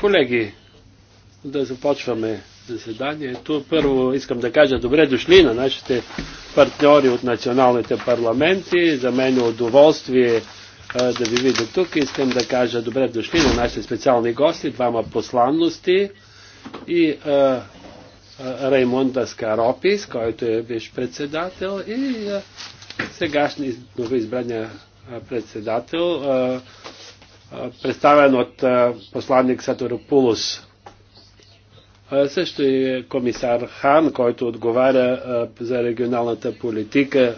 Колеги, да започваме заседанието. Първо искам да кажа добре дошли на нашите партньори от националните парламенти. За мен е удоволствие да ви видя тук. Искам да кажа добре дошли на нашите специални гости, двама посланности и а, Раймонда Скаропис, който е беше председател и а, сегашния новоизбрания председател, представен от посланник Саторопулос. Също и комисар Хан, който отговаря за регионалната политика.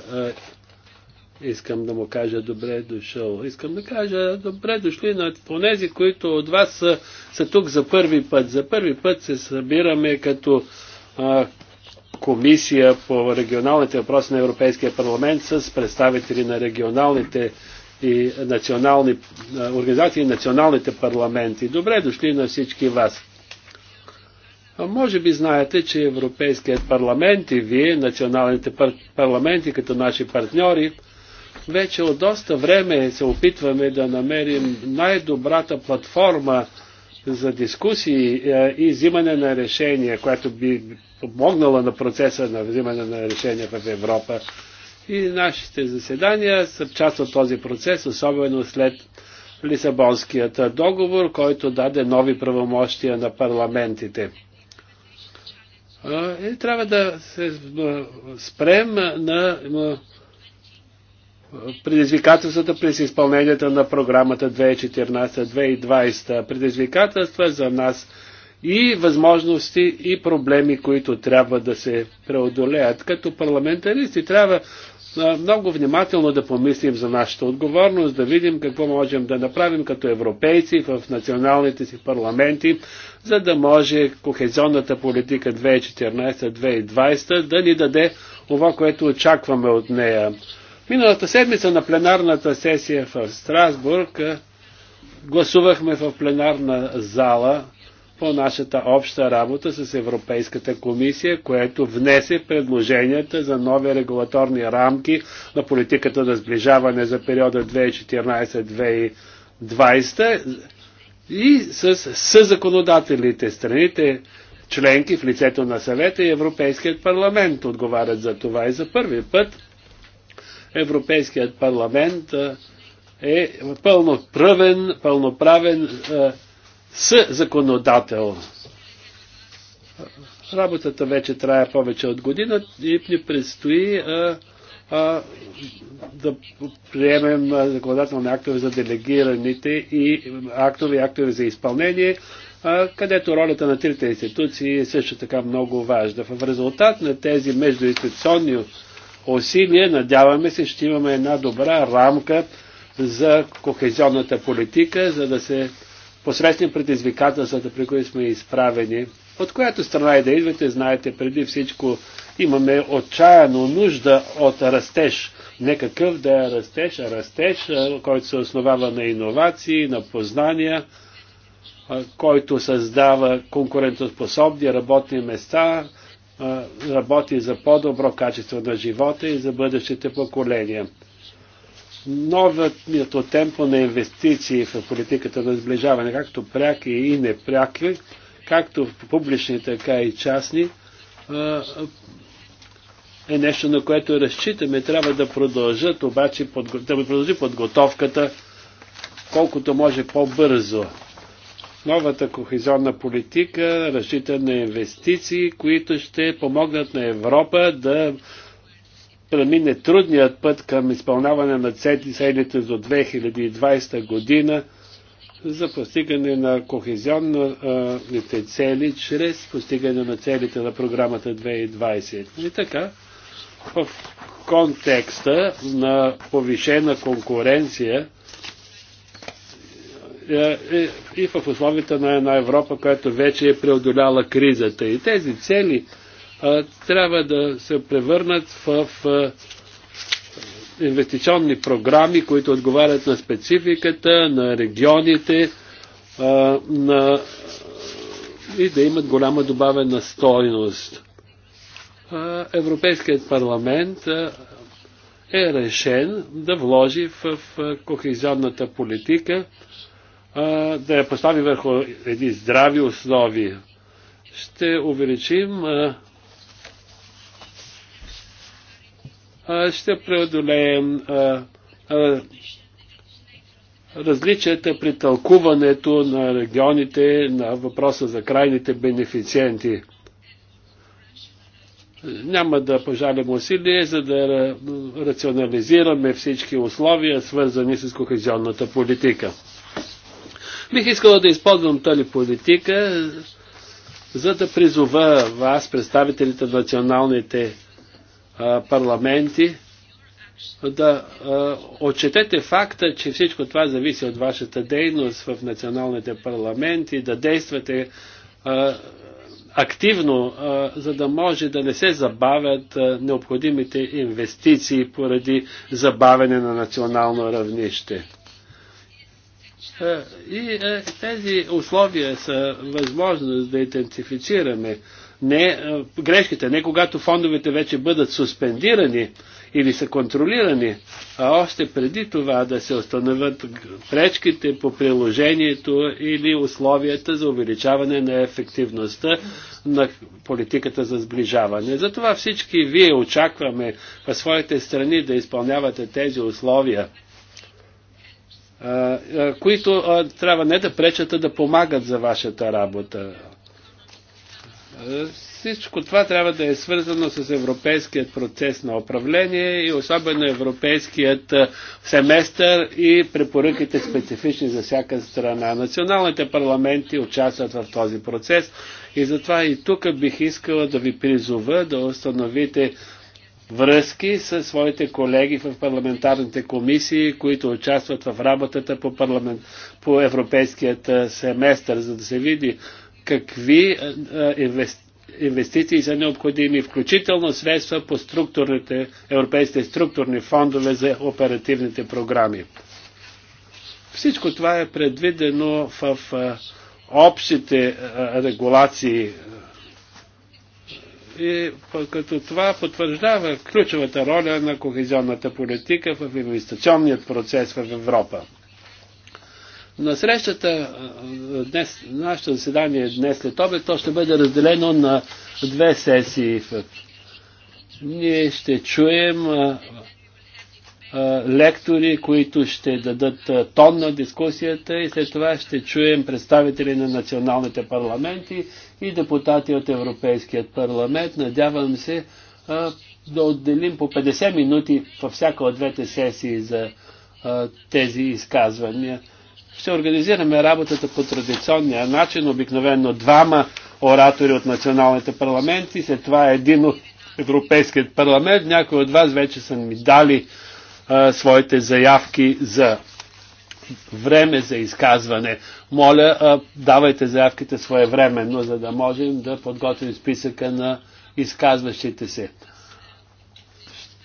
Искам да му кажа добре дошъл. Искам да кажа добре дошли на понези, които от вас са, са тук за първи път. За първи път се събираме като комисия по регионалните въпроси на Европейския парламент с представители на регионалните и национални организации и националните парламенти. Добре дошли на всички вас. А може би знаете, че Европейският парламент и вие, националните пар- парламенти като наши партньори, вече от доста време се опитваме да намерим най-добрата платформа за дискусии е, и взимане на решения, което би помогнало на процеса на взимане на решения в Европа. И нашите заседания са част от този процес, особено след Лисабонският договор, който даде нови правомощия на парламентите. И е, трябва да се е, спрем на предизвикателствата през изпълнението на програмата 2014-2020, предизвикателства за нас и възможности и проблеми, които трябва да се преодолеят. Като парламентаристи трябва много внимателно да помислим за нашата отговорност, да видим какво можем да направим като европейци в националните си парламенти, за да може кохезионната политика 2014-2020 да ни даде това, което очакваме от нея Миналата седмица на пленарната сесия в Страсбург гласувахме в пленарна зала по нашата обща работа с Европейската комисия, което внесе предложенията за нови регулаторни рамки на политиката на сближаване за периода 2014-2020 и с законодателите страните членки в лицето на съвета и Европейският парламент отговарят за това и за първи път Европейският парламент е пълноправен, пълноправен с законодател. Работата вече трая повече от година и ни предстои а, а, да приемем законодателни актове за делегираните и актове и актове за изпълнение, а, където ролята на трите институции е също така много важна. В резултат на тези междуинституционни усилия, надяваме се, ще имаме една добра рамка за кохезионната политика, за да се посрещнем предизвикателствата, при които сме изправени. От която страна и да идвате, знаете, преди всичко имаме отчаяно нужда от растеж. Не какъв да е растеж, а растеж, който се основава на иновации, на познания, който създава конкурентоспособни работни места, работи за по-добро качество на живота и за бъдещите поколения. Новият темпо на инвестиции в политиката на сближаване, както пряки и непряки, както в публични, така и частни, е нещо, на което разчитаме. Трябва да продължат, обаче, да продължи подготовката колкото може по-бързо. Новата кохезионна политика разчита на инвестиции, които ще помогнат на Европа да премине трудният път към изпълняване на целите до 2020 година за постигане на кохезионните цели чрез постигане на целите на програмата 2020. И така, в контекста на повишена конкуренция е, е, и в условията на една Европа, която вече е преодоляла кризата. И тези цели е, трябва да се превърнат в инвестиционни програми, които отговарят на спецификата, на регионите на... и да имат голяма добавена стойност. Европейският парламент е решен да вложи в кохезионната политика да я постави върху едни здрави основи. Ще увеличим, ще преодолеем различията при тълкуването на регионите на въпроса за крайните бенефициенти. Няма да пожалим усилие, за да рационализираме всички условия, свързани с кохезионната политика. Бих искала да използвам тази политика, за да призова вас, представителите на националните парламенти, да а, отчетете факта, че всичко това зависи от вашата дейност в националните парламенти, да действате а, активно, а, за да може да не се забавят а, необходимите инвестиции поради забавене на национално равнище. Е, и е, тези условия са възможност да идентифицираме не е, грешките, не когато фондовете вече бъдат суспендирани или са контролирани, а още преди това да се установят пречките по приложението или условията за увеличаване на ефективността на политиката за сближаване. Затова всички вие очакваме в своите страни да изпълнявате тези условия които трябва не да пречат, а да помагат за вашата работа. Всичко това трябва да е свързано с европейският процес на управление и особено европейският семестър и препоръките специфични за всяка страна. Националните парламенти участват в този процес и затова и тук бих искала да ви призова да установите връзки с своите колеги в парламентарните комисии, които участват в работата по, парламент, по европейският семестър, за да се види какви инвестиции са необходими, включително средства по структурните, европейските структурни фондове за оперативните програми. Всичко това е предвидено в общите регулации и като това потвърждава ключовата роля на кохезионната политика в инвестиционният процес в Европа. На срещата, днес, нашето заседание днес след обед, то ще бъде разделено на две сесии. Ние ще чуем а, а, лектори, които ще дадат тон на дискусията и след това ще чуем представители на националните парламенти и депутати от Европейският парламент. Надявам се а, да отделим по 50 минути във всяка от двете сесии за а, тези изказвания. Ще организираме работата по традиционния начин, обикновено двама оратори от националните парламенти, след това един от Европейският парламент. Някои от вас вече са ми дали а, своите заявки за време за изказване. Моля, давайте заявките своевременно, за да можем да подготвим списъка на изказващите се.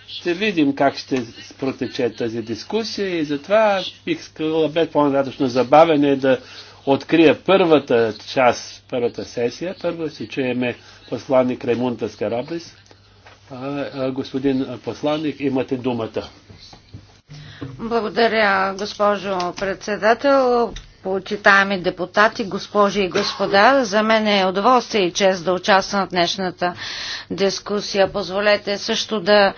Ще видим как ще протече тази дискусия и затова бих искала без по надатъчно забавене да открия първата част, първата сесия. Първо ще чуеме посланник Раймунта Скарабис. Господин посланник, имате думата. Благодаря, госпожо председател. Почитаеми депутати, госпожи и господа, за мен е удоволствие и чест да участвам в днешната дискусия. Позволете също да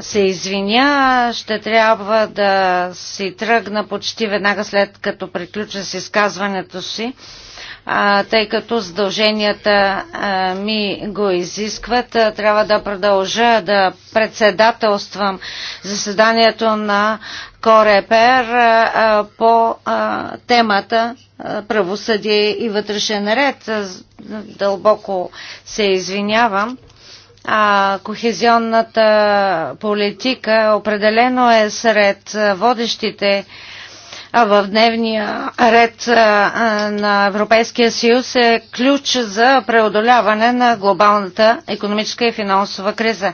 се извиня, ще трябва да си тръгна почти веднага след като приключа с изказването си а, тъй като задълженията а, ми го изискват. А, трябва да продължа да председателствам заседанието на Корепер а, по а, темата а, правосъдие и вътрешен ред. Дълбоко се извинявам а кохезионната политика определено е сред водещите в дневния ред на Европейския съюз е ключ за преодоляване на глобалната економическа и финансова криза.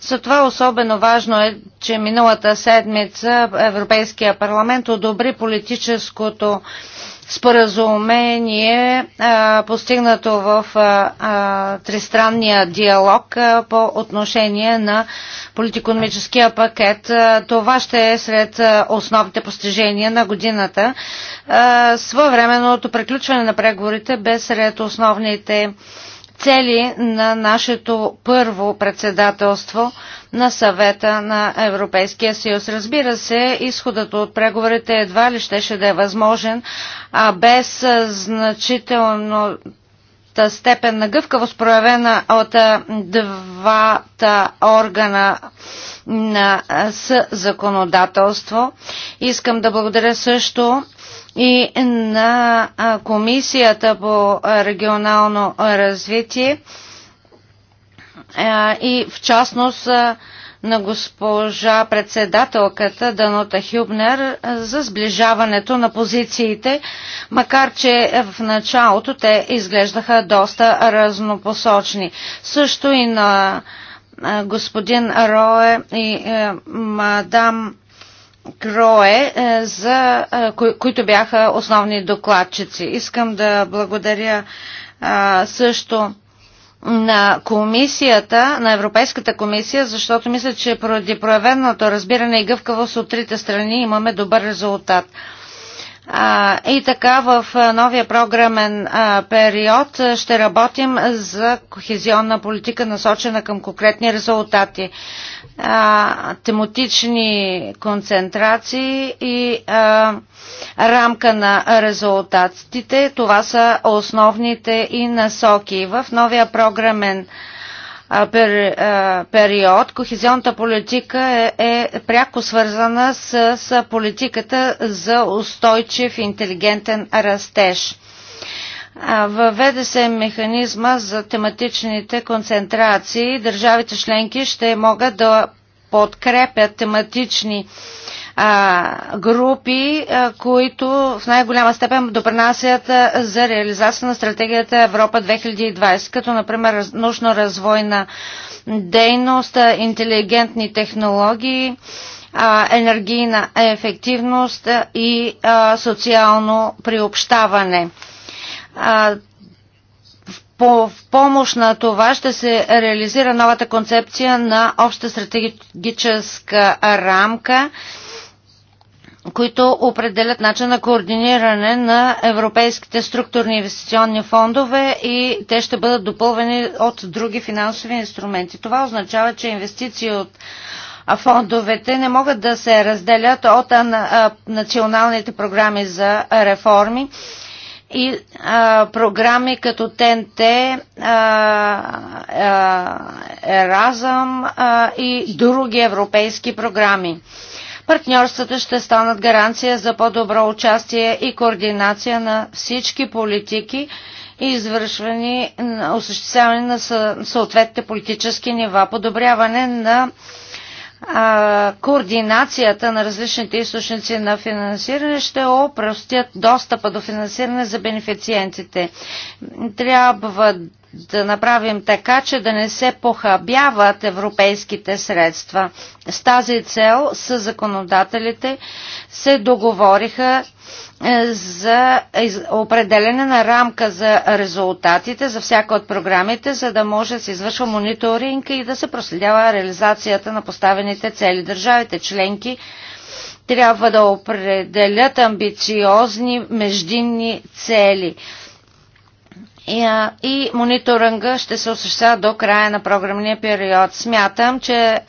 За това особено важно е, че миналата седмица Европейския парламент одобри политическото споразумение, постигнато в тристранния диалог по отношение на политико-економическия пакет. Това ще е сред основните постижения на годината. Своевременното приключване на преговорите бе сред основните цели на нашето първо председателство на съвета на Европейския съюз. Разбира се, изходът от преговорите едва ли щеше да е възможен, а без значително степен на гъвкавост, проявена от двата органа на законодателство. Искам да благодаря също и на Комисията по регионално развитие и в частност на госпожа председателката Данота Хюбнер за сближаването на позициите, макар че в началото те изглеждаха доста разнопосочни. Също и на господин Рое и е, мадам Крое, е, за, е, кои, които бяха основни докладчици. Искам да благодаря а, е, също на комисията, на Европейската комисия, защото мисля, че поради проявеното разбиране и гъвкавост от трите страни имаме добър резултат. А, и така в новия програмен а, период ще работим за кохезионна политика, насочена към конкретни резултати а, тематични концентрации и а, рамка на резултатите. Това са основните и насоки. В новия програмен пер, период кохезионната политика е, е пряко свързана с, с политиката за устойчив интелигентен растеж. Въведе се механизма за тематичните концентрации. Държавите членки ще могат да подкрепят тематични а, групи, а, които в най-голяма степен допринасят за реализация на стратегията Европа 2020, като например научно-развойна дейност, интелигентни технологии, а, енергийна ефективност и а, социално приобщаване. А, по, в помощ на това ще се реализира новата концепция на обща стратегическа рамка, които определят начин на координиране на европейските структурни инвестиционни фондове и те ще бъдат допълвани от други финансови инструменти. Това означава, че инвестиции от фондовете не могат да се разделят от националните програми за реформи и а, програми като ТНТ, Еразъм и други европейски програми. Партньорствата ще станат гаранция за по-добро участие и координация на всички политики и на осъществяване на съответните политически нива, подобряване на а, координацията на различните източници на финансиране ще опростят достъпа до финансиране за бенефициентите. Трябва да направим така, че да не се похабяват европейските средства. С тази цел с законодателите се договориха е, за определене на рамка за резултатите за всяка от програмите, за да може да се извършва мониторинг и да се проследява реализацията на поставените цели. Държавите членки трябва да определят амбициозни междинни цели – и мониторинга ще се осъществява до края на програмния период. Смятам, че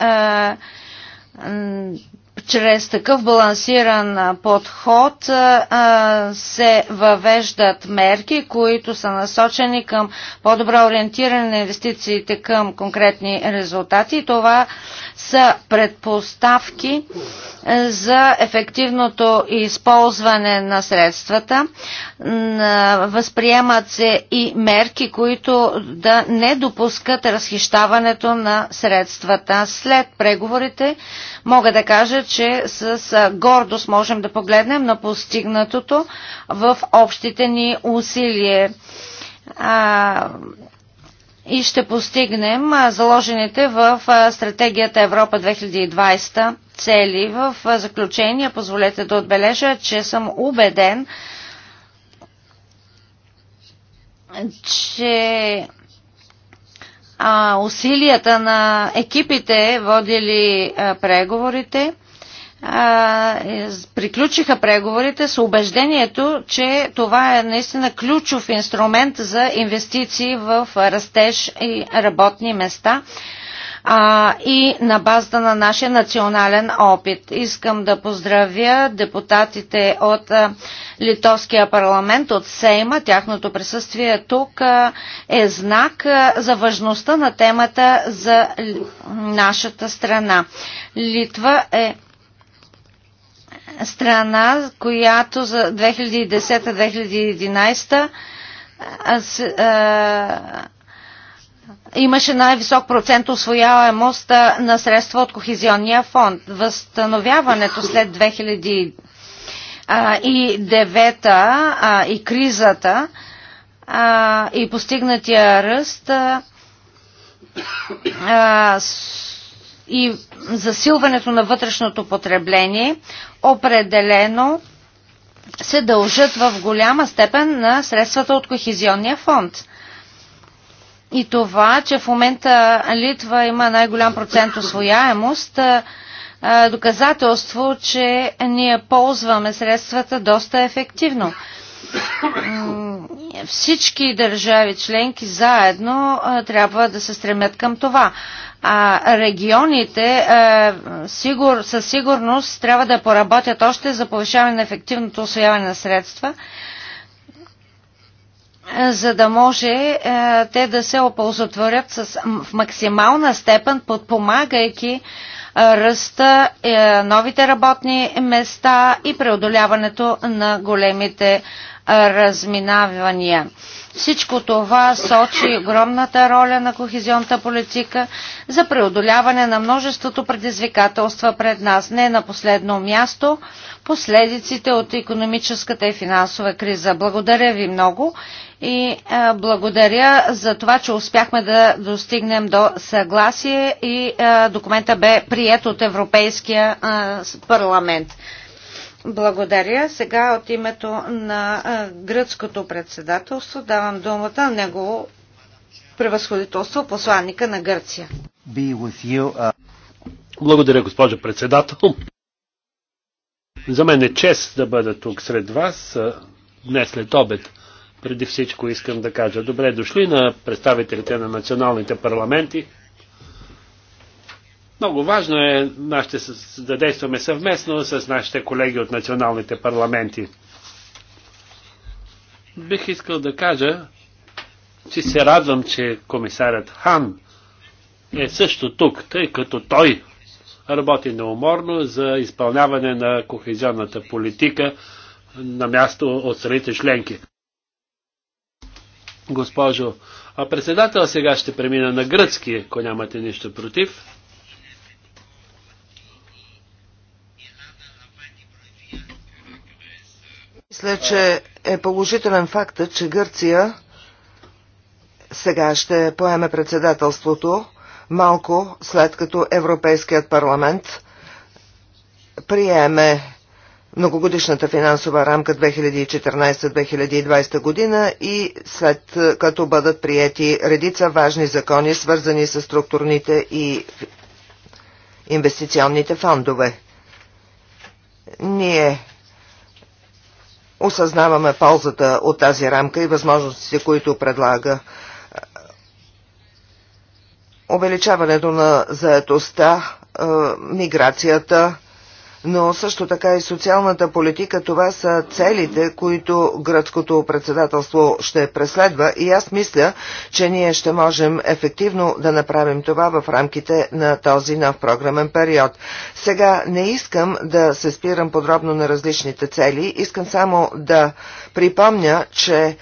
чрез такъв балансиран подход се въвеждат мерки, които са насочени към по-добро ориентиране на инвестициите към конкретни резултати. Това са предпоставки за ефективното използване на средствата. Възприемат се и мерки, които да не допускат разхищаването на средствата. След преговорите мога да кажа, че с гордост можем да погледнем на постигнатото в общите ни усилия. И ще постигнем заложените в стратегията Европа 2020 цели. В заключение позволете да отбележа, че съм убеден, че усилията на екипите, водили преговорите, е, приключиха преговорите с убеждението, че това е наистина ключов инструмент за инвестиции в растеж и работни места а, и на базата на нашия национален опит. Искам да поздравя депутатите от Литовския парламент, от Сейма. Тяхното присъствие тук е знак за важността на темата за нашата страна. Литва е страна, която за 2010-2011 имаше най-висок процент освояемост на средства от Кохизионния фонд. Възстановяването след 2009 и кризата и постигнатия ръст и засилването на вътрешното потребление определено се дължат в голяма степен на средствата от Кохизионния фонд. И това, че в момента Литва има най-голям процент освояемост, е, е, доказателство, че ние ползваме средствата доста ефективно. Всички държави членки заедно е, трябва да се стремят към това а регионите е, сигур, със сигурност трябва да поработят още за повишаване на ефективното освояване на средства, за да може е, те да се оползотворят с, в максимална степен, подпомагайки е, ръста, новите работни места и преодоляването на големите разминавания. Всичко това сочи огромната роля на кохезионната политика за преодоляване на множеството предизвикателства пред нас. Не на последно място последиците от економическата и финансова криза. Благодаря ви много и благодаря за това, че успяхме да достигнем до съгласие и документа бе прият от Европейския парламент. Благодаря. Сега от името на гръцкото председателство давам думата на негово превъзходителство, посланника на Гърция. Благодаря, госпожо председател. За мен е чест да бъда тук сред вас днес след обед. Преди всичко искам да кажа добре дошли на представителите на националните парламенти, много важно е нашите, да действаме съвместно с нашите колеги от националните парламенти. Бих искал да кажа, че се радвам, че комисарят Хан е също тук, тъй като той работи неуморно за изпълняване на кохезионната политика на място от страните членки. Госпожо председател, сега ще премина на гръцки, ако нямате нищо против. Мисля, че е положителен фактът, че Гърция сега ще поеме председателството малко след като Европейският парламент приеме многогодишната финансова рамка 2014-2020 година и след като бъдат приети редица важни закони, свързани с структурните и инвестиционните фондове. Ние осъзнаваме ползата от тази рамка и възможностите, които предлага. Увеличаването на заетостта, миграцията, но също така и социалната политика. Това са целите, които гръцкото председателство ще преследва и аз мисля, че ние ще можем ефективно да направим това в рамките на този нов програмен период. Сега не искам да се спирам подробно на различните цели, искам само да припомня, че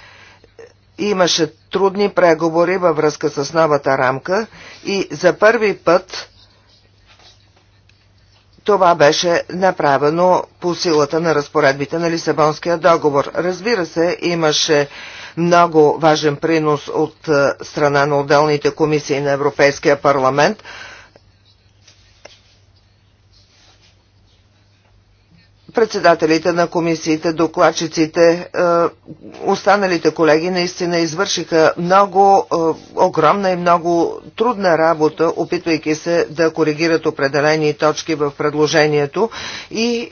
имаше трудни преговори във връзка с новата рамка и за първи път това беше направено по силата на разпоредбите на Лисабонския договор. Разбира се, имаше много важен принос от е, страна на отделните комисии на Европейския парламент – председателите на комисиите, докладчиците, е, останалите колеги наистина извършиха много е, огромна и много трудна работа, опитвайки се да коригират определени точки в предложението и е,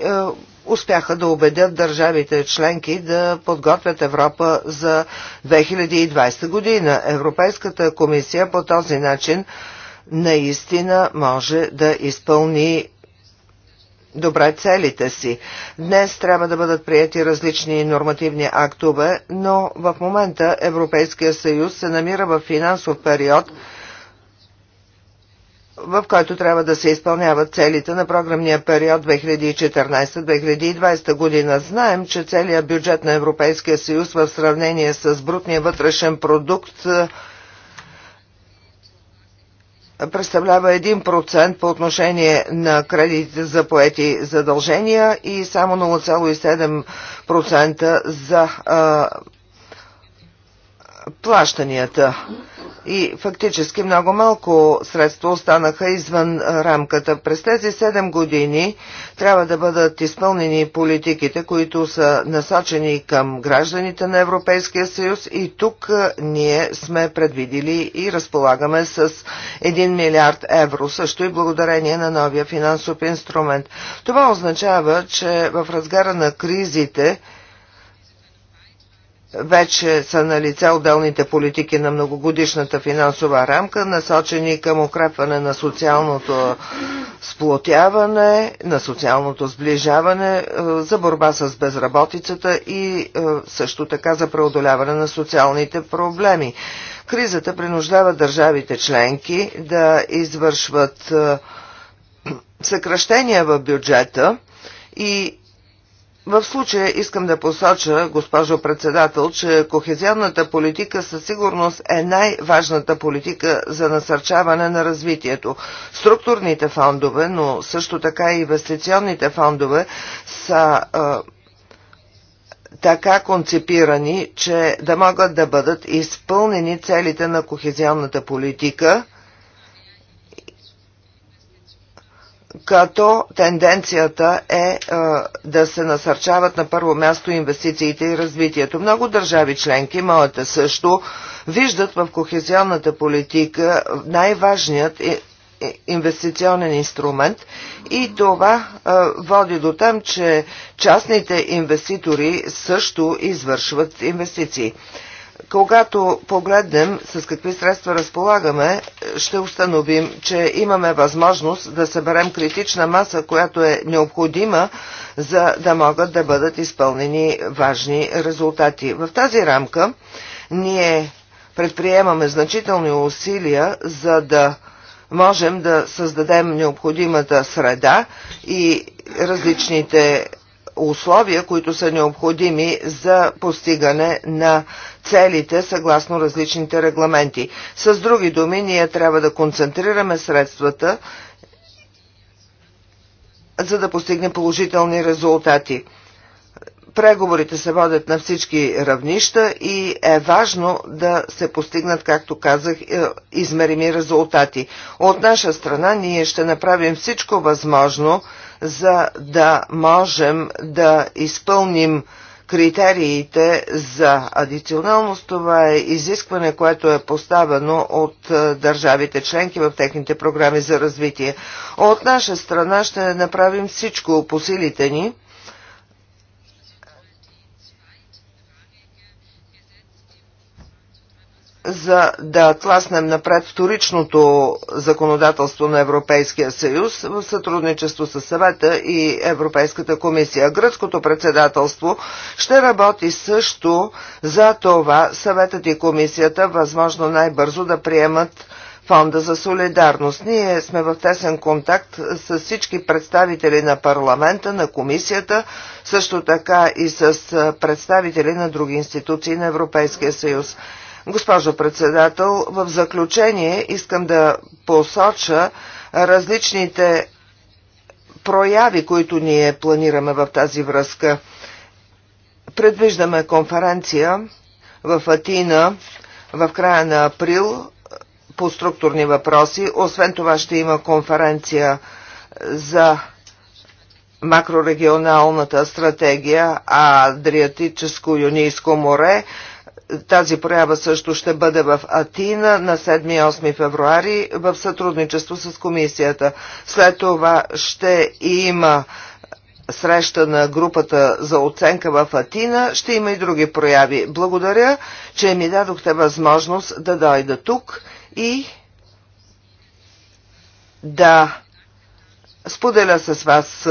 успяха да убедят държавите членки да подготвят Европа за 2020 година. Европейската комисия по този начин наистина може да изпълни добре целите си. Днес трябва да бъдат прияти различни нормативни актове, но в момента Европейския съюз се намира в финансов период, в който трябва да се изпълняват целите на програмния период 2014-2020 година. Знаем, че целият бюджет на Европейския съюз в сравнение с брутния вътрешен продукт представлява 1% по отношение на кредитите за поети задължения и само 0,7% за плащанията. И фактически много малко средства останаха извън рамката. През тези 7 години трябва да бъдат изпълнени политиките, които са насочени към гражданите на Европейския съюз и тук ние сме предвидили и разполагаме с 1 милиард евро, също и благодарение на новия финансов инструмент. Това означава, че в разгара на кризите вече са на лице отделните политики на многогодишната финансова рамка, насочени към укрепване на социалното сплотяване, на социалното сближаване, е, за борба с безработицата и е, също така за преодоляване на социалните проблеми. Кризата принуждава държавите членки да извършват е, съкръщения в бюджета и в случая искам да посоча, госпожо председател, че кохезионната политика със сигурност е най-важната политика за насърчаване на развитието. Структурните фондове, но също така и инвестиционните фондове са а, така концепирани, че да могат да бъдат изпълнени целите на кохезионната политика – като тенденцията е, е, да се насърчават на първо място инвестициите и развитието. Много държави членки, моята също, виждат в кохезионната политика най-важният инвестиционен инструмент и това а, е, води до там, че частните инвеститори също извършват инвестиции. Когато погледнем с какви средства разполагаме, ще установим, че имаме възможност да съберем критична маса, която е необходима, за да могат да бъдат изпълнени важни резултати. В тази рамка ние предприемаме значителни усилия, за да можем да създадем необходимата среда и различните условия, които са необходими за постигане на целите съгласно различните регламенти. С други думи, ние трябва да концентрираме средствата, за да постигнем положителни резултати. Преговорите се водят на всички равнища и е важно да се постигнат, както казах, е, измерими резултати. От наша страна ние ще направим всичко възможно, за да можем да изпълним критериите за адиционалност. Това е изискване, което е поставено от е, държавите членки в техните програми за развитие. От наша страна ще направим всичко по силите ни, за да тласнем напред вторичното законодателство на Европейския съюз в сътрудничество с съвета и Европейската комисия. Гръцкото председателство ще работи също за това съветът и комисията възможно най-бързо да приемат Фонда за солидарност. Ние сме в тесен контакт с всички представители на парламента, на комисията, също така и с представители на други институции на Европейския съюз. Госпожо председател, в заключение искам да посоча различните прояви, които ние планираме в тази връзка. Предвиждаме конференция в Атина в края на април по структурни въпроси. Освен това ще има конференция за макрорегионалната стратегия Адриатическо-Юнийско море тази проява също ще бъде в Атина на 7-8 февруари в сътрудничество с комисията. След това ще има среща на групата за оценка в Атина. Ще има и други прояви. Благодаря, че ми дадохте възможност да дойда тук и да споделя с вас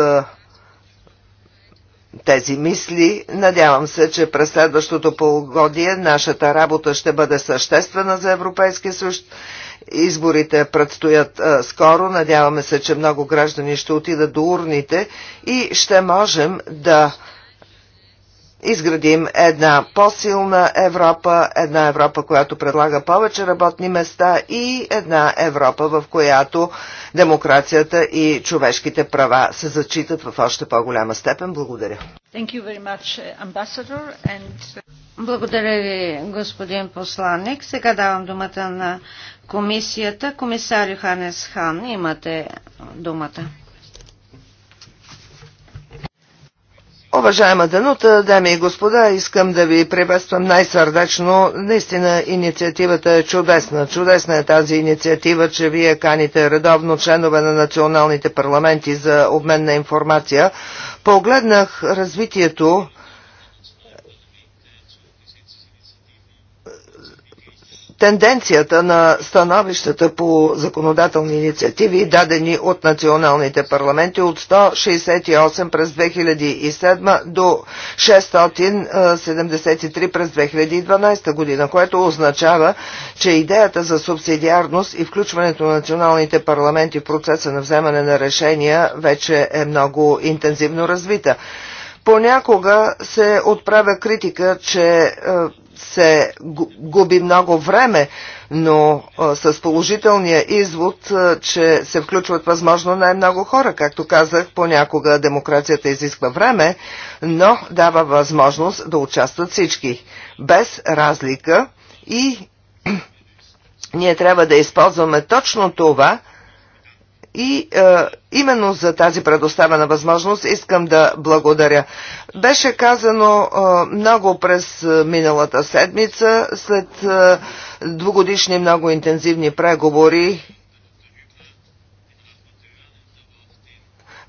тези мисли. Надявам се, че през следващото полугодие нашата работа ще бъде съществена за Европейския съюз. Изборите предстоят а, скоро. Надяваме се, че много граждани ще отидат до урните и ще можем да изградим една по-силна Европа, една Европа, която предлага повече работни места и една Европа, в която демокрацията и човешките права се зачитат в още по-голяма степен. Благодаря. Much, uh, and... Uh, Благодаря ви, господин посланник. Сега давам думата на комисията. Комисар Йоханес Хан, имате думата. Уважаема Данута, дами и господа, искам да ви приветствам най-сърдечно. Наистина инициативата е чудесна. Чудесна е тази инициатива, че вие каните редовно членове на националните парламенти за обмен на информация. Погледнах развитието тенденцията на становищата по законодателни инициативи, дадени от националните парламенти от 168 през 2007 до 673 през 2012 година, което означава, че идеята за субсидиарност и включването на националните парламенти в процеса на вземане на решения вече е много интензивно развита. Понякога се отправя критика, че е, се губи много време, но а, с положителния извод, а, че се включват възможно най-много хора. Както казах, понякога демокрацията изисква време, но дава възможност да участват всички, без разлика и ние трябва да използваме точно това, и е, именно за тази предоставена възможност искам да благодаря. Беше казано е, много през е, миналата седмица, след е, двугодишни много интензивни преговори.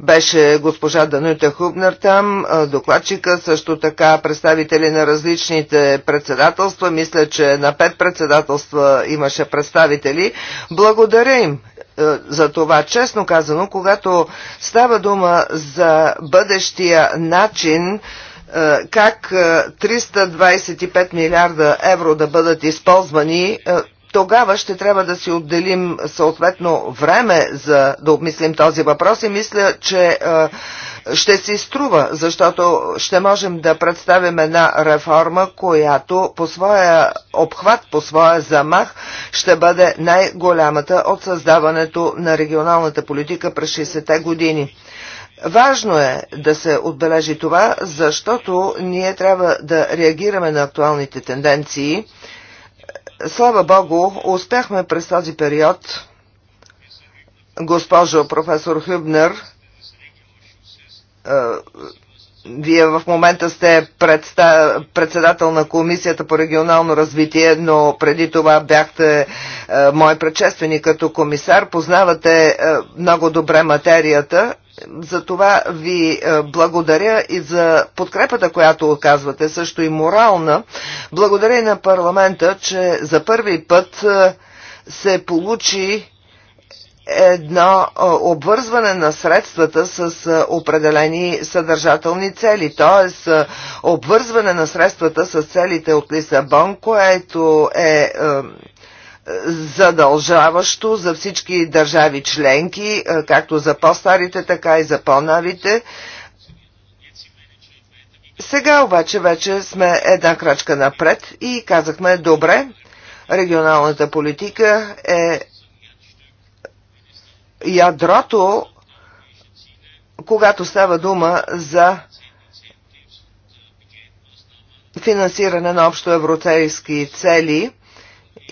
Беше госпожа Данута Хубнер там, е, докладчика, също така представители на различните председателства. Мисля, че на пет председателства имаше представители. Благодаря им е, за това. Честно казано, когато става дума за бъдещия начин, е, как 325 е, милиарда евро да бъдат използвани, тогава ще трябва да си отделим съответно време за да обмислим този въпрос и мисля, че ще си струва, защото ще можем да представим една реформа, която по своя обхват, по своя замах ще бъде най-голямата от създаването на регионалната политика през 60-те години. Важно е да се отбележи това, защото ние трябва да реагираме на актуалните тенденции. Слава Богу, успяхме през този период, госпожо професор Хюбнер, е, вие в момента сте председател на Комисията по регионално развитие, но преди това бяхте е, мой предшественик като комисар. Познавате е, много добре материята. За това ви благодаря и за подкрепата, която оказвате, също и морална. Благодаря и на парламента, че за първи път се получи едно обвързване на средствата с определени съдържателни цели, т.е. обвързване на средствата с целите от Лисабон, което е задължаващо за всички държави членки, както за по-старите, така и за по-навите. Сега обаче вече сме една крачка напред и казахме, добре, регионалната политика е ядрото, когато става дума за финансиране на общоевропейски цели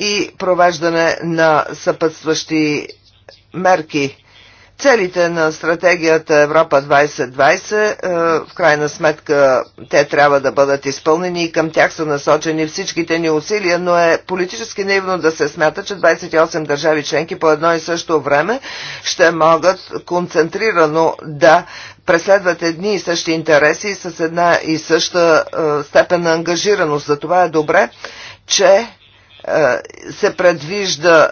и провеждане на съпътстващи мерки. Целите на стратегията Европа 2020, е, в крайна сметка те трябва да бъдат изпълнени и към тях са насочени всичките ни усилия, но е политически наивно да се смята, че 28 държави членки по едно и също време ще могат концентрирано да преследват едни и същи интереси с една и съща е, степен на ангажираност. Затова е добре, че е, се предвижда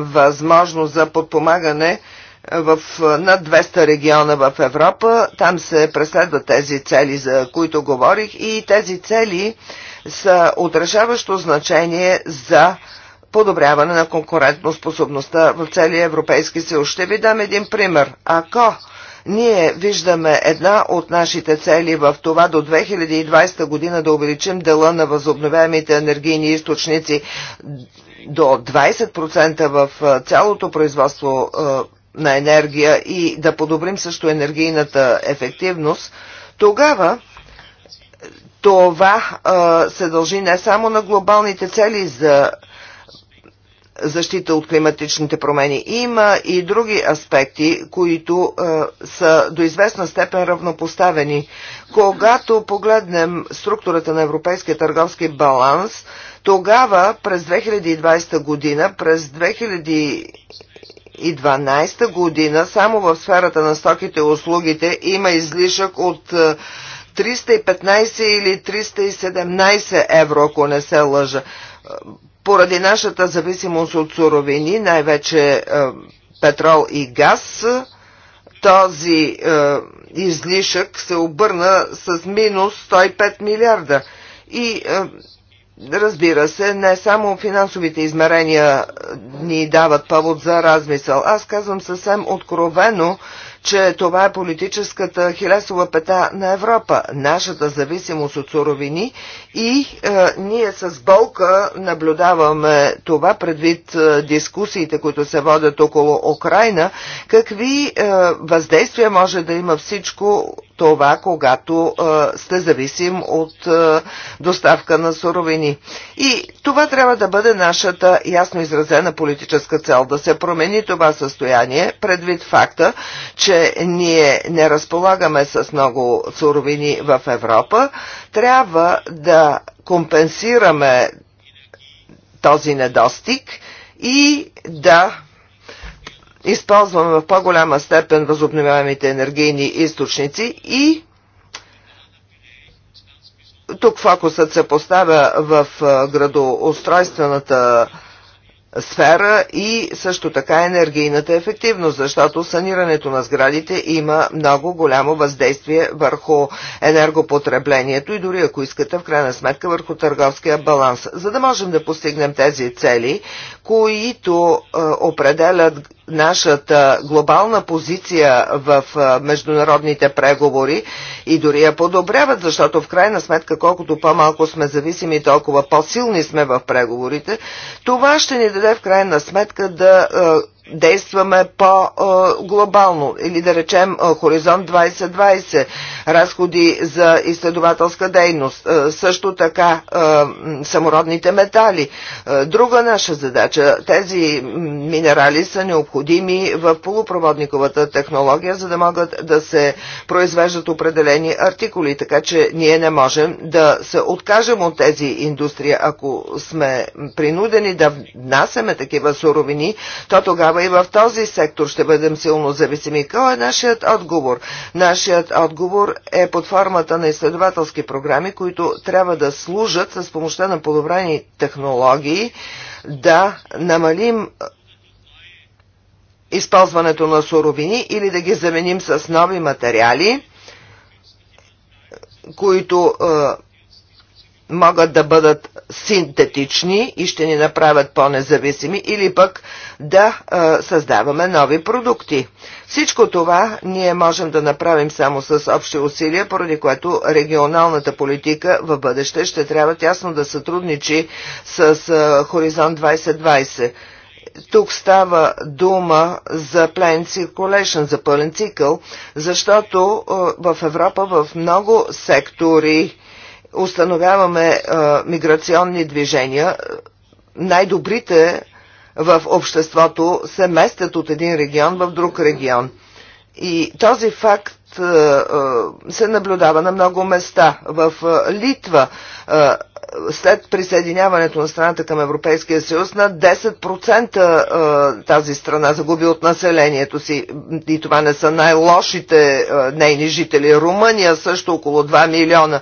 възможност за подпомагане в над 200 региона в Европа. Там се преследват тези цели, за които говорих и тези цели са отражаващо значение за подобряване на конкурентоспособността в целия Европейски съюз. Ще ви дам един пример. Ако ние виждаме една от нашите цели в това до 2020 година да увеличим дела на възобновяемите енергийни източници до 20% в цялото производство на енергия и да подобрим също енергийната ефективност, тогава това а, се дължи не само на глобалните цели за защита от климатичните промени. Има и други аспекти, които е, са до известна степен равнопоставени. Когато погледнем структурата на европейския търговски баланс, тогава през 2020 година, през 2012 година само в сферата на стоките и услугите има излишък от 315 е, или 317 евро, ако не се лъжа. Е, поради нашата зависимост от суровини, най-вече е, петрол и газ, този излишък се обърна с минус 105 милиарда. И Разбира се, не само финансовите измерения ни дават повод за размисъл. Аз казвам съвсем откровено, че това е политическата хилесова пета на Европа, нашата зависимост от суровини и е, ние с болка наблюдаваме това предвид е, дискусиите, които се водят около Украина, какви е, въздействия може да има всичко това, когато а, сте зависим от а, доставка на суровини. И това трябва да бъде нашата ясно изразена политическа цел, да се промени това състояние, предвид факта, че ние не разполагаме с много суровини в Европа, трябва да компенсираме този недостиг и да използваме в по-голяма степен възобновяемите енергийни източници и тук фокусът се поставя в градоустройствената сфера и също така енергийната ефективност, защото санирането на сградите има много голямо въздействие върху енергопотреблението и дори ако искате в крайна сметка върху търговския баланс. За да можем да постигнем тези цели, които е, определят нашата глобална позиция в е, международните преговори и дори я подобряват, защото в крайна сметка колкото по-малко сме зависими, толкова по-силни сме в преговорите. Това ще ни даде в крайна сметка да е, действаме по-глобално или да речем Хоризонт 2020, разходи за изследователска дейност, също така самородните метали. Друга наша задача, тези минерали са необходими в полупроводниковата технология, за да могат да се произвеждат определени артикули, така че ние не можем да се откажем от тези индустрии, ако сме принудени да внасяме такива суровини, то тогава тогава и в този сектор ще бъдем силно зависими. Кой е нашият отговор? Нашият отговор е под формата на изследователски програми, които трябва да служат с помощта на подобрени технологии да намалим е, използването на суровини или да ги заменим с нови материали, които е, могат да бъдат синтетични и ще ни направят по-независими или пък да а, създаваме нови продукти. Всичко това ние можем да направим само с общи усилия, поради което регионалната политика в бъдеще ще трябва тясно да сътрудничи с а, Хоризонт 2020. Тук става дума за плен circulation, за пълен цикъл, защото в Европа в много сектори установяваме е, миграционни движения, най-добрите в обществото се местят от един регион в друг регион. И този факт е, е, се наблюдава на много места. В Литва след присъединяването на страната към Европейския съюз на 10% тази страна загуби от населението си. И това не са най-лошите нейни жители. Румъния също около 2 милиона.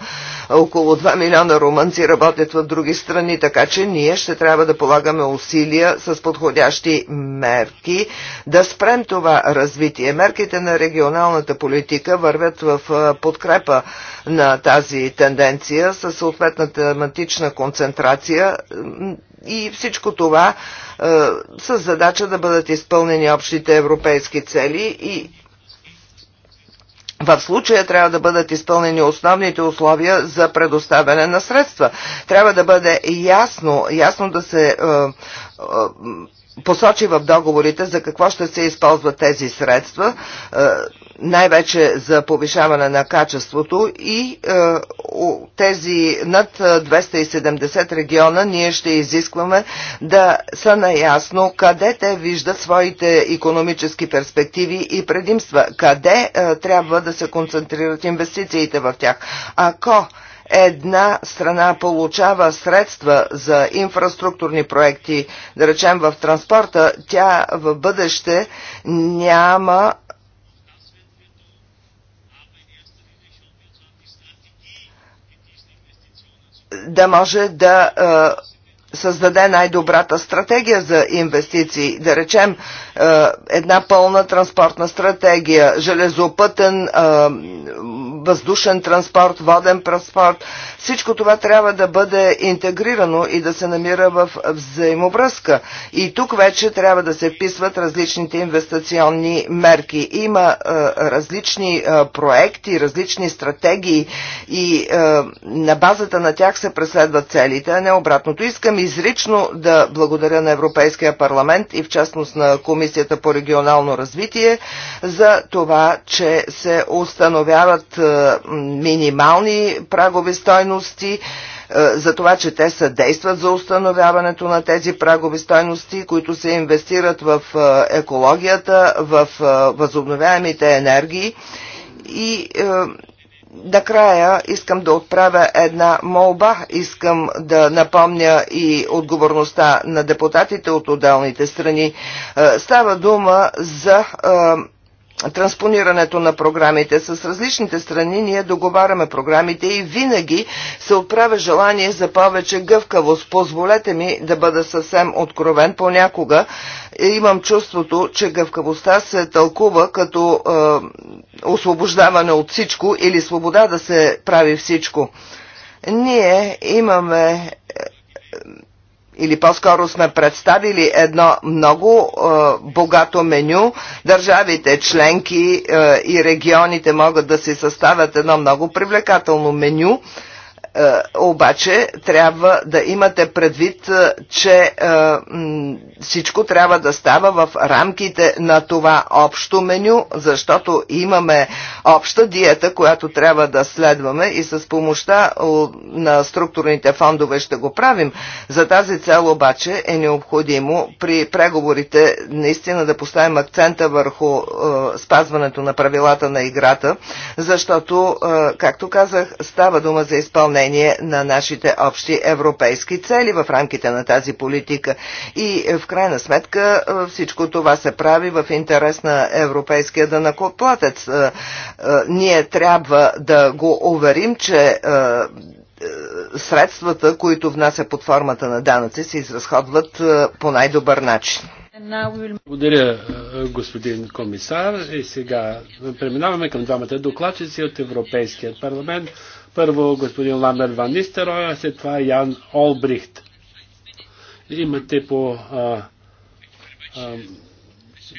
Около 2 милиона румънци работят в други страни, така че ние ще трябва да полагаме усилия с подходящи мерки да спрем това развитие. Мерките на регионалната политика вървят в подкрепа на тази тенденция със съответната тематична концентрация и всичко това е, с задача да бъдат изпълнени общите европейски цели и в случая трябва да бъдат изпълнени основните условия за предоставяне на средства. Трябва да бъде ясно, ясно да се е, е, посочи в договорите за какво ще се използват тези средства, е, най-вече за повишаване на качеството и е, тези над 270 региона ние ще изискваме да са наясно къде те виждат своите економически перспективи и предимства, къде е, трябва да се концентрират инвестициите в тях. Ако една страна получава средства за инфраструктурни проекти, да речем в транспорта, тя в бъдеще няма да може да създаде най-добрата стратегия за инвестиции. Да речем, е, една пълна транспортна стратегия, железопътен, е, въздушен транспорт, воден транспорт. Всичко това трябва да бъде интегрирано и да се намира в взаимовръзка. И тук вече трябва да се вписват различните инвестиционни мерки. Има е, различни проекти, различни стратегии и на базата на тях се преследват целите, а не обратното. Искам изрично да благодаря на Европейския парламент и в частност на комисията Комисията по регионално развитие за това, че се установяват е, минимални прагови стойности е, за това, че те съдействат за установяването на тези прагови стойности, които се инвестират в е, екологията, в възобновяемите енергии и Накрая искам да отправя една молба. Искам да напомня и отговорността на депутатите от отдалните страни. Е, става дума за е, транспонирането на програмите. С различните страни ние договаряме програмите и винаги се отправя желание за повече гъвкавост. Позволете ми да бъда съвсем откровен. Понякога е, имам чувството, че гъвкавостта се тълкува като е, освобождаване от всичко или свобода да се прави всичко. Ние имаме е, или по-скоро сме представили едно много е, богато меню. Държавите, членки е, и регионите могат да си съставят едно много привлекателно меню. Е, е, обаче трябва да имате предвид, е, че е, всичко трябва да става в рамките на това общо меню, защото имаме обща диета, която трябва да следваме и с помощта на структурните фондове ще го правим. За тази цел обаче е необходимо при преговорите наистина да поставим акцента върху спазването на правилата на играта, защото, както казах, става дума за изпълнение изпълнение на нашите общи европейски цели в рамките на тази политика. И е, в крайна сметка е, всичко това се прави в интерес на европейския данакоплатец. Е, ние трябва да го уверим, че средствата, които внася под формата на данъци, се изразходват по най-добър начин. Благодаря, господин комисар. И сега преминаваме към двамата докладчици от Европейския парламент. Първо господин Ламер Ван Нистерой, а след това Ян Олбрихт. Имате по а, а,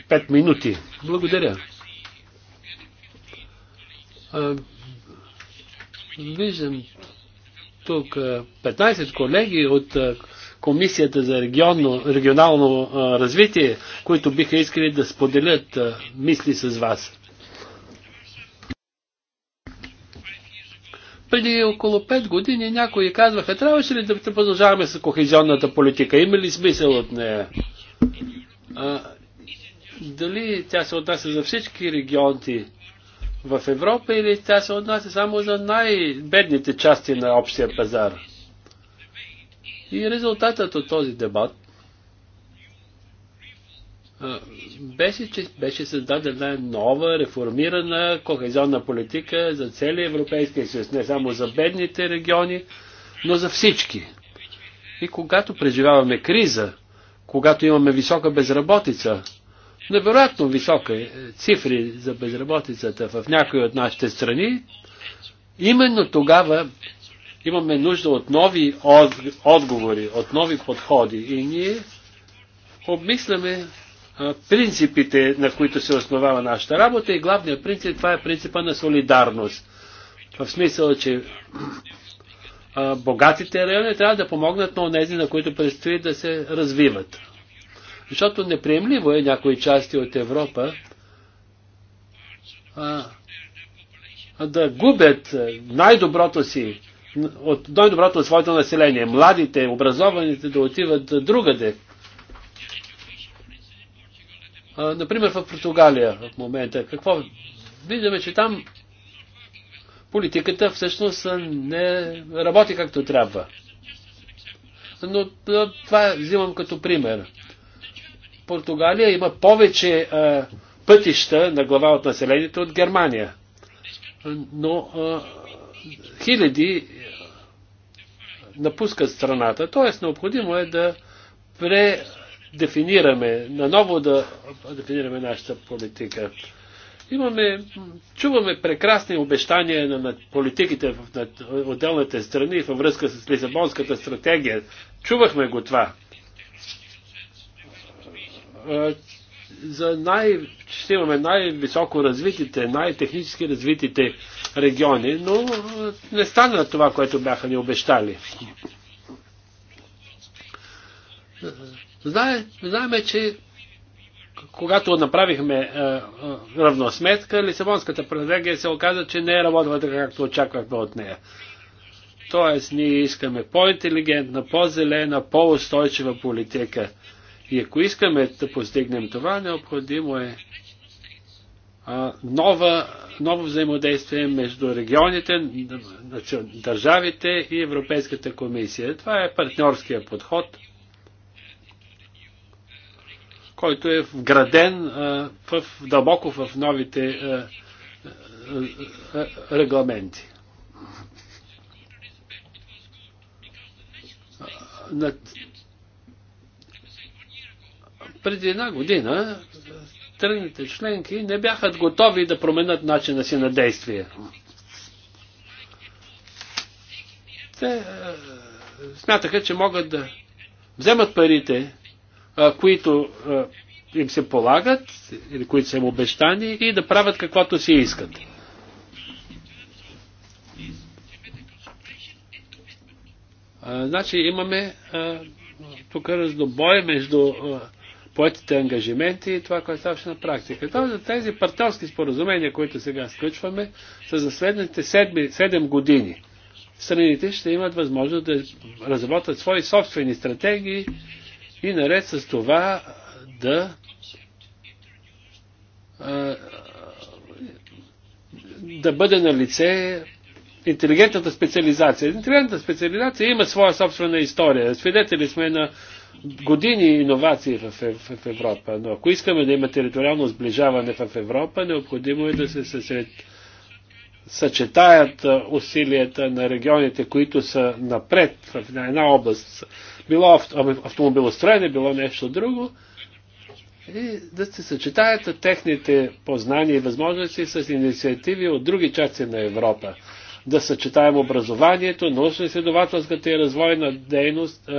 5 минути. Благодаря. А, виждам тук 15 колеги от Комисията за регионно, регионално развитие, които биха искали да споделят мисли с вас. Преди около 5 години някои казваха, трябваше ли да продължаваме с кохезионната политика? Има ли смисъл от нея? А, дали тя се отнася за всички регионти в Европа или тя се отнася само за най-бедните части на общия пазар? И резултатът от този дебат беше, че беше създадена нова, реформирана кохезионна политика за целия Европейския съюз, не само за бедните региони, но за всички. И когато преживяваме криза, когато имаме висока безработица, невероятно висока е, цифри за безработицата в някои от нашите страни, именно тогава имаме нужда от нови отговори, от нови подходи и ние обмисляме принципите, на които се основава нашата работа и главният принцип, това е принципа на солидарност. В смисъл, че богатите райони трябва да помогнат на тези, на които предстои да се развиват. Защото неприемливо е някои части от Европа а, да губят най-доброто си, от най-доброто от своето население. Младите, образованите да отиват другаде, Например, в Португалия в момента, какво виждаме, че там политиката всъщност не работи както трябва. Но това взимам като пример. Португалия има повече а, пътища на глава от населението от Германия. Но а, хиляди напускат страната, т.е. необходимо е да пре дефинираме, наново да дефинираме нашата политика. Имаме, чуваме прекрасни обещания на, на политиките в на отделните страни във връзка с Лисабонската стратегия. Чувахме го това. За най, ще имаме най-високо развитите, най-технически развитите региони, но не стана това, което бяха ни обещали. Знае, знаеме, че когато направихме е, е, равносметка, Лисабонската стратегия се оказа, че не е работила така, както очаквахме от нея. Тоест, ние искаме по-интелигентна, по-зелена, по-устойчива политика. И ако искаме да постигнем това, необходимо е а, нова, ново взаимодействие между регионите, държавите и Европейската комисия. Това е партньорския подход – който е вграден в, дълбоко в новите регламенти. Преди една година страните членки не бяха готови да променят начина си на действие. Те смятаха, че могат да вземат парите които им се полагат, или които са им обещани, и да правят каквото си искат. значи имаме тук раздобой между поетите ангажименти и това, което ставаше на практика. Тоест, тези партньорски споразумения, които сега сключваме, са за следните 7, 7 години. Страните ще имат възможност да разработят свои собствени стратегии и наред с това да да бъде на лице интелигентната специализация. Интелигентната специализация има своя собствена история. Свидетели сме на години иновации в, в, в Европа. Но ако искаме да има териториално сближаване в Европа, необходимо е да се съсредоточим съчетаят усилията на регионите, които са напред в една област, било ами, автомобилостроене, било нещо друго, и да се съчетаят техните познания и възможности с инициативи от други части на Европа. Да съчетаем образованието, научно-изследователската и развойна дейност,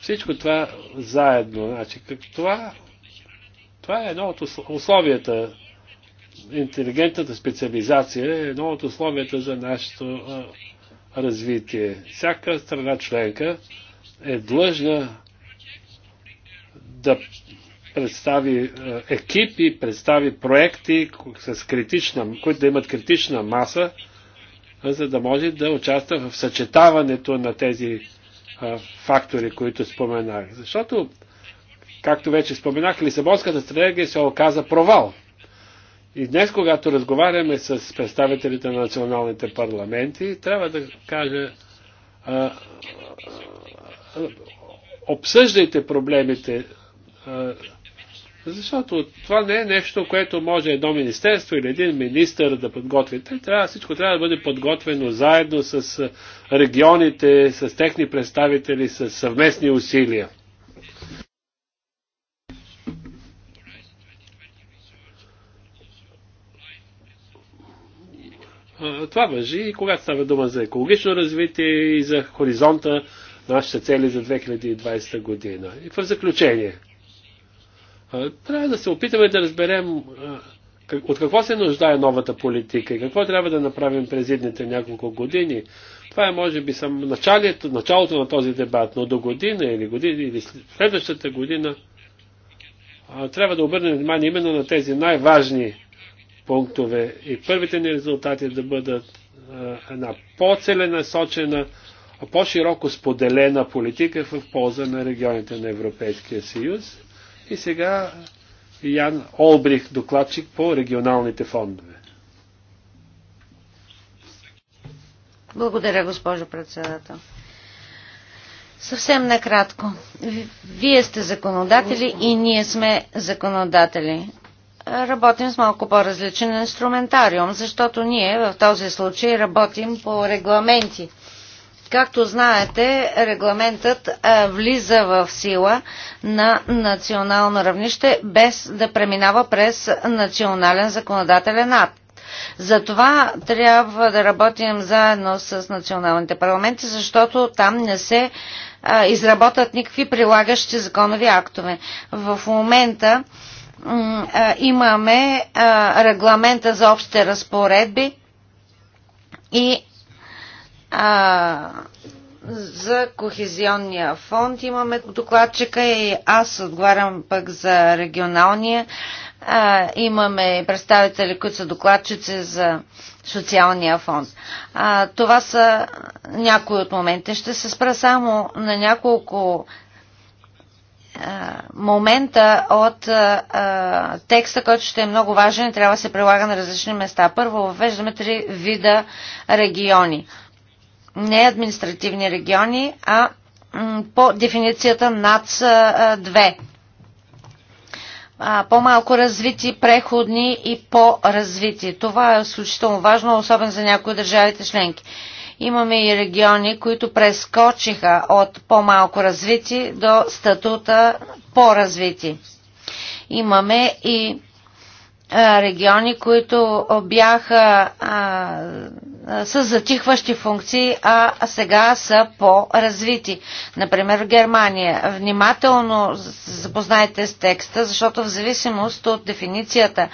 всичко това заедно. Значи, това, това е едно от условията интелигентната специализация е едно от условията за нашето развитие. Всяка страна членка е длъжна да представи екипи, представи проекти, с критична, които да имат критична маса, за да може да участва в съчетаването на тези фактори, които споменах. Защото, както вече споменах, Лисабонската стратегия се оказа провал. И днес, когато разговаряме с представителите на националните парламенти, трябва да кажа, а, а, обсъждайте проблемите, защото това не е нещо, което може едно министерство или един министр да подготви. Те трябва, всичко трябва да бъде подготвено заедно с регионите, с техни представители, с съвместни усилия. Това въжи и когато става дума за екологично развитие и за хоризонта на нашите цели за 2020 година. И в заключение, трябва да се опитаме да разберем от какво се нуждае новата политика и какво трябва да направим през едните няколко години. Това е, може би, сам началото, началото на този дебат, но до година или, година, или следващата година трябва да обърнем внимание именно на тези най-важни пунктове и първите ни резултати да бъдат една по-целенасочена, по-широко споделена политика в полза на регионите на Европейския съюз. И сега Ян Олбрих, докладчик по регионалните фондове. Благодаря, госпожо председател. Съвсем накратко. Вие сте законодатели и ние сме законодатели работим с малко по-различен инструментариум, защото ние в този случай работим по регламенти. Както знаете, регламентът влиза в сила на национално равнище, без да преминава през национален законодателен акт. Затова трябва да работим заедно с националните парламенти, защото там не се изработат никакви прилагащи законови актове. В момента имаме регламента за общите разпоредби и за кохезионния фонд имаме докладчика и аз отговарям пък за регионалния. имаме представители, които са докладчици за социалния фонд. това са някои от моменти. Ще се спра само на няколко момента от а, текста, който ще е много важен и трябва да се прилага на различни места. Първо, въвеждаме три вида региони. Не административни региони, а по дефиницията над 2. По-малко развити, преходни и по-развити. Това е изключително важно, особено за някои държавите членки. Имаме и региони, които прескочиха от по-малко развити до статута по-развити. Имаме и региони, които бяха а, с затихващи функции, а сега са по-развити. Например, в Германия. Внимателно запознайте с текста, защото в зависимост от дефиницията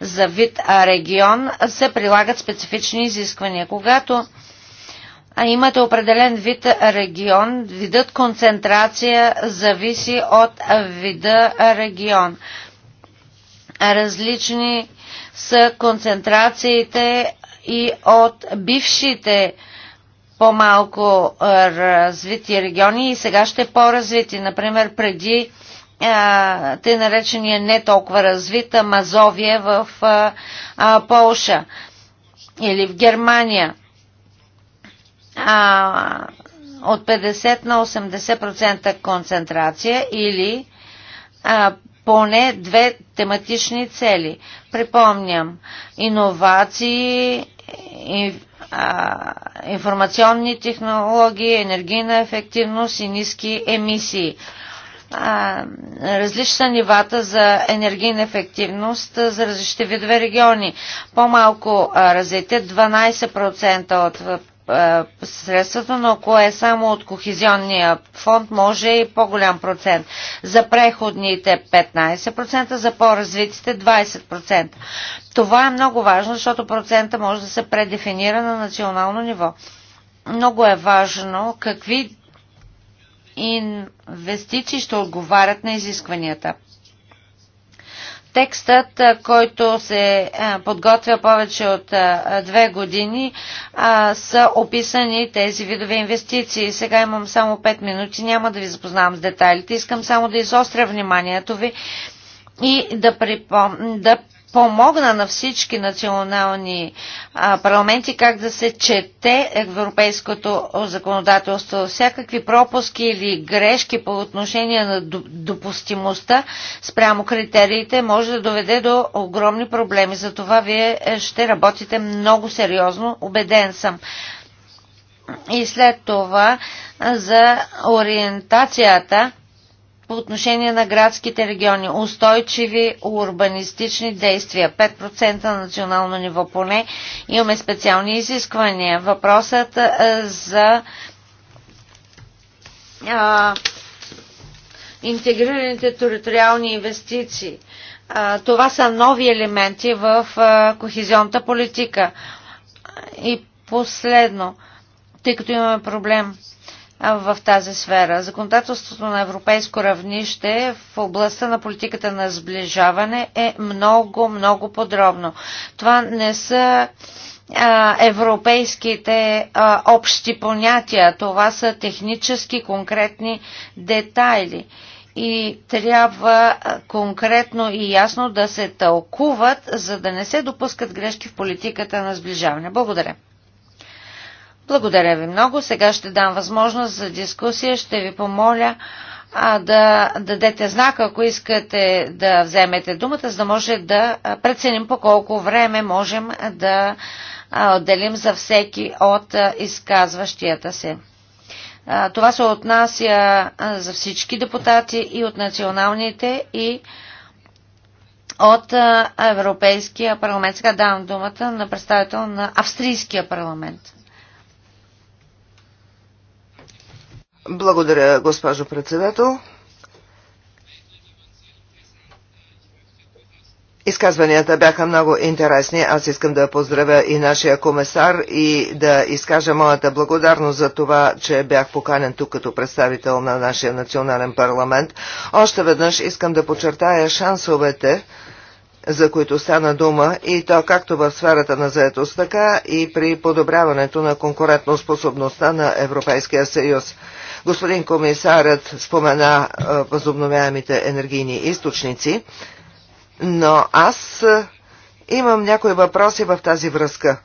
за вид регион се прилагат специфични изисквания. Когато а имате определен вид регион, видът концентрация зависи от вида регион. Различни са концентрациите и от бившите по-малко развити региони и сега ще по-развити. Например, преди те наречения не толкова развита Мазовия в Полша или в Германия – а, от 50 на 80% концентрация или а, поне две тематични цели. Припомням, иновации, информационни технологии, енергийна ефективност и ниски емисии. Различни са нивата за енергийна ефективност за различните видове региони. По-малко развитие 12% от е, средствата, но ако е само от кохезионния фонд, може и по-голям процент. За преходните 15%, за по-развитите 20%. Това е много важно, защото процента може да се предефинира на национално ниво. Много е важно какви инвестиции ще отговарят на изискванията. Текстът, който се подготвя повече от две години, са описани тези видове инвестиции. Сега имам само 5 минути, няма да ви запознавам с детайлите. Искам само да изостря вниманието ви и да, припом... да помогна на всички национални парламенти как да се чете европейското законодателство. Всякакви пропуски или грешки по отношение на допустимостта спрямо критериите може да доведе до огромни проблеми. Затова вие е, ще работите много сериозно, убеден съм. И след това за ориентацията по отношение на градските региони. Устойчиви урбанистични действия. 5% на национално ниво поне. Имаме специални изисквания. Въпросът за а, интегрираните териториални инвестиции. А, това са нови елементи в а, кохезионната политика. И последно, тъй като имаме проблем в тази сфера. Законодателството на европейско равнище в областта на политиката на сближаване е много, много подробно. Това не са европейските а, общи понятия. Това са технически конкретни детайли. И трябва конкретно и ясно да се тълкуват, за да не се допускат грешки в политиката на сближаване. Благодаря. Благодаря ви много. Сега ще дам възможност за дискусия. Ще ви помоля а, да дадете знак, ако искате да вземете думата, за да може да преценим по колко време можем да отделим за всеки от изказващията се. Това се отнася за всички депутати и от националните и от Европейския парламент. Сега давам думата на представител на Австрийския парламент. Благодаря, госпожо председател. Изказванията бяха много интересни. Аз искам да поздравя и нашия комесар и да изкажа моята благодарност за това, че бях поканен тук като представител на нашия национален парламент. Още веднъж искам да подчертая шансовете, за които стана дума, и то както в сферата на заетост, така и при подобряването на конкурентоспособността на Европейския съюз. Господин комисарът спомена възобновяемите енергийни източници, но аз имам някои въпроси в тази връзка.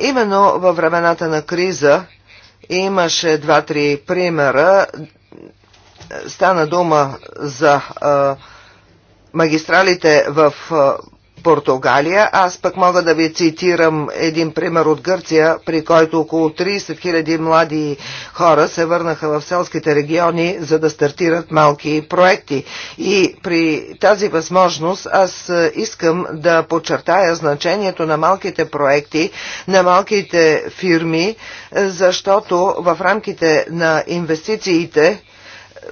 Именно във времената на криза имаше два-три примера. Стана дума за магистралите в Португалия. Аз пък мога да ви цитирам един пример от Гърция, при който около 30 000 млади хора се върнаха в селските региони, за да стартират малки проекти. И при тази възможност аз е, искам да подчертая значението на малките проекти, на малките фирми, е, защото в рамките на инвестициите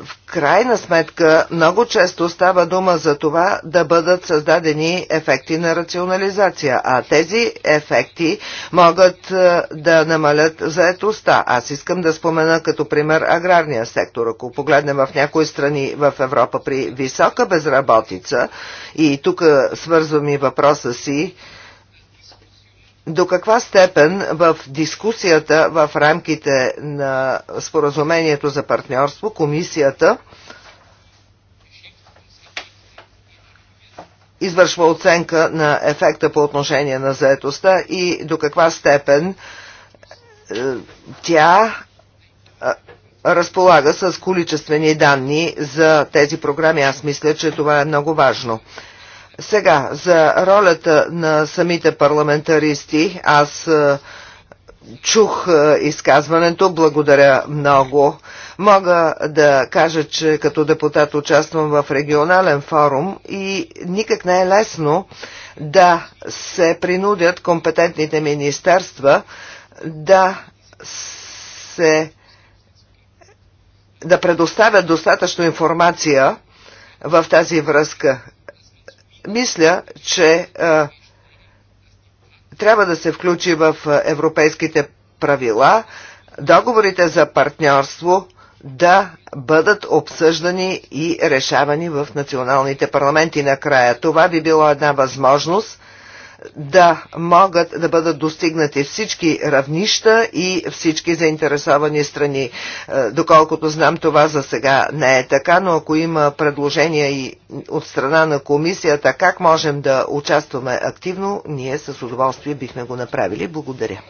в крайна сметка много често става дума за това да бъдат създадени ефекти на рационализация, а тези ефекти могат е, да намалят заетостта. Аз искам да спомена като пример аграрния сектор. Ако погледнем в някои страни в Европа при висока безработица, и тук свързвам и въпроса си, до каква степен в дискусията в рамките на споразумението за партньорство комисията извършва оценка на ефекта по отношение на заетостта и до каква степен е, тя е, разполага с количествени данни за тези програми. Аз мисля, че това е много важно. Сега, за ролята на самите парламентаристи, аз е, чух е, изказването, благодаря много. Мога да кажа, че като депутат участвам в регионален форум и никак не е лесно да се принудят компетентните министерства да се да предоставят достатъчно информация в тази връзка мисля, че а, трябва да се включи в европейските правила договорите за партньорство да бъдат обсъждани и решавани в националните парламенти накрая. Това би било една възможност да могат да бъдат достигнати всички равнища и всички заинтересовани страни. Е, доколкото знам, това за сега не е така, но ако има предложения и от страна на комисията как можем да участваме активно, ние с удоволствие бихме го направили. Благодаря.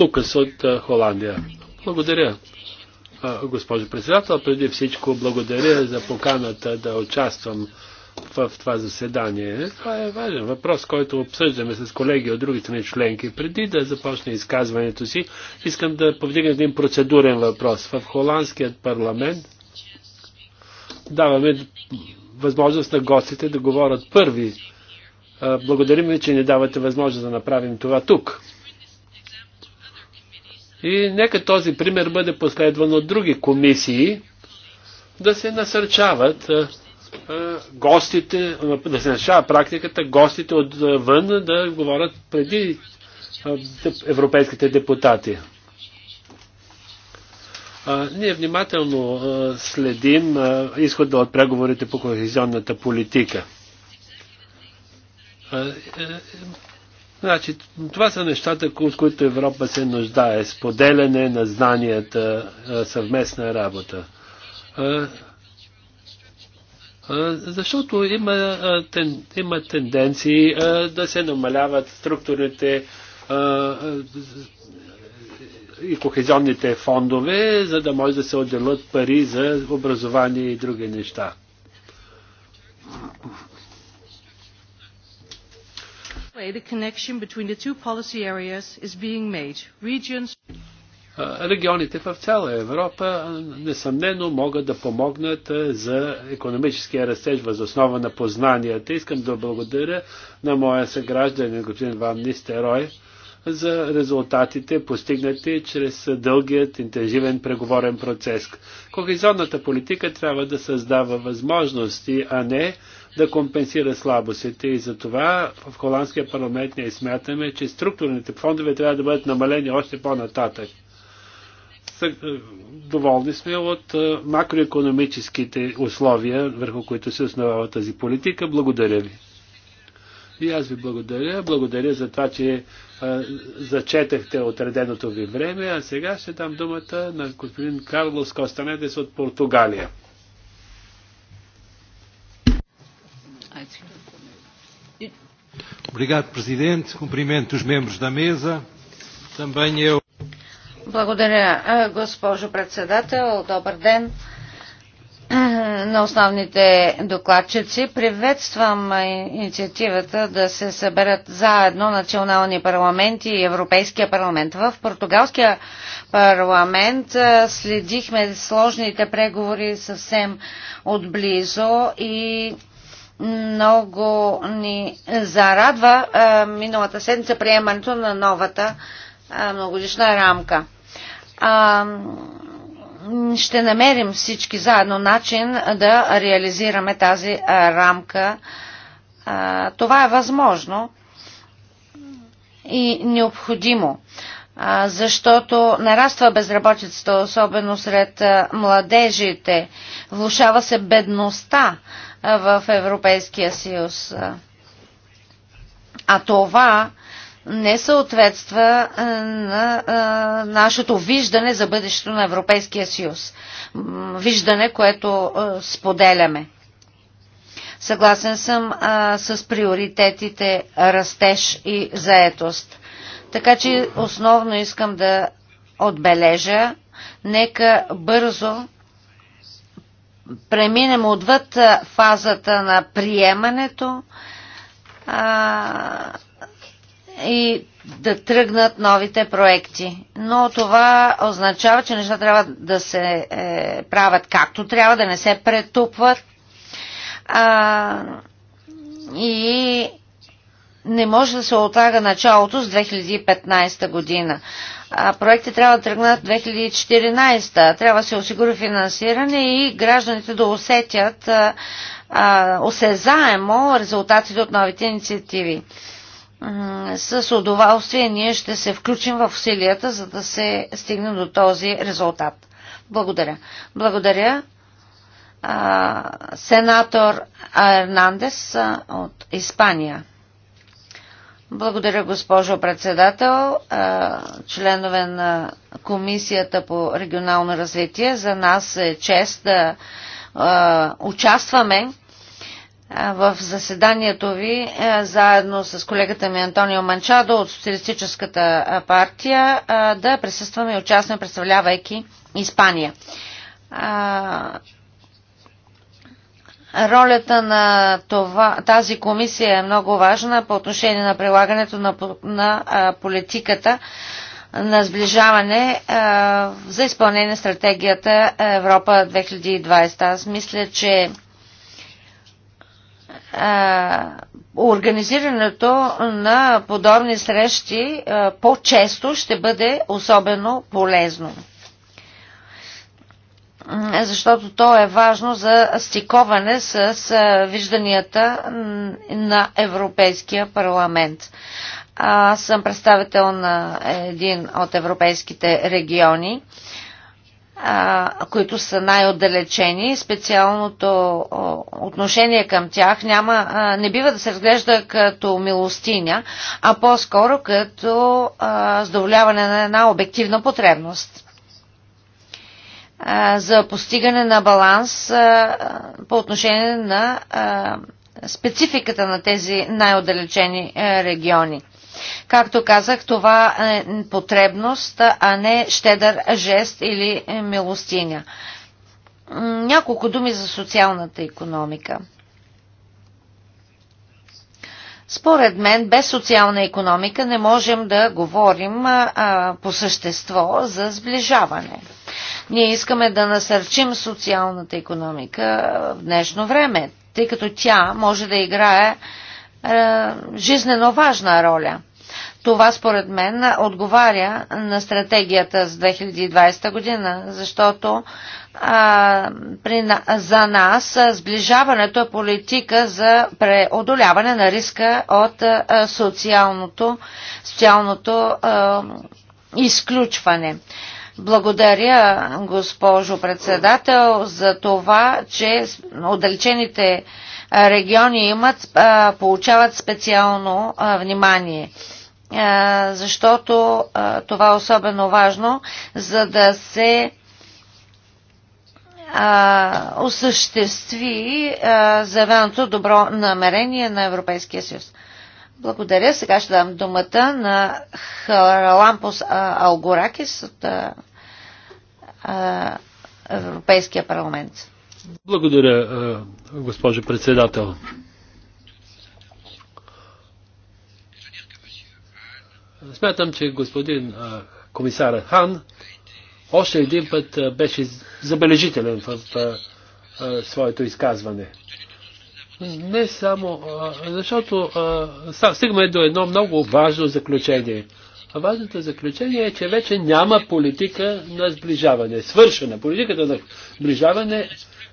Лукас от е, Холандия. Благодаря госпожо председател. Преди всичко благодаря за поканата да участвам в това заседание. Това е важен въпрос, който обсъждаме с колеги от другите ни членки. Преди да започне изказването си, искам да повдигна един процедурен въпрос. В Холандският парламент даваме възможност на гостите да говорят първи. Благодарим ви, че ни давате възможност да направим това тук. И нека този пример бъде последван от други комисии, да се насърчават гостите, да се насърчава практиката гостите отвън да говорят преди европейските депутати. Ние внимателно следим изхода от преговорите по кохезионната политика. Е, Значи, това са нещата, от които Европа се нуждае. Споделяне на знанията, съвместна работа. Защото има, тен, има тенденции да се намаляват структурните и кохезионните фондове, за да може да се отделят пари за образование и други неща way the connection between the two policy areas is being made. Regions... Регионите в цяла Европа несъмнено могат да помогнат за економическия растеж въз основа на познанията. Искам да благодаря на моя съгражданин, господин Ван Нистерой, за резултатите, постигнати чрез дългият интензивен преговорен процес. Кохезионната политика трябва да създава възможности, а не да компенсира слабостите и затова в Холандския парламент ние смятаме, че структурните фондове трябва да бъдат намалени още по-нататък. Е, доволни сме от е, макроекономическите условия, върху които се основава тази политика. Благодаря ви. И аз ви благодаря. Благодаря за това, че а, е, зачетахте отреденото ви време. А сега ще дам думата на господин Карлос Костанедес от Португалия. Obrigado, Presidente. Cumprimento os membros da mesa. Também eu. Благодаря, госпожо председател. Добър ден на основните докладчици. Приветствам инициативата да се съберат заедно национални парламенти и Европейския парламент. В португалския парламент следихме сложните преговори съвсем отблизо и много ни зарадва а, миналата седмица приемането на новата а, многодишна рамка. А, ще намерим всички заедно начин да реализираме тази а, рамка. А, това е възможно и необходимо, а, защото нараства безработицата, особено сред младежите, влушава се бедността в Европейския съюз. А това не съответства е, на е, нашето виждане за бъдещето на Европейския съюз. Виждане, което е, споделяме. Съгласен съм а, с приоритетите растеж и заетост. Така че основно искам да отбележа, нека бързо преминем отвъд фазата на приемането а, и да тръгнат новите проекти. Но това означава, че неща трябва да се е, правят както трябва, да не се претупват. А, и не може да се отлага началото с 2015 година проекти трябва да тръгнат 2014. Трябва да се осигури финансиране и гражданите да усетят осезаемо резултатите от новите инициативи. С удоволствие ние ще се включим в усилията, за да се стигне до този резултат. Благодаря. Благодаря. сенатор Ернандес от Испания. Благодаря, госпожо председател, членове на Комисията по регионално развитие. За нас е чест да участваме в заседанието ви заедно с колегата ми Антонио Манчадо от Социалистическата партия да присъстваме и участваме, представлявайки Испания. Ролята на това, тази комисия е много важна по отношение на прилагането на, на а, политиката на сближаване а, за изпълнение на стратегията Европа 2020. Аз мисля, че а, организирането на подобни срещи по-често ще бъде особено полезно защото то е важно за стиковане с вижданията на Европейския парламент. Аз съм представител на един от европейските региони, които са най-отдалечени. Специалното отношение към тях няма, не бива да се разглежда като милостиня, а по-скоро като задоволяване на една обективна потребност за постигане на баланс по отношение на спецификата на тези най-отдалечени региони. Както казах, това е потребност, а не щедър жест или е, милостиня. Няколко думи за социалната економика. Според мен, без социална економика не можем да говорим а, по същество за сближаване. Ние искаме да насърчим социалната економика в днешно време, тъй като тя може да играе е, жизнено важна роля. Това според мен отговаря на стратегията с 2020 година, защото а, при, за нас сближаването е политика за преодоляване на риска от а, социалното, социалното а, изключване. Благодаря, госпожо председател, за това, че отдалечените региони имат, получават специално внимание защото това е особено важно, за да се осъществи заявеното добро намерение на Европейския съюз. Благодаря. Сега ще дам думата на Харалампус Алгоракис от Европейския парламент. Благодаря, госпожо председател. Смятам, че господин комисар Хан още един път беше забележителен в своето изказване. Не само, защото стигаме до едно много важно заключение. А важното заключение е, че вече няма политика на сближаване. Свършена. Политиката на сближаване,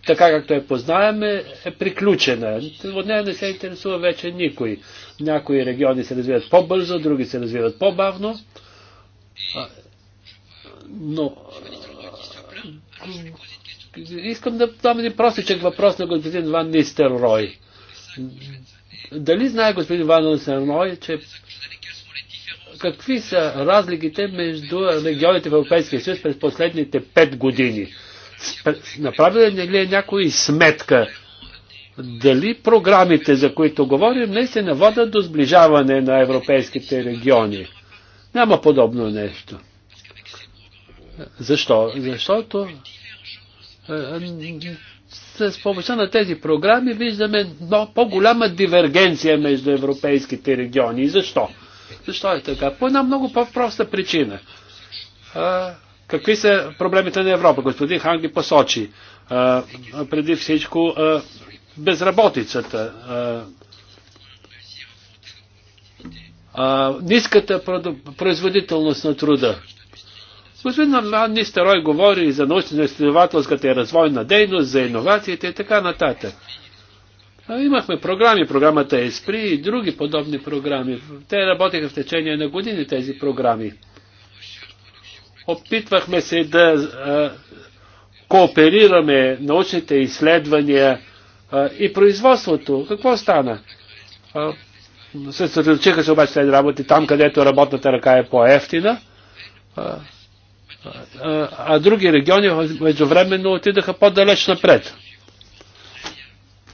така както я познаваме, е приключена. От нея не се интересува вече никой. Някои региони се развиват по-бързо, други се развиват по-бавно. Но искам да дам един простичък въпрос на господин Ван Нистер Рой. Дали знае господин Ван Рой, че какви са разликите между регионите в Европейския съюз през последните 5 години? Направили ли е някои сметка дали програмите, за които говорим, не се наводят до сближаване на европейските региони? Няма подобно нещо. Защо? Защото е, е, с помощта на тези програми виждаме по-голяма дивергенция между европейските региони. И защо? Защо е така? По една много по-проста причина. А, какви са проблемите на Европа? Господин Хан ги посочи. А, преди всичко а, безработицата, а, ниската производителност на труда. Господин Старой говори за научно-изследователската и развойна дейност, за иновациите и така нататък. Имахме програми, програмата ЕСПРИ и други подобни програми. Те работеха в течение на години тези програми. Опитвахме се да а, кооперираме научните изследвания а, и производството. Какво стана? А, се съсредоточиха се обаче тези работи там, където работната ръка е по-ефтина а, други региони междувременно отидаха по-далеч напред.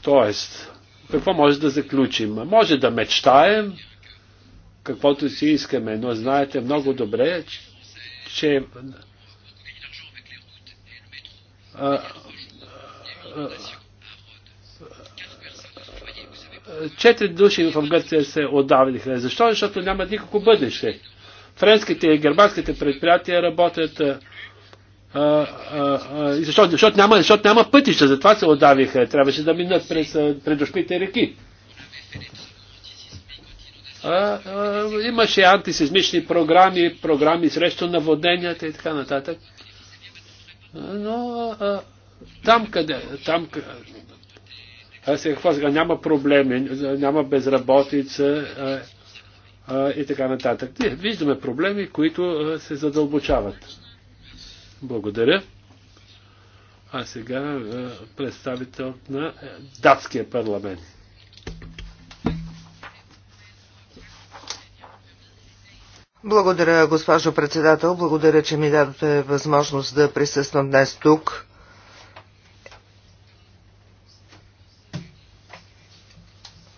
Тоест, какво може да заключим? Може да мечтаем, каквото си искаме, но знаете много добре, че четири души в Гърция се отдавиха. Защо? Защото няма никакво бъдеще френските и германските предприятия работят. А, а, а, защото, защото, няма, защото няма пътища, затова се отдавиха. Трябваше да минат през предушпите реки. А, а, имаше антисезмични програми, програми срещу наводненията и така нататък. Но а, там къде, там къде, а сега, няма проблеми, няма безработица, а, и така нататък. Ние виждаме проблеми, които се задълбочават. Благодаря. А сега представител на е, датския парламент. Благодаря, госпожо председател. Благодаря, че ми дадете възможност да присъствам днес тук.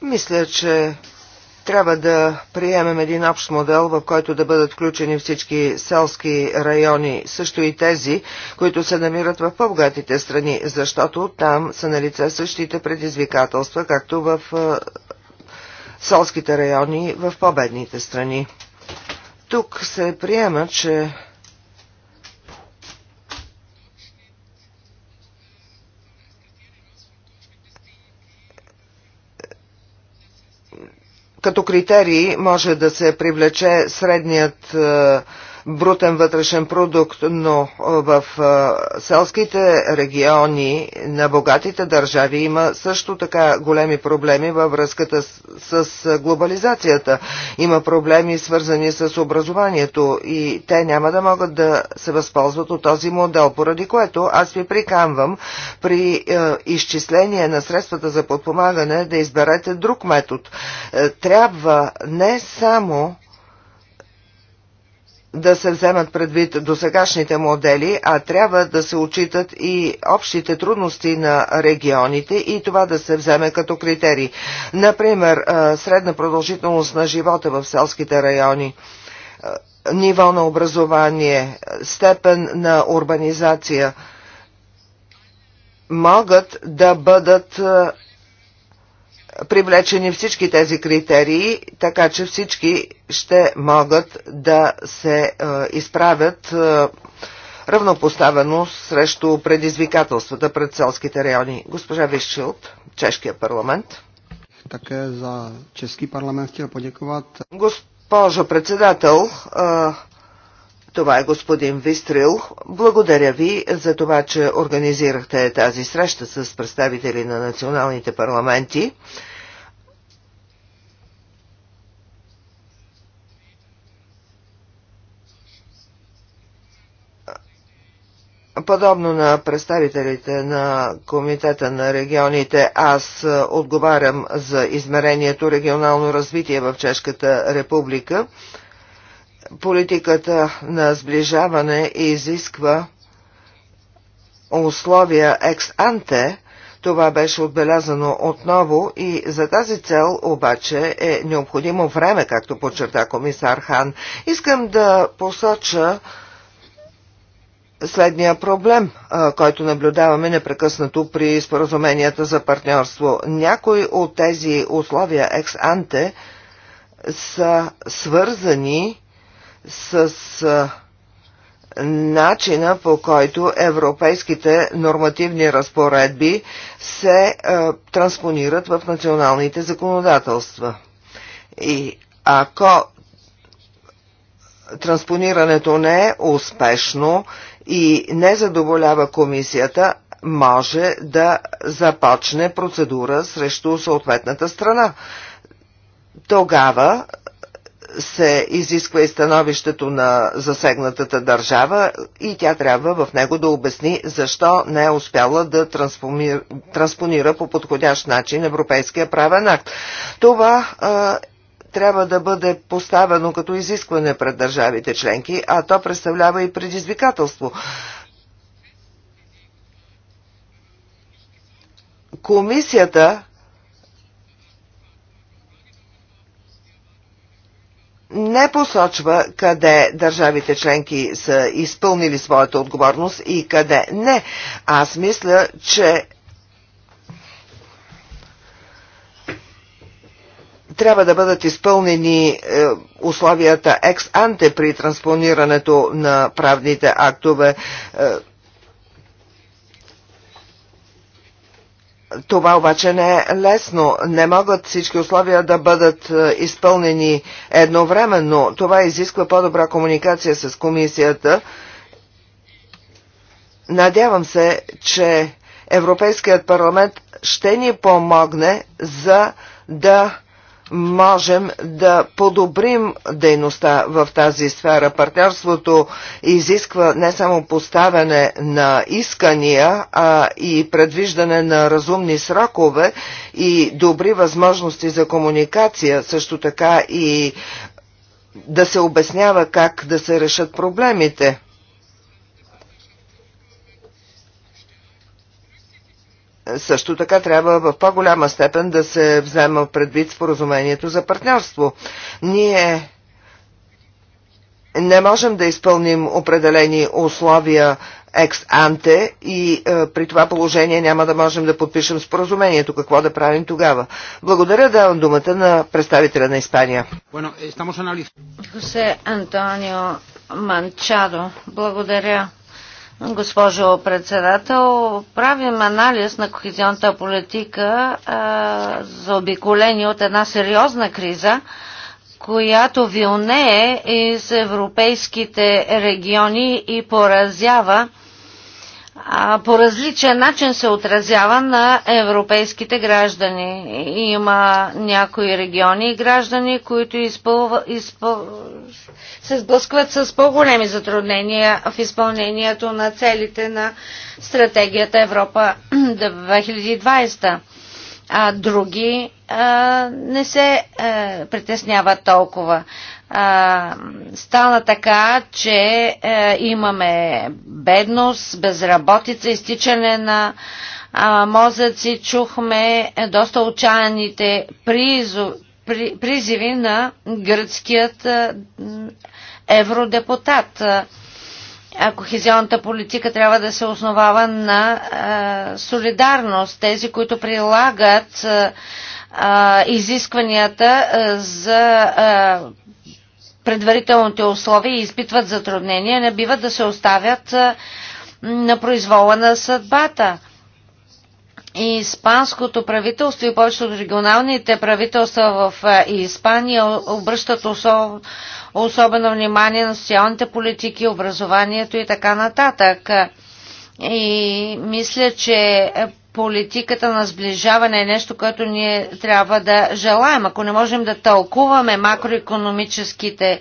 Мисля, че трябва да приемем един общ модел, в който да бъдат включени всички селски райони, също и тези, които се намират в по-богатите страни, защото там са на лице същите предизвикателства, както в е, селските райони в по-бедните страни. Тук се приема, че като критерии може да се привлече средният е, брутен вътрешен продукт, но в селските региони на богатите държави има също така големи проблеми във връзката с, с глобализацията. Има проблеми свързани с образованието и те няма да могат да се възползват от този модел, поради което аз ви приканвам при е, изчисление на средствата за подпомагане да изберете друг метод. Е, трябва не само да се вземат предвид досегашните модели, а трябва да се отчитат и общите трудности на регионите и това да се вземе като критерий. Например, средна продължителност на живота в селските райони, ниво на образование, степен на урбанизация могат да бъдат привлечени всички тези критерии, така че всички ще могат да се е, изправят е, равнопоставено срещу предизвикателствата пред селските райони. Госпожа Вишчилд, Чешкия парламент. Така е, за Чешки парламент ще подяковат. Госпожо председател, това е господин Вистрил. Благодаря ви за това, че организирахте тази среща с представители на националните парламенти. Подобно на представителите на Комитета на регионите, аз отговарям за измерението регионално развитие в Чешката република. Политиката на сближаване изисква условия екс-анте, това беше отбелязано отново и за тази цел обаче е необходимо време, както подчерта комисар Хан. Искам да посоча следния проблем, който наблюдаваме непрекъснато при споразуменията за партньорство. Някои от тези условия екс-анте са свързани с начина по който европейските нормативни разпоредби се транспонират в националните законодателства. И ако транспонирането не е успешно и не задоволява комисията, може да започне процедура срещу съответната страна. Тогава се изисква и становището на засегнатата държава и тя трябва в него да обясни защо не е успяла да транспонира по подходящ начин Европейския правен акт. Това е, трябва да бъде поставено като изискване пред държавите членки, а то представлява и предизвикателство. Комисията не посочва къде държавите членки са изпълнили своята отговорност и къде не. Аз мисля, че трябва да бъдат изпълнени е, условията екс-анте при транспонирането на правните актове. Е, Това обаче не е лесно. Не могат всички условия да бъдат е, изпълнени едновременно. Това изисква по-добра комуникация с комисията. Надявам се, че Европейският парламент ще ни помогне за да можем да подобрим дейността в тази сфера. Партньорството изисква не само поставяне на искания, а и предвиждане на разумни срокове и добри възможности за комуникация, също така и да се обяснява как да се решат проблемите. също така трябва в по-голяма степен да се взема предвид споразумението за партньорство. Ние не можем да изпълним определени условия екс-анте и е, при това положение няма да можем да подпишем споразумението. Какво да правим тогава? Благодаря, давам думата на представителя на Испания. Хосе Антонио Манчадо, благодаря. Госпожо председател, правим анализ на кохезионната политика за обиколение от една сериозна криза, която вилнее из европейските региони и поразява по различен начин се отразява на европейските граждани. Има някои региони и граждани, които изпълва, изпъл... се сблъскват с по-големи затруднения в изпълнението на целите на стратегията Европа 2020. А други а, не се а, е, притесняват толкова а, стана така, че а, е, имаме бедност, безработица, изтичане на а, мозъци. Чухме доста отчаяните призо, при, призиви на гръцкият а, е, евродепутат. Е, а кохезионната политика трябва да се основава на а, солидарност. Тези, които прилагат а, изискванията за предварителните условия и изпитват затруднения, не биват да се оставят на произвола на съдбата. И Испанското правителство и повечето от регионалните правителства в Испания обръщат особ... особено внимание на социалните политики, образованието и така нататък. И мисля, че политиката на сближаване е нещо, което ние трябва да желаем. Ако не можем да тълкуваме макроекономическите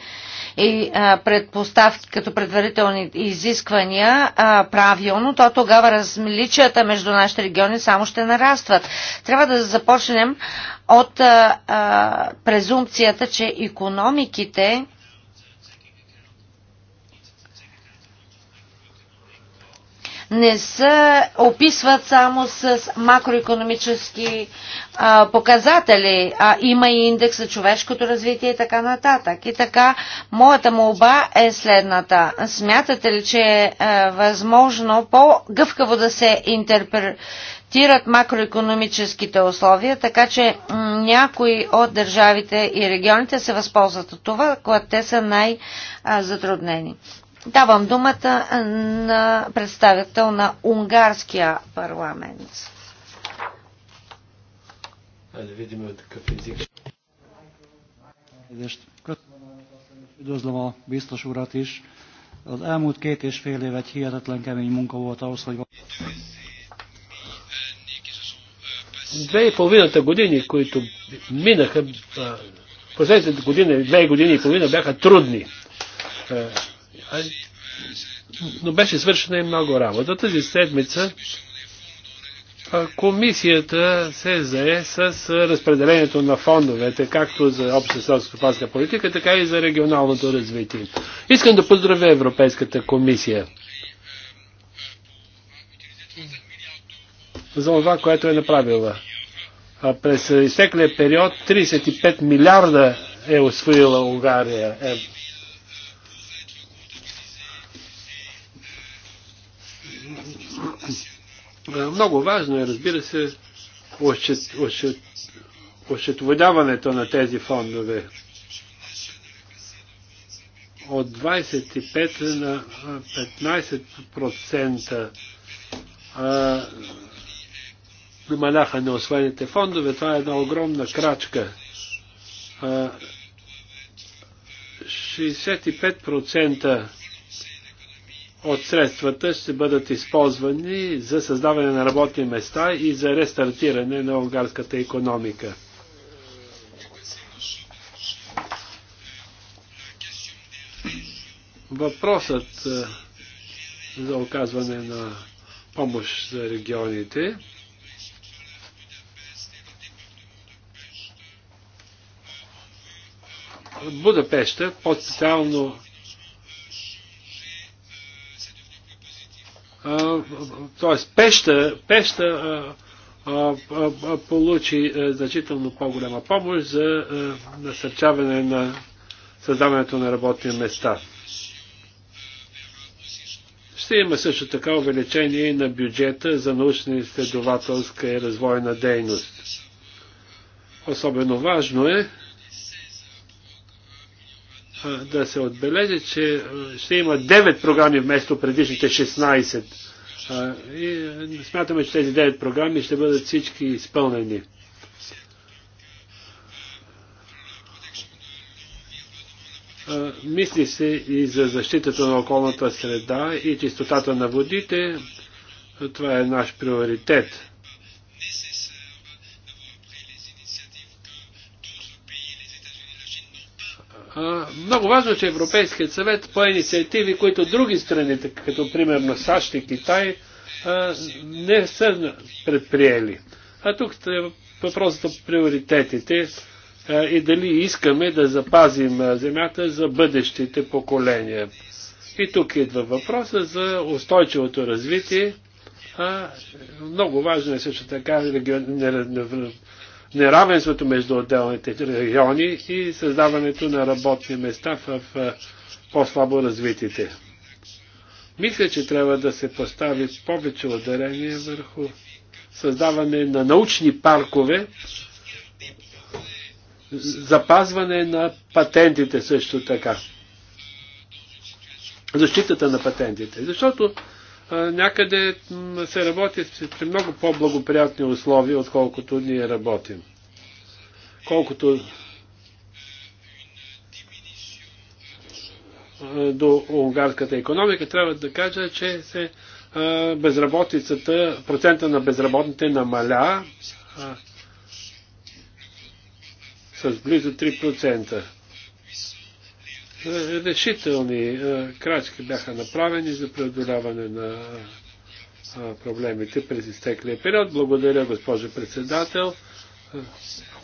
и предпоставки като предварителни изисквания а, правилно, то тогава различията между нашите региони само ще нарастват. Трябва да започнем от а, а, презумпцията, че економиките не се описват само с макроекономически а, показатели, а има и индекс за човешкото развитие и така нататък. И така, моята молба е следната. Смятате ли, че е, е възможно по-гъвкаво да се интерпретира макроекономическите условия, така че някои от държавите и регионите се възползват от това, когато те са най-затруднени. Давам думата на представител на унгарския парламент. да видим от е език. Üdvözlöm a biztos urat is. Az elmúlt két és fél év egy hihetetlen kemény munka volt ahhoz, hogy... Две и половината години, които минаха, последните години, две години и половина бяха трудни е, но беше свършена и много работа. Тази седмица комисията се зае с разпределението на фондовете, както за обща стопанска политика, така и за регионалното развитие. Искам да поздравя Европейската комисия за това, което е направила. през изтеклия период 35 милиарда е освоила Унгария. Е, Много важно е, разбира се, осчетоводяването на тези фондове. От 25 на 15% намаляха неосвоените фондове. Това е една огромна крачка. 65% от средствата ще бъдат използвани за създаване на работни места и за рестартиране на унгарската економика. Въпросът е, за оказване на помощ за регионите Будапеща, по-специално т.е. пеща, пеща а, а, а, получи значително по-голяма помощ за насърчаване на създаването на работни места. Ще има също така увеличение на бюджета за научна изследователска и развойна дейност. Особено важно е да се отбележи, че ще има 9 програми вместо предишните 16. И смятаме, че тези 9 програми ще бъдат всички изпълнени. Мисли се и за защитата на околната среда и чистотата на водите. Това е наш приоритет. Много важно, че Европейският съвет по инициативи, които други страни, като примерно САЩ и Китай, не са предприели. А тук е въпросът за приоритетите и дали искаме да запазим земята за бъдещите поколения. И тук идва въпроса за устойчивото развитие. много важно е също така неравенството между отделните региони и създаването на работни места в по-слабо развитите. Мисля, че трябва да се постави повече ударение върху създаване на научни паркове, запазване на патентите също така. Защитата на патентите. Защото някъде се работи при много по-благоприятни условия, отколкото ние работим. Колкото до унгарската економика, трябва да кажа, че се, безработицата, процента на безработните намаля а, с близо 3%. Е, решителни е, крачки бяха направени за преодоляване на е, проблемите през изтеклия период. Благодаря, госпожо председател.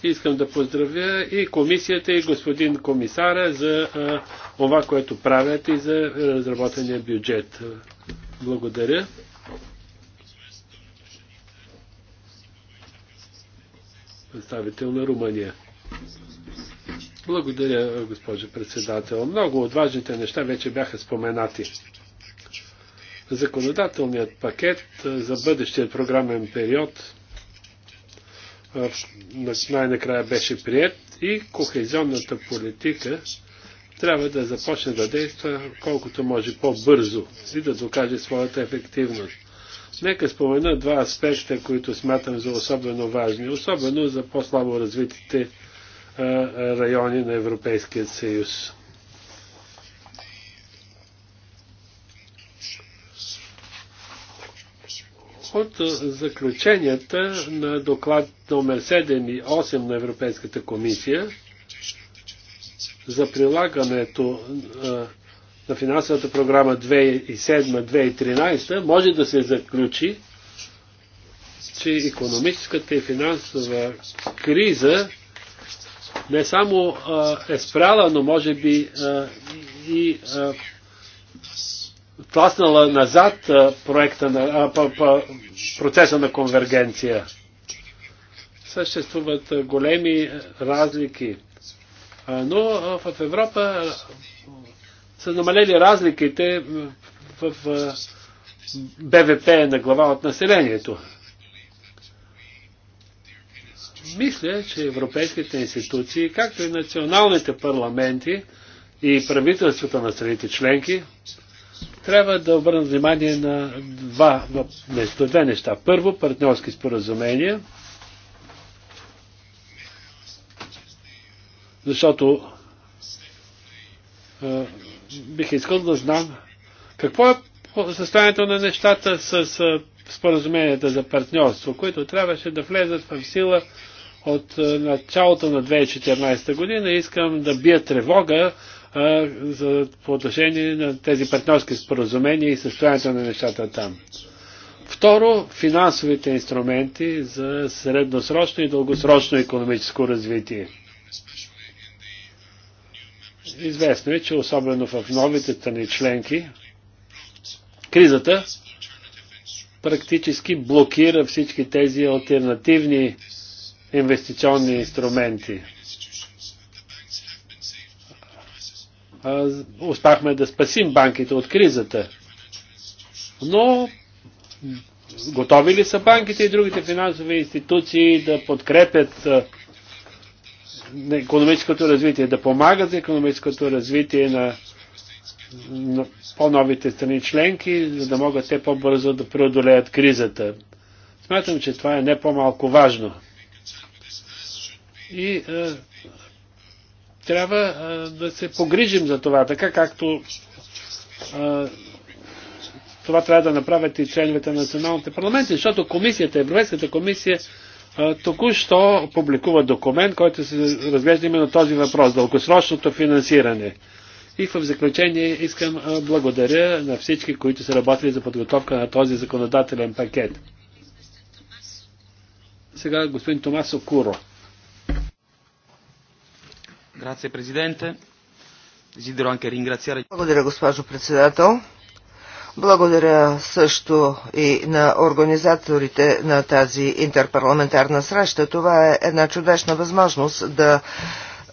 Искам да поздравя и комисията, и господин комисара за това, което правят и за разработения бюджет. Благодаря. Представител на Румъния. Благодаря, госпожо председател. Много от важните неща вече бяха споменати. Законодателният пакет за бъдещия програмен период най-накрая беше прият и кохезионната политика трябва да започне да действа колкото може по-бързо и да докаже своята ефективност. Нека спомена два аспекта, които смятам за особено важни, особено за по-слабо развитите райони на Европейския съюз. От заключенията на доклад номер 7 и 8 на Европейската комисия за прилагането на финансовата програма 2007-2013 може да се заключи, че економическата и финансова криза не само е спряла, но може би и тласнала назад проекта на, а, па, па, процеса на конвергенция. Съществуват големи разлики. но в Европа са намалели разликите в БВП на глава от населението мисля, че европейските институции, както и националните парламенти и правителствата на страните членки, трябва да обърнат внимание на два, на две неща. Първо, партньорски споразумения, защото а, бих искал да знам какво е състоянието на нещата с а, споразуменията за партньорство, които трябваше да влезат в сила от началото на 2014 година искам да бия тревога а, за, отношение на тези партньорски споразумения и състоянието на нещата там. Второ, финансовите инструменти за средносрочно и дългосрочно економическо развитие. Известно е, че особено в новите страни членки, кризата практически блокира всички тези альтернативни инвестиционни инструменти. Успяхме да спасим банките от кризата. Но готови ли са банките и другите финансови институции да подкрепят економическото развитие, да помагат за економическото развитие на, на по-новите страни членки, за да могат те по-бързо да преодолеят кризата. Смятам, че това е не по-малко важно. И а, е, трябва а, е, да се погрижим за това, така както а, е, това трябва да направят и членовете на националните парламенти, защото комисията, Европейската комисия току-що публикува документ, който се разглежда именно този въпрос, дългосрочното финансиране. И в заключение искам благодаря на всички, които са работили за подготовка на този законодателен пакет. Сега господин Томасо Куро. Грация, президенте. Дезидеро анке ringraziare. Благодаря, госпожо председател. Благодаря също и на организаторите на тази интерпарламентарна среща. Това е една чудесна възможност да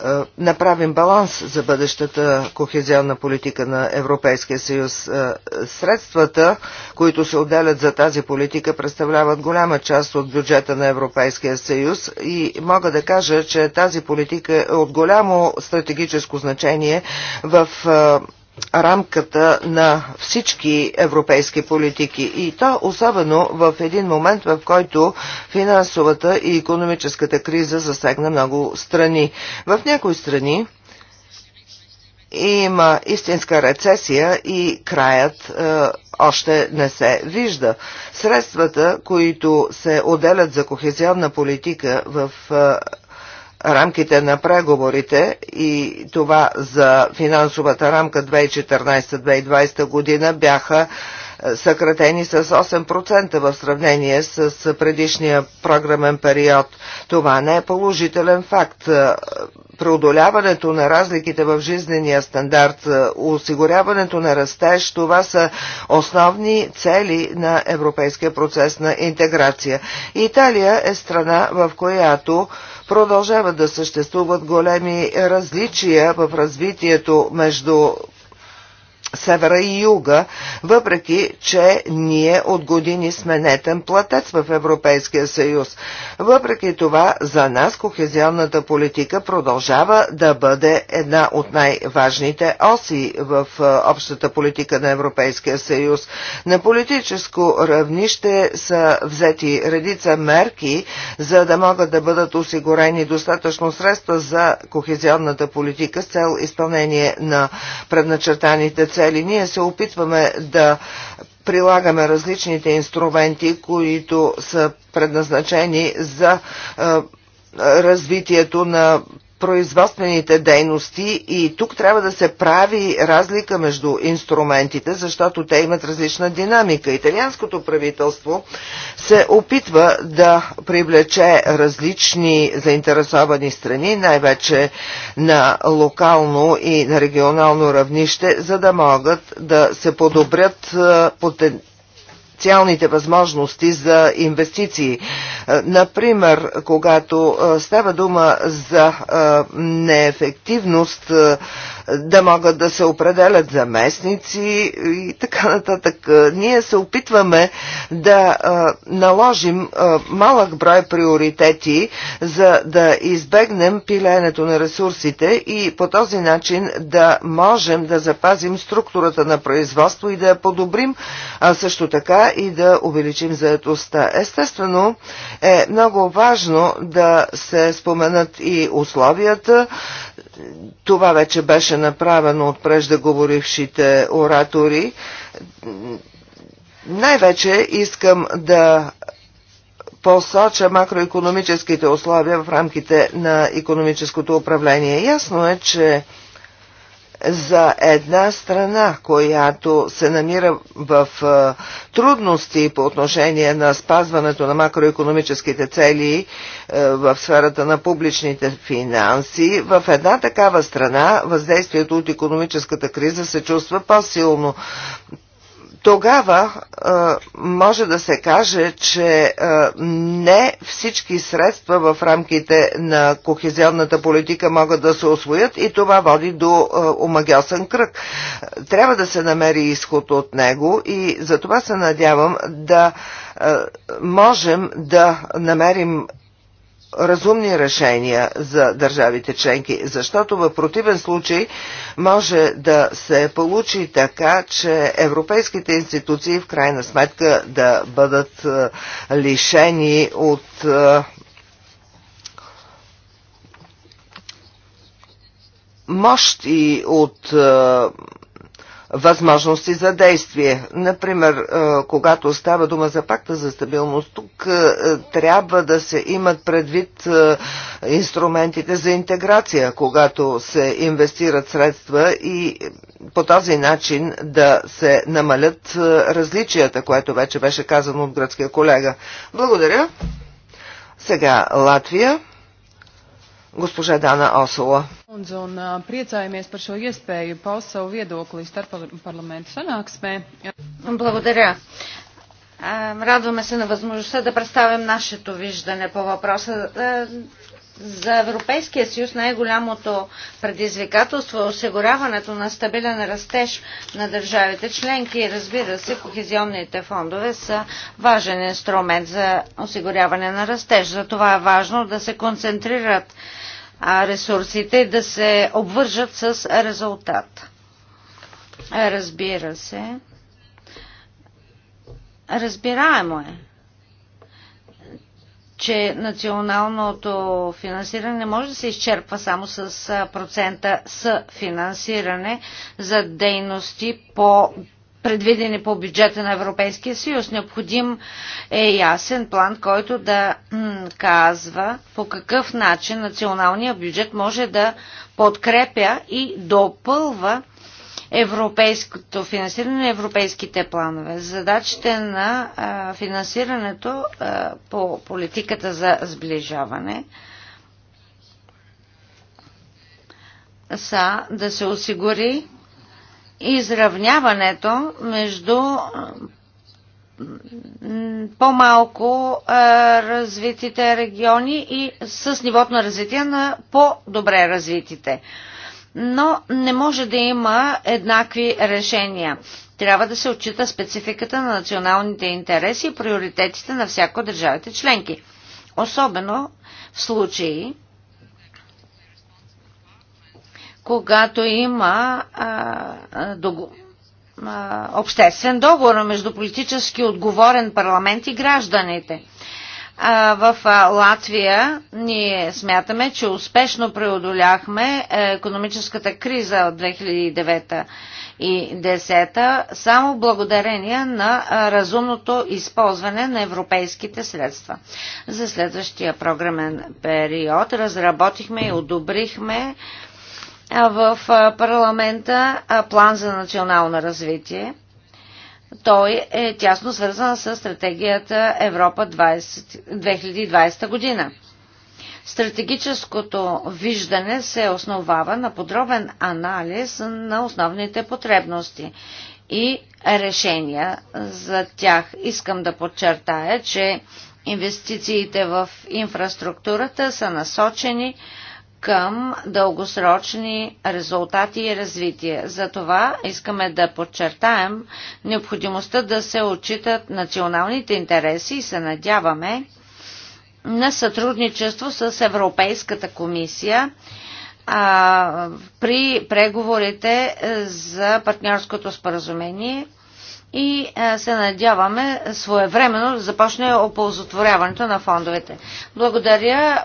е, направим баланс за бъдещата кохезионна политика на Европейския съюз. Е, средствата, които се отделят за тази политика, представляват голяма част от бюджета на Европейския съюз и мога да кажа, че тази политика е от голямо стратегическо значение в е, рамката на всички европейски политики и то особено в един момент, в който финансовата и економическата криза засегна много страни. В някои страни има истинска рецесия и краят е, още не се вижда. Средствата, които се отделят за кохезионна политика в е, рамките на преговорите и това за финансовата рамка 2014-2020 година бяха е, съкратени с 8% в сравнение с предишния програмен период. Това не е положителен факт. Е, преодоляването на разликите в жизнения стандарт, е, осигуряването на растеж, това са основни цели на европейския процес на интеграция. Италия е страна, в която Продължават да съществуват големи различия в развитието между севера и юга, въпреки, че ние от години сме нетен платец в Европейския съюз. Въпреки това, за нас кохезионната политика продължава да бъде една от най-важните оси в е, общата политика на Европейския съюз. На политическо равнище са взети редица мерки, за да могат да бъдат осигурени достатъчно средства за кохезионната политика с цел изпълнение на предначертаните цели цели. Ние се опитваме да прилагаме различните инструменти, които са предназначени за развитието на производствените дейности и тук трябва да се прави разлика между инструментите, защото те имат различна динамика. Италианското правителство се опитва да привлече различни заинтересовани страни, най-вече на локално и на регионално равнище, за да могат да се подобрят е, потенциалите потенциалните възможности за инвестиции. Е, например, когато е, става дума за е, неефективност да могат да се определят заместници и така нататък. Ние се опитваме да наложим малък брой приоритети, за да избегнем пиленето на ресурсите и по този начин да можем да запазим структурата на производство и да я подобрим, а също така и да увеличим заедостта. Естествено е много важно да се споменат и условията това вече беше направено от преждеговорившите оратори. Най-вече искам да посоча макроекономическите условия в рамките на економическото управление. Ясно е, че за една страна, която се намира в трудности по отношение на спазването на макроекономическите цели в сферата на публичните финанси, в една такава страна въздействието от економическата криза се чувства по-силно тогава а, може да се каже, че а, не всички средства в рамките на кохезионната политика могат да се освоят и това води до омагиосен кръг. Трябва да се намери изход от него и за това се надявам да а, можем да намерим разумни решения за държавите членки, защото в противен случай може да се получи така, че европейските институции в крайна сметка да бъдат е, лишени от е, мощ и от е, възможности за действие. Например, е, когато става дума за пакта за стабилност, тук е, трябва да се имат предвид е, инструментите за интеграция, когато се инвестират средства и по този начин да се намалят различията, което вече беше казано от гръцкия колега. Благодаря. Сега Латвия. Госпожа Дана Осола. Kundze, un priecājamies par šo iespēju paust savu viedokli parlamentu sanāksmē. Благодаря. Радваме се на възможността да представим нашето виждане по въпроса. Е, за Европейския съюз най-голямото предизвикателство е осигуряването на стабилен растеж на държавите членки и разбира се, кохезионните фондове са важен инструмент за осигуряване на растеж. За това е важно да се концентрират ресурсите да се обвържат с резултат. Разбира се. Разбираемо е, че националното финансиране не може да се изчерпва само с процента с финансиране за дейности по предвидени по бюджета на Европейския съюз. Необходим е ясен план, който да казва по какъв начин националният бюджет може да подкрепя и допълва европейското финансиране на европейските планове. Задачите на а, финансирането а, по политиката за сближаване са да се осигури изравняването между по-малко развитите региони и с нивото на развитие на по-добре развитите. Но не може да има еднакви решения. Трябва да се отчита спецификата на националните интереси и приоритетите на всяко държавите членки. Особено в случаи, когато има а, до, а, обществен договор между политически отговорен парламент и гражданите. А, в а, Латвия ние смятаме, че успешно преодоляхме е, економическата криза от 2009 и 2010 само благодарение на разумното използване на европейските средства. За следващия програмен период разработихме и одобрихме в парламента план за национално развитие. Той е тясно свързан с стратегията Европа 20, 2020 година. Стратегическото виждане се основава на подробен анализ на основните потребности и решения за тях. Искам да подчертая, че инвестициите в инфраструктурата са насочени към дългосрочни резултати и развитие. Затова искаме да подчертаем необходимостта да се отчитат националните интереси и се надяваме на сътрудничество с Европейската комисия а, при преговорите е, за партньорското споразумение и е, се надяваме своевременно да започне оползотворяването на фондовете. Благодаря.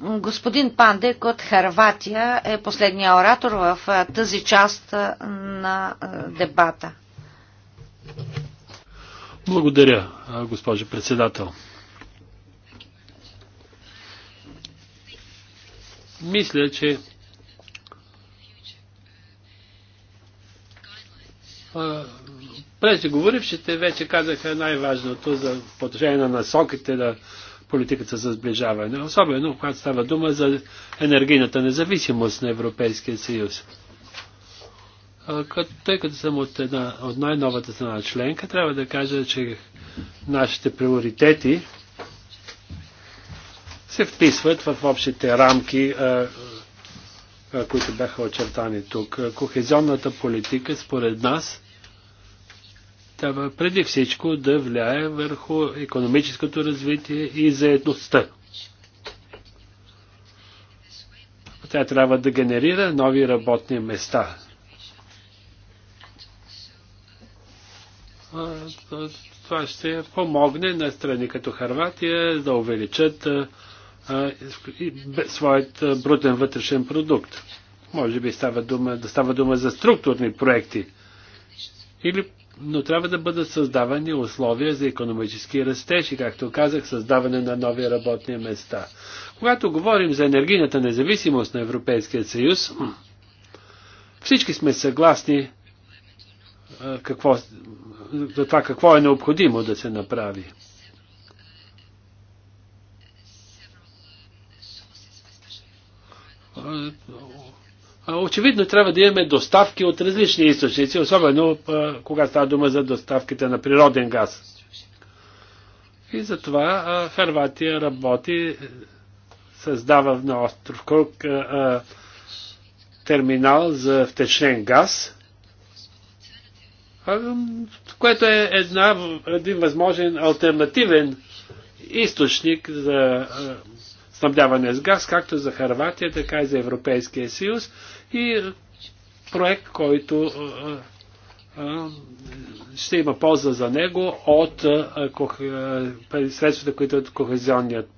Господин Пандек от Харватия е последния оратор в тази част на дебата. Благодаря, госпожо председател. Мисля, че преждеговорившите вече казаха най-важното за по отношение на насоките на политиката за сближаване, особено когато става дума за енергийната независимост на Европейския съюз. Тъй като съм от, една, от най-новата страна членка, трябва да кажа, че нашите приоритети се вписват в общите рамки, които бяха очертани тук. Кохезионната политика, според нас, трябва преди всичко да влияе върху економическото развитие и заедността. Тя трябва да генерира нови работни места. Това ще помогне на страни като Харватия да увеличат своят брутен вътрешен продукт. Може би става дума, да става дума за структурни проекти или но трябва да бъдат създавани условия за економически растеж и, както казах, създаване на нови работни места. Когато говорим за енергийната независимост на Европейския съюз, всички сме съгласни какво, за това какво е необходимо да се направи. Очевидно трябва да имаме доставки от различни източници, особено когато става дума за доставките на природен газ. И затова Харватия работи, създава на остров Круг терминал за втечнен газ, което е една, един възможен альтернативен източник за снабдяване с газ, както за Харватия, така и за Европейския съюз и проект, който ще има полза за него от средствата, които от кохезионният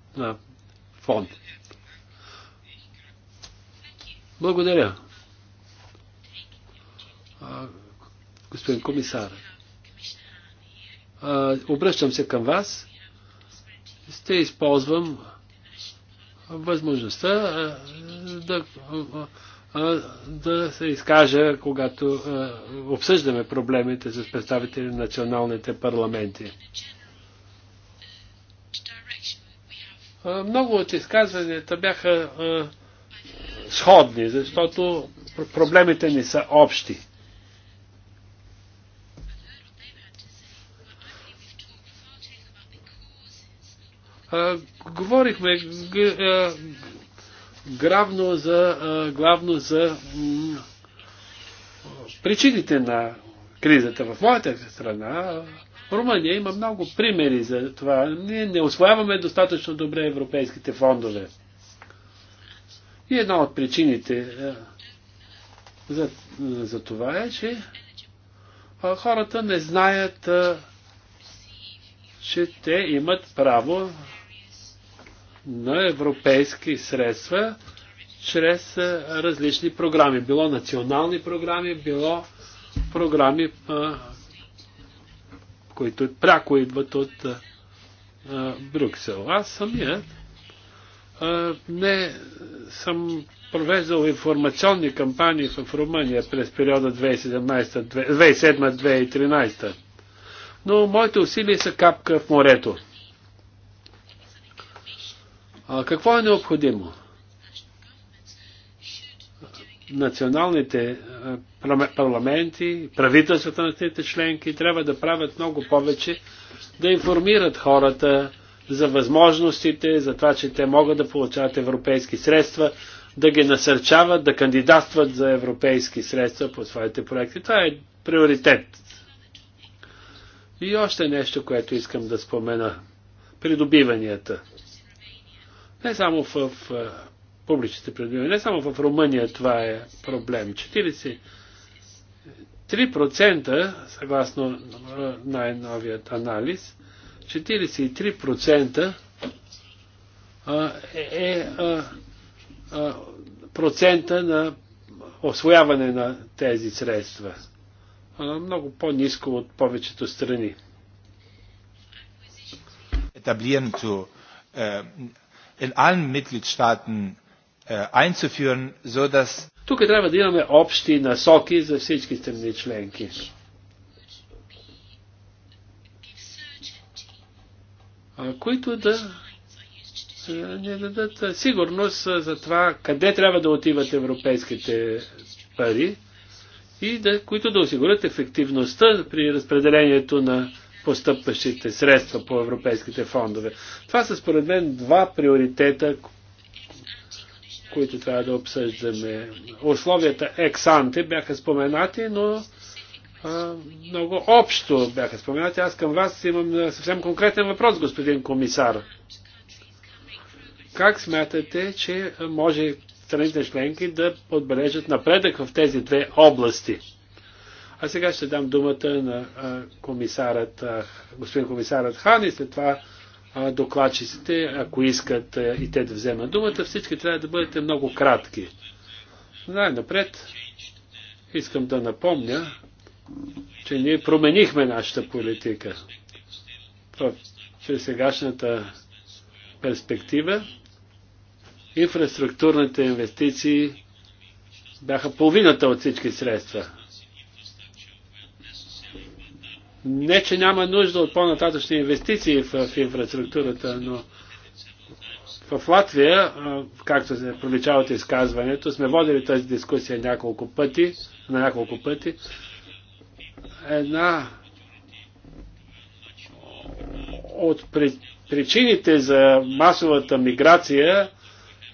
фонд. Благодаря. Господин комисар, обръщам се към вас. Ще използвам възможността да, да се изкажа, когато обсъждаме проблемите с представители на националните парламенти. Много от изказванията бяха сходни, защото проблемите ни са общи. А, говорихме а, за, а, главно за причините на кризата в моята страна. Румъния има много примери за това. Ние не освояваме достатъчно добре европейските фондове. И една от причините за, за това е, че хората не знаят, че те имат право на европейски средства чрез различни програми. Било национални програми, било програми, които пряко идват от Брюксел. Аз самия не съм провеждал информационни кампании в Румъния през периода 2007-2013. Но моите усилия са капка в морето. А, какво е необходимо? Националните е, парламенти, правителствата на тези членки трябва да правят много повече, да информират хората за възможностите, за това, че те могат да получават европейски средства, да ги насърчават, да кандидатстват за европейски средства по своите проекти. Това е приоритет. И още нещо, което искам да спомена. Придобиванията. Не само в публичните предмети, не само в Румъния това е проблем. 43% съгласно най-новият анализ, 43% е, е процента на освояване на тези средства. Много по-низко от повечето страни. Етаблирането in allen Mitgliedstaaten äh, einzuführen, so dass Тук трябва да имаме общи насоки за всички страни членки. които да е, не дадат сигурност за това къде трябва да отиват европейските пари и да, които да осигурят ефективността при разпределението на постъпващите средства по европейските фондове. Това са според мен два приоритета, които трябва да обсъждаме. Условията ексанте бяха споменати, но а, много общо бяха споменати. Аз към вас имам съвсем конкретен въпрос, господин комисар. Как смятате, че може страните членки да подбележат напредък в тези две области? А сега ще дам думата на комисарът, господин комисарът Хан и след това докладчиците, ако искат и те да вземат думата, всички трябва да бъдете много кратки. Най-напред искам да напомня, че ние променихме нашата политика. В чрез сегашната перспектива инфраструктурните инвестиции бяха половината от всички средства. Не, че няма нужда от по-нататъчни инвестиции в, в инфраструктурата, но в Латвия, както се проличава от изказването, сме водили тази дискусия няколко пъти, на няколко пъти. Една от причините за масовата миграция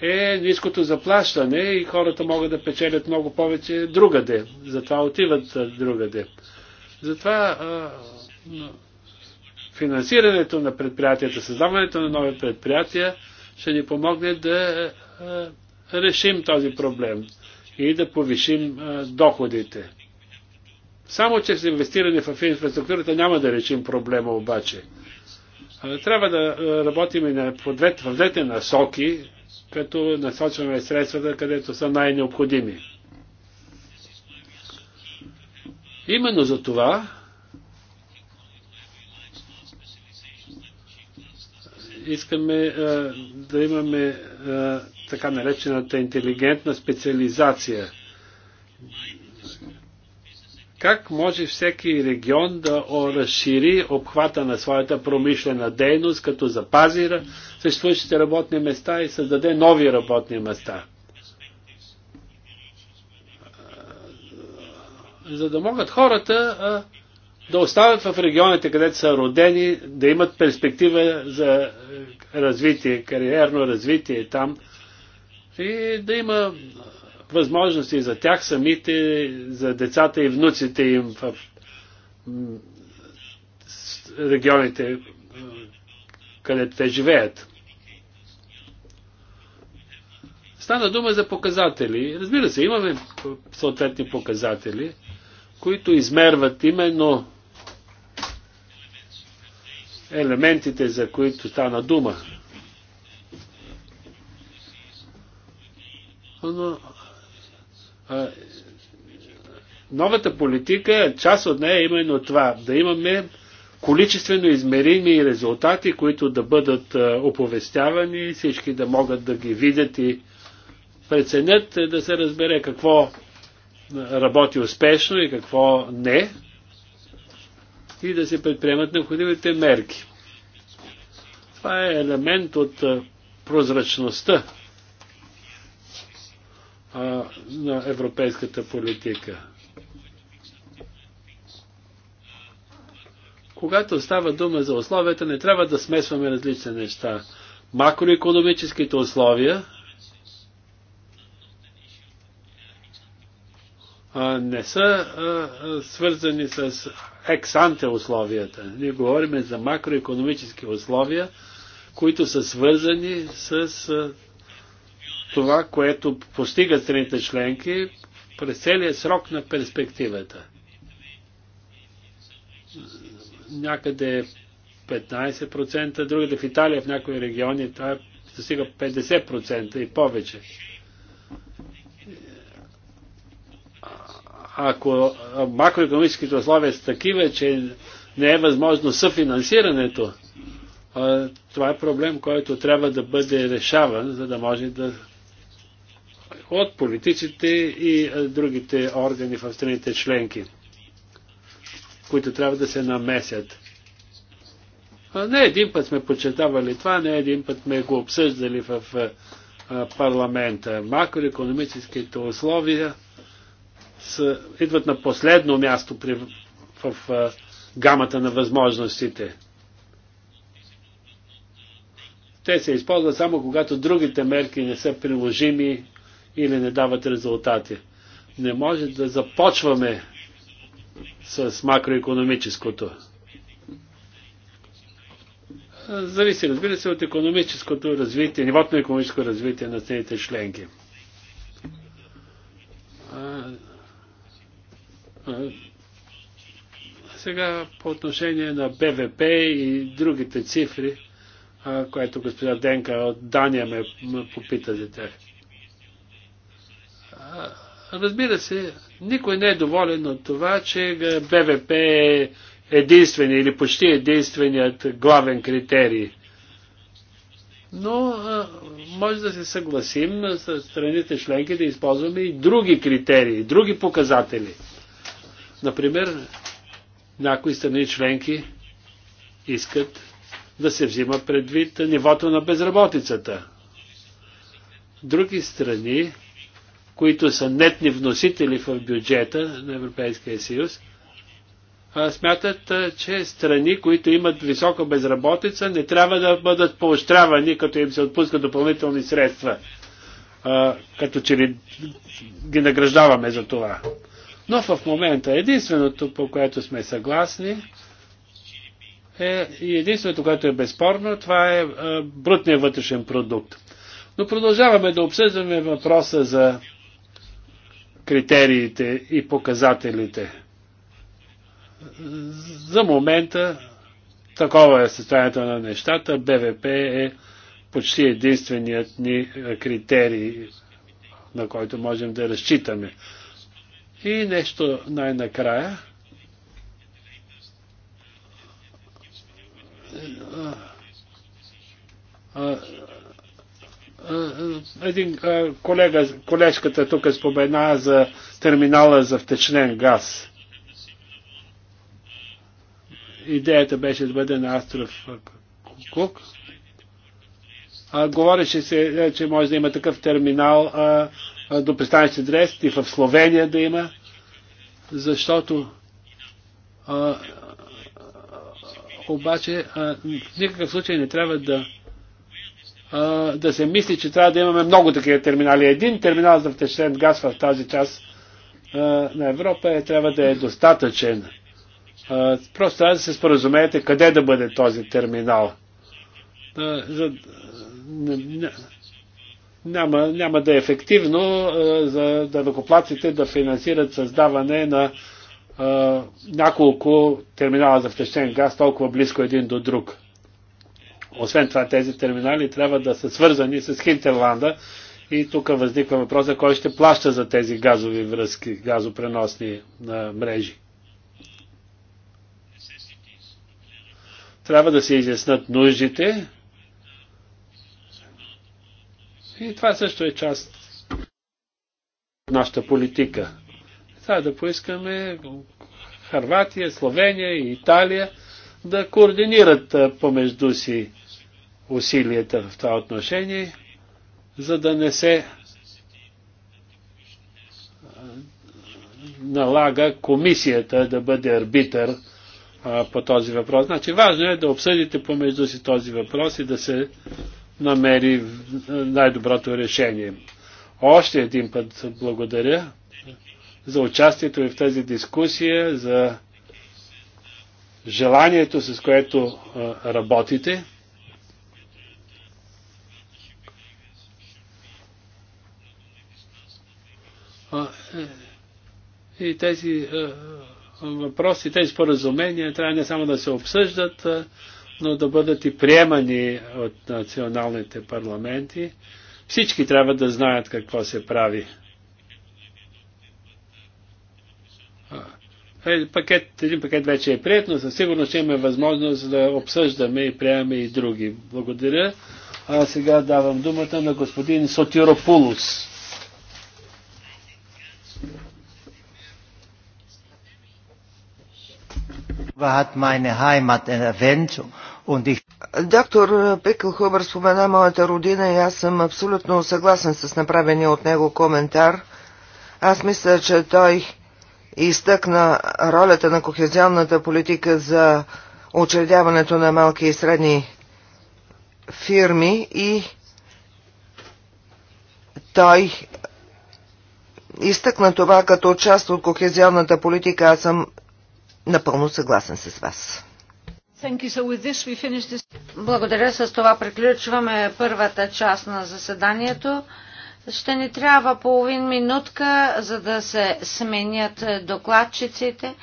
е ниското заплащане и хората могат да печелят много повече другаде. Затова отиват другаде. Затова финансирането на предприятията, създаването на нови предприятия ще ни помогне да решим този проблем и да повишим доходите. Само че с инвестиране в инфраструктурата няма да решим проблема обаче. Трябва да работим в двете насоки, като насочваме средствата, където са най-необходими. Именно за това искаме а, е, да имаме а, е, така наречената интелигентна специализация. Как може всеки регион да разшири обхвата на своята промишлена дейност, като запази съществуващите работни места и създаде нови работни места? за да могат хората а, да остават в регионите, където са родени, да имат перспектива за е, развитие, кариерно развитие там и да има възможности за тях самите, за децата и внуците им в регионите, където те живеят. Стана дума за показатели. Разбира се, имаме съответни показатели, които измерват именно елементите, за които стана дума. Но а, новата политика, част от нея е именно това, да имаме количествено измерими резултати, които да бъдат оповестявани, всички да могат да ги видят и преценят, е да се разбере какво работи успешно и какво не и да се предприемат необходимите мерки. Това е елемент от прозрачността на европейската политика. Когато става дума за условията, не трябва да смесваме различни неща. Макроекономическите условия не са свързани с ексанте условията. Ние говорим за макроекономически условия, които са свързани с това, което постигат страните членки през целия срок на перспективата. Някъде 15%, е другите в Италия, в някои региони, това достига 50% и повече. ако макроекономическите условия са такива, че не е възможно съфинансирането, това е проблем, който трябва да бъде решаван, за да може да от политиците и другите органи в страните членки, които трябва да се намесят. Не един път сме подчертавали това, не един път сме го обсъждали в парламента. Макроекономическите условия са, идват на последно място при, в, в, в гамата на възможностите. Те се използват само когато другите мерки не са приложими или не дават резултати. Не може да започваме с макроекономическото. Зависи, разбира се, от економическото развитие, нивото на економическо развитие на страните членки. Сега по отношение на БВП и другите цифри, което госпожа Денка от Дания ме попита за тях. Разбира се, никой не е доволен от това, че БВП е единствения или почти единственият главен критерий. Но може да се съгласим с страните членки да използваме и други критерии, други показатели – Например, някои страни членки искат да се взима предвид нивото на безработицата. Други страни, които са нетни вносители в бюджета на Европейския съюз, смятат, че страни, които имат висока безработица, не трябва да бъдат поощрявани, като им се отпускат допълнителни средства. Като че ли ги награждаваме за това. Но в момента единственото, по което сме съгласни, е, и единственото, което е безспорно, това е, е брутният вътрешен продукт. Но продължаваме да обсъждаме въпроса за критериите и показателите. За момента такова е състоянието на нещата. БВП е почти единственият ни критерий, на който можем да разчитаме. И нещо най-накрая. Един колега, колежката тук спомена за терминала за втечнен газ. Идеята беше да бъде на остров Кук. говореше се, е, че може да има такъв терминал а, до пристанище Дрест и в Словения да има, защото а, обаче а, в никакъв случай не трябва да а, да се мисли, че трябва да имаме много такива терминали. Един терминал за втечнен газ в тази част а, на Европа е, трябва да е достатъчен. А, просто трябва да се споразумеете къде да бъде този терминал. А, за, не, не, няма, няма да е ефективно а, за данокоплаците да финансират създаване на а, няколко терминала за втечнен газ толкова близко един до друг. Освен това, тези терминали трябва да са свързани с Хинтерланда и тук възниква въпроса кой ще плаща за тези газови връзки, газопреносни а, мрежи. Трябва да се изяснат нуждите, и това също е част от нашата политика. Трябва да поискаме Харватия, Словения и Италия да координират помежду си усилията в това отношение, за да не се налага комисията да бъде арбитър по този въпрос. Значи важно е да обсъдите помежду си този въпрос и да се намери най-доброто решение. Още един път благодаря за участието ви в тази дискусия, за желанието, с което работите. Е, и тези въпроси, тези споразумения трябва не само да се обсъждат, но да бъдат и приемани от националните парламенти. Всички трябва да знаят какво се прави. Е, пакет, един пакет вече е прият, но със сигурност ще имаме възможност да обсъждаме и приемаме и други. Благодаря. А сега давам думата на господин Сотиропулус. hat meine Heimat erwähnt Доктор Пикъл Хубър спомена моята родина и аз съм абсолютно съгласен с направения от него коментар. Аз мисля, че той изтъкна ролята на кохезионната политика за учредяването на малки и средни фирми и той изтъкна това като част от кохезионната политика. Аз съм напълно съгласен с вас. Благодаря. С това приключваме първата част на заседанието. Ще ни трябва половин минутка, за да се сменят докладчиците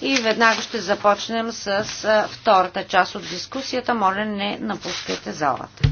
и веднага ще започнем с втората част от дискусията. Моля, не напускайте залата.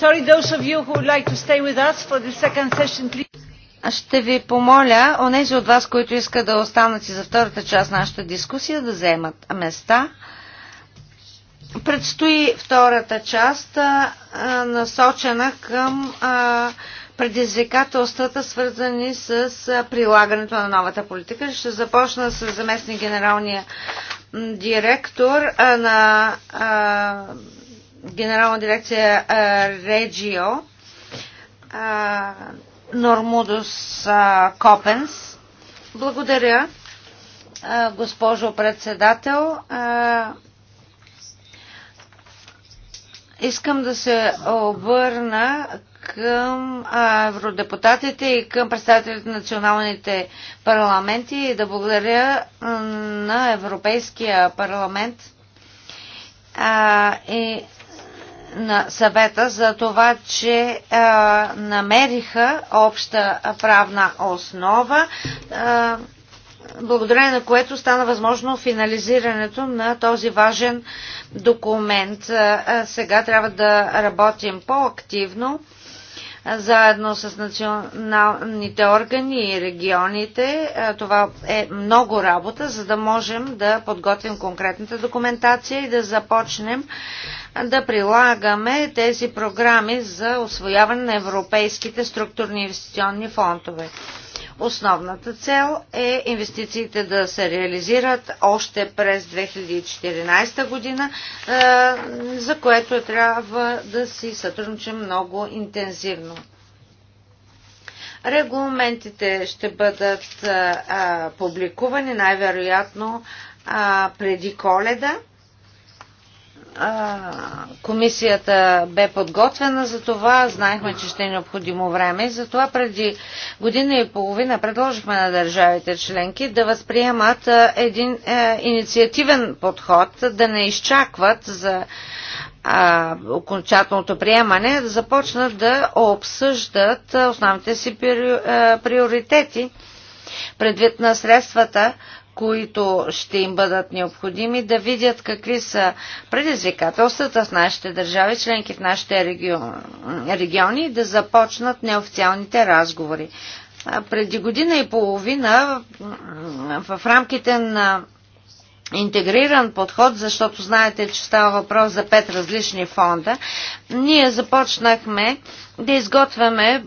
sorry, those of you who would like to stay with us for the second session, please. Ще ви помоля, онези от вас, които искат да останат и за втората част нашата дискусия, да вземат места. Предстои втората част, а, насочена към а, предизвикателствата, свързани с а, прилагането на новата политика. Ще започна с заместник генералния директор а, на а, генерална дирекция Реджио, Нормудус Копенс. Благодаря, госпожо председател. Искам да се обърна към евродепутатите и към представителите на националните парламенти и да благодаря на Европейския парламент и на съвета за това, че а, намериха обща правна основа, а, благодарение на което стана възможно финализирането на този важен документ. А, сега трябва да работим по-активно заедно с националните органи и регионите. Това е много работа, за да можем да подготвим конкретната документация и да започнем да прилагаме тези програми за освояване на европейските структурни инвестиционни фондове. Основната цел е инвестициите да се реализират още през 2014 година, е, за което трябва да си сътрудничим много интензивно. Регламентите ще бъдат е, публикувани най-вероятно е, преди коледа комисията бе подготвена за това, знаехме, че ще е необходимо време и затова преди година и половина предложихме на държавите членки да възприемат един инициативен подход, да не изчакват за окончателното приемане, да започнат да обсъждат основните си приоритети предвид на средствата, които ще им бъдат необходими, да видят какви са предизвикателствата в нашите държави, членки в нашите региони да започнат неофициалните разговори. Преди година и половина в рамките на интегриран подход, защото знаете, че става въпрос за пет различни фонда, ние започнахме да изготвяме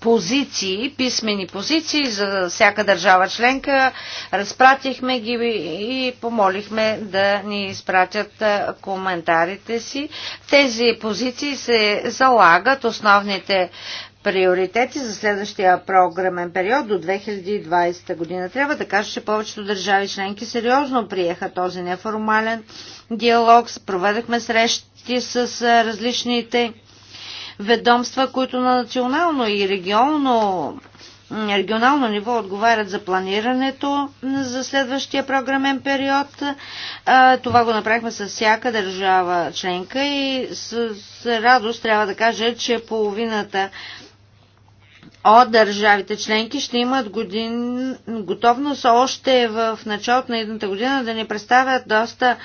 позиции, писмени позиции за всяка държава членка. Разпратихме ги и помолихме да ни изпратят коментарите си. В тези позиции се залагат основните приоритети за следващия програмен период до 2020 година. Трябва да кажа, че повечето държави членки сериозно приеха този неформален диалог. Проведахме срещи с различните ведомства, които на национално и регионално регионално ниво отговарят за планирането за следващия програмен период. Това го направихме с всяка държава членка и с радост трябва да кажа, че половината от държавите членки ще имат годин, готовност още в началото на едната година да ни представят доста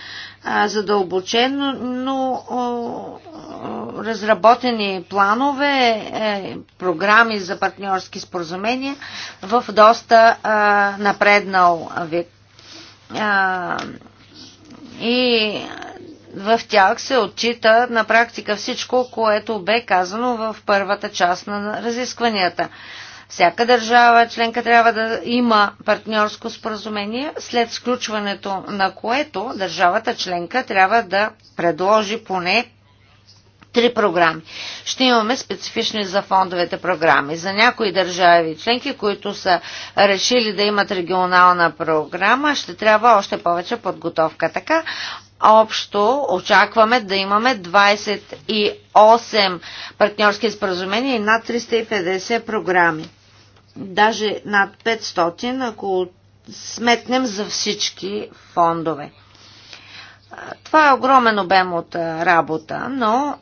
а, задълбочено но, а, разработени планове, е, програми за партньорски споразумения в доста а, напреднал вид. А, и в тях се отчита на практика всичко, което бе казано в първата част на разискванията. Всяка държава членка трябва да има партньорско споразумение, след сключването на което държавата членка трябва да предложи поне три програми. Ще имаме специфични за фондовете програми. За някои държави членки, които са решили да имат регионална програма, ще трябва още повече подготовка. Така Общо очакваме да имаме 28 партньорски споразумения и над 350 програми. Даже над 500, ако сметнем за всички фондове. Това е огромен обем от работа, но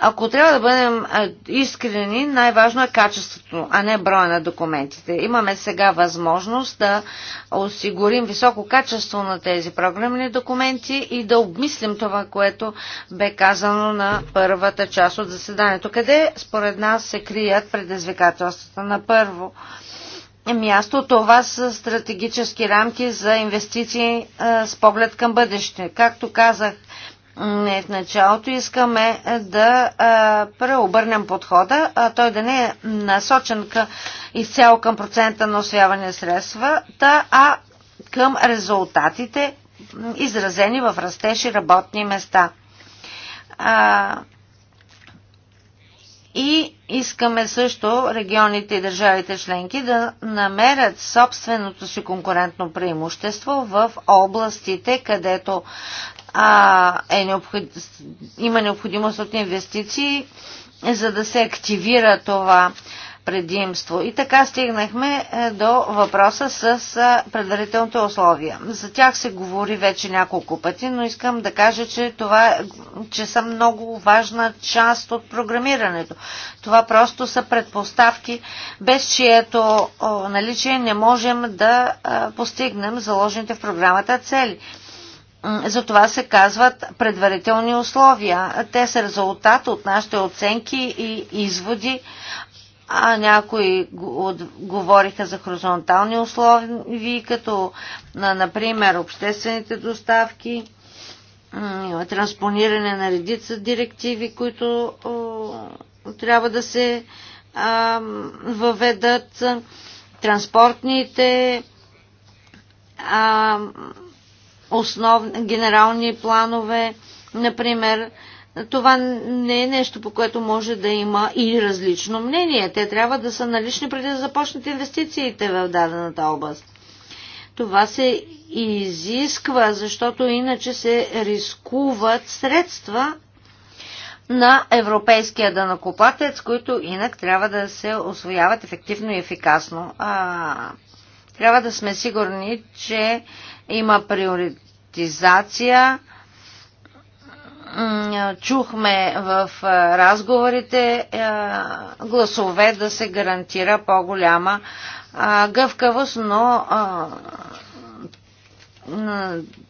ако трябва да бъдем искрени, най-важно е качеството, а не броя на документите. Имаме сега възможност да осигурим високо качество на тези програмни документи и да обмислим това, което бе казано на първата част от заседанието. Къде според нас се крият предизвикателствата на първо? място. Това са стратегически рамки за инвестиции а, с поглед към бъдеще. Както казах в началото искаме да преобърнем подхода, а той да не е насочен изцяло към процента на освяване средства, а към резултатите, изразени в растеж и работни места. и искаме също регионите и държавите членки да намерят собственото си конкурентно преимущество в областите, където а, е необход... има необходимост от инвестиции, за да се активира това предимство. И така стигнахме е, до въпроса с е, предварителните условия. За тях се говори вече няколко пъти, но искам да кажа, че това че са много важна част от програмирането. Това просто са предпоставки, без чието е, наличие не можем да постигнем заложените в програмата цели. За това се казват предварителни условия. Те са резултат от нашите оценки и изводи, а някои говориха за хоризонтални условия, като, например, обществените доставки, транспониране на редица директиви, които трябва да се въведат, транспортните основни генерални планове, например, това не е нещо, по което може да има и различно мнение. Те трябва да са налични преди да започнат инвестициите в дадената област. Това се изисква, защото иначе се рискуват средства на европейския данокопатец, които инак трябва да се освояват ефективно и ефикасно. А, трябва да сме сигурни, че има приоритизация. Чухме в разговорите гласове да се гарантира по-голяма гъвкавост, но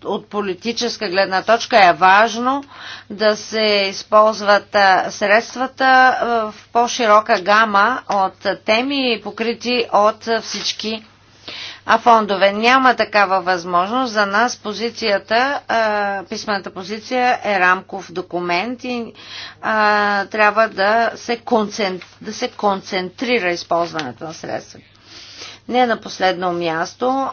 от политическа гледна точка е важно да се използват средствата в по-широка гама от теми, покрити от всички а фондове. Няма такава възможност. За нас позицията, писмената позиция е рамков документ и трябва да се, концентри, да се концентрира използването на средства. Не на последно място,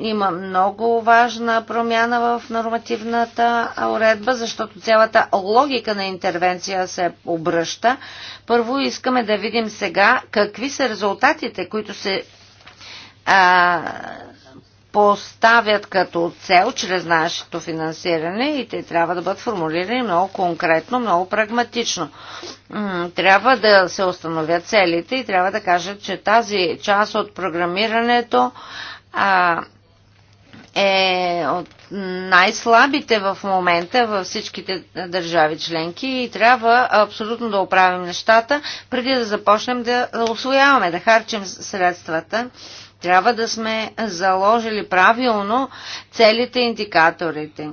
има много важна промяна в нормативната уредба, защото цялата логика на интервенция се обръща. Първо искаме да видим сега какви са резултатите, които се поставят като цел чрез нашето финансиране и те трябва да бъдат формулирани много конкретно, много прагматично. Трябва да се установят целите и трябва да кажат, че тази част от програмирането а, е от най-слабите в момента във всичките държави членки и трябва абсолютно да оправим нещата, преди да започнем да освояваме, да харчим средствата трябва да сме заложили правилно целите индикаторите.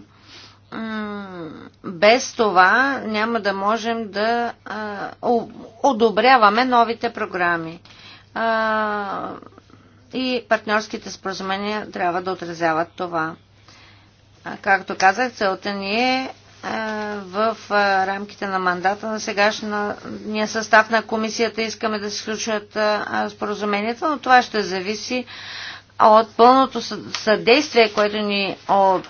Без това няма да можем да одобряваме новите програми. И партньорските споразумения трябва да отразяват това. Както казах, целта ни е в рамките на мандата на сегашния състав на комисията искаме да се случат споразумението, но това ще зависи от пълното съдействие, което ни от,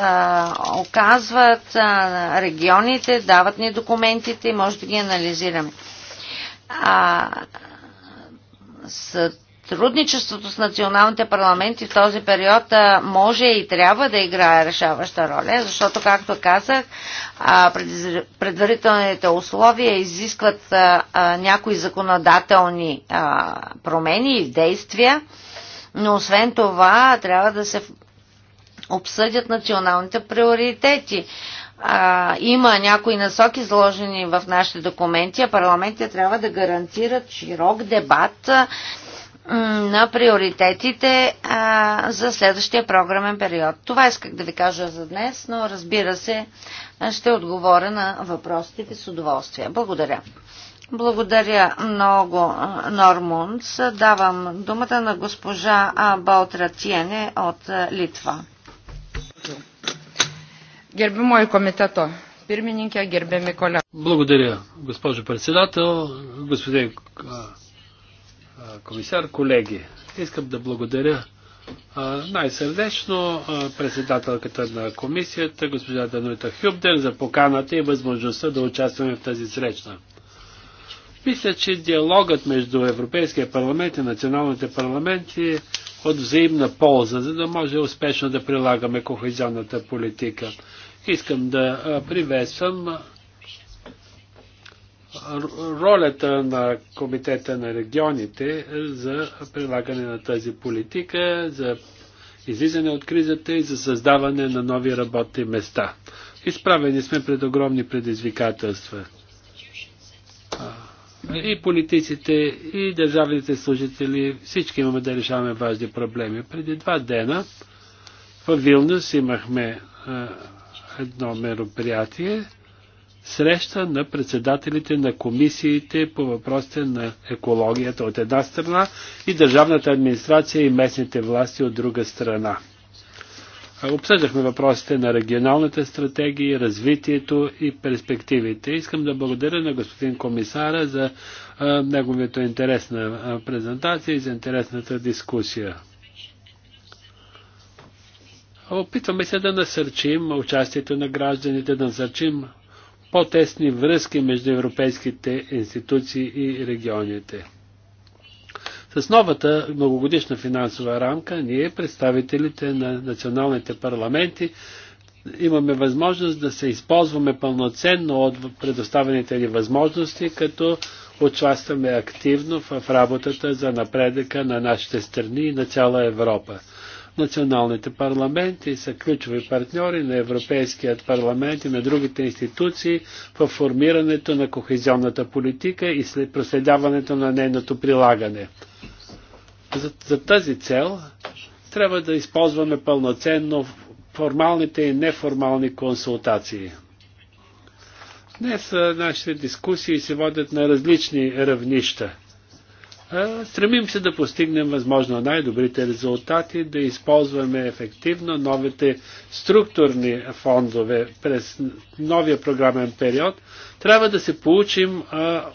а, оказват а, регионите, дават ни документите и може да ги анализираме. А, съд Сътрудничеството с националните парламенти в този период може и трябва да играе решаваща роля, защото, както казах, предварителните условия изискват някои законодателни промени и действия, но освен това трябва да се обсъдят националните приоритети. А, има някои насоки заложени в нашите документи, а парламентите трябва да гарантират широк дебат на приоритетите а, за следващия програмен период. Това исках да ви кажа за днес, но разбира се, ще отговоря на въпросите ви с удоволствие. Благодаря. Благодаря много, Нормунц. Давам думата на госпожа Балтра Тиене от Литва. Гербимой комитето. Пирмининке, гербеми коля. Благодаря, госпожо председател, господин комисар, колеги, искам да благодаря най-сърдечно председателката на комисията, госпожа Данойта Хюбден за поканата и възможността да участваме в тази среща. Мисля, че диалогът между Европейския парламент и националните парламенти е от взаимна полза, за да може успешно да прилагаме кохезионната политика. Искам да приветствам ролята на Комитета на регионите за прилагане на тази политика, за излизане от кризата и за създаване на нови работни места. Изправени сме пред огромни предизвикателства. И политиците, и държавните служители, всички имаме да решаваме важни проблеми. Преди два дена в Вилнюс имахме едно мероприятие, среща на председателите на комисиите по въпросите на екологията от една страна и държавната администрация и местните власти от друга страна. Обсъждахме въпросите на регионалната стратегия, развитието и перспективите. Искам да благодаря на господин комисара за а, неговото интересна презентация и за интересната дискусия. Опитваме се да насърчим участието на гражданите, да насърчим по-тесни връзки между европейските институции и регионите. С новата многогодишна финансова рамка ние, представителите на националните парламенти, имаме възможност да се използваме пълноценно от предоставените ни възможности, като участваме активно в работата за напредъка на нашите страни и на цяла Европа. Националните парламенти са ключови партньори на Европейският парламент и на другите институции в формирането на кохезионната политика и след проследяването на нейното прилагане. За, за тази цел трябва да използваме пълноценно формалните и неформални консултации. Днес нашите дискусии се водят на различни равнища. Стремим се да постигнем възможно най-добрите резултати, да използваме ефективно новите структурни фондове през новия програмен период. Трябва да се получим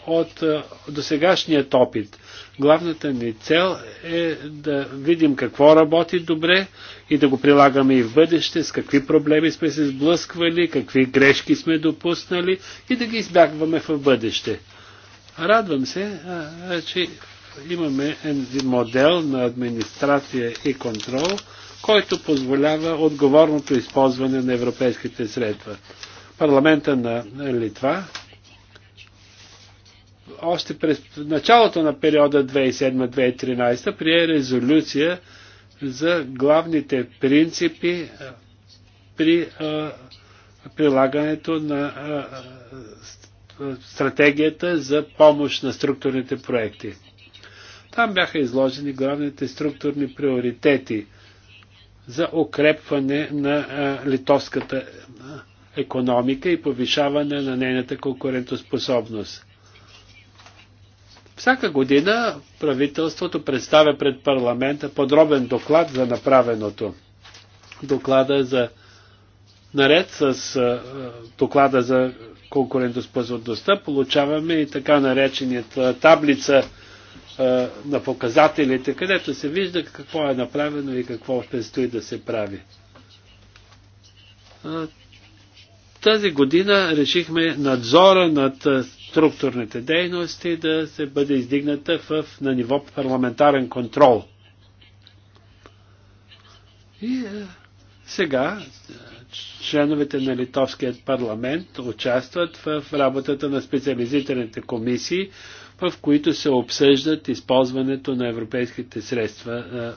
от а, досегашният опит. Главната ни цел е да видим какво работи добре и да го прилагаме и в бъдеще, с какви проблеми сме се сблъсквали, какви грешки сме допуснали и да ги избягваме в бъдеще. Радвам се, че имаме един модел на администрация и контрол, който позволява отговорното използване на европейските средства. Парламента на Литва още през началото на периода 2007-2013 прие резолюция за главните принципи при а, прилагането на а, стратегията за помощ на структурните проекти. Там бяха изложени главните структурни приоритети за укрепване на литовската економика и повишаване на нейната конкурентоспособност. Всяка година правителството представя пред парламента подробен доклад за направеното. Доклада за наред с а, доклада за конкурентоспособността получаваме и така нареченият таблица е, на показателите, където се вижда какво е направено и какво предстои да се прави. Е, тази година решихме надзора над е, структурните дейности да се бъде издигната в, на ниво парламентарен контрол. И сега членовете на Литовският парламент участват в работата на специализираните комисии, в които се обсъждат използването на европейските средства.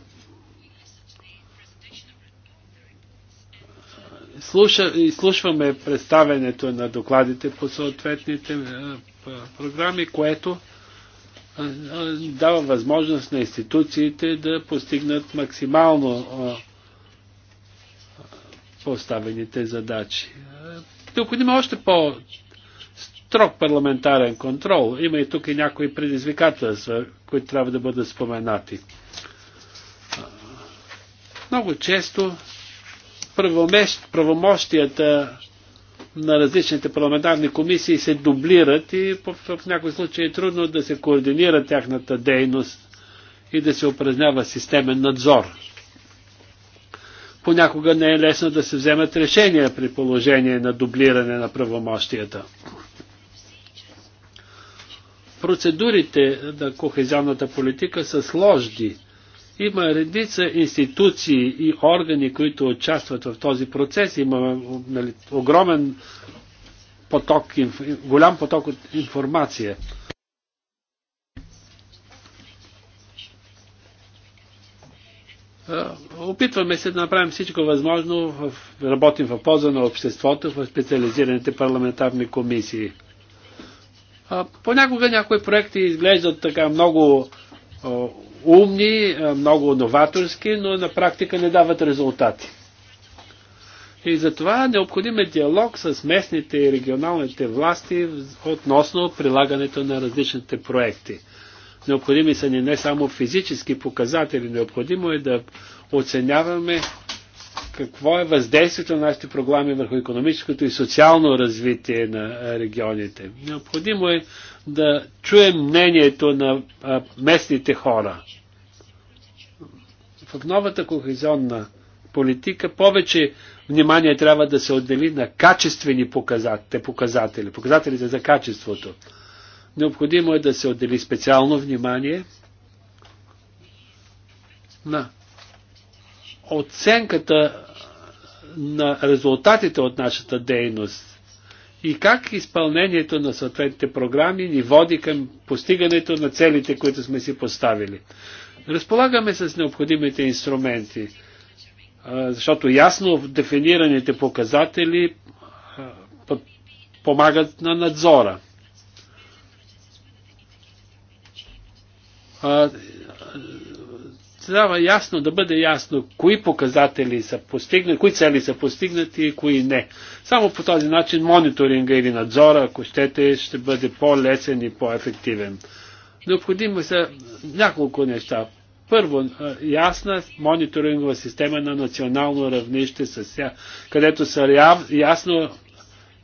Слуша, слушваме представенето на докладите по съответните програми, което дава възможност на институциите да постигнат максимално поставените задачи. има още по- строг парламентарен контрол. Има и тук и някои предизвикателства, които трябва да бъдат споменати. Много често правомощията на различните парламентарни комисии се дублират и в някои случаи е трудно да се координира тяхната дейност и да се упражнява системен надзор. Понякога не е лесно да се вземат решения при положение на дублиране на правомощията. Процедурите на кохезионната политика са сложни. Има редица институции и органи, които участват в този процес. Има нали, огромен поток, голям поток от информация. Опитваме се да направим всичко възможно, работим в полза на обществото, в специализираните парламентарни комисии. Понякога някои проекти изглеждат така много умни, много новаторски, но на практика не дават резултати. И затова необходим е диалог с местните и регионалните власти относно прилагането на различните проекти. Необходими са ни не само физически показатели, необходимо е да оценяваме какво е въздействието на нашите програми върху економическото и социално развитие на регионите. Необходимо е да чуем мнението на местните хора. В новата кохезионна политика повече внимание трябва да се отдели на качествени показатели, показатели показателите за качеството. Необходимо е да се отдели специално внимание на оценката на резултатите от нашата дейност и как изпълнението на съответните програми ни води към постигането на целите, които сме си поставили. Разполагаме с необходимите инструменти, защото ясно дефинираните показатели помагат на надзора трябва ясно да бъде ясно кои показатели са постигнати, кои цели са постигнати и кои не. Само по този начин мониторинга или надзора, ако щете, ще бъде по-лесен и по-ефективен. Необходимо са няколко неща. Първо, ясна мониторингова система на национално равнище, където са ясно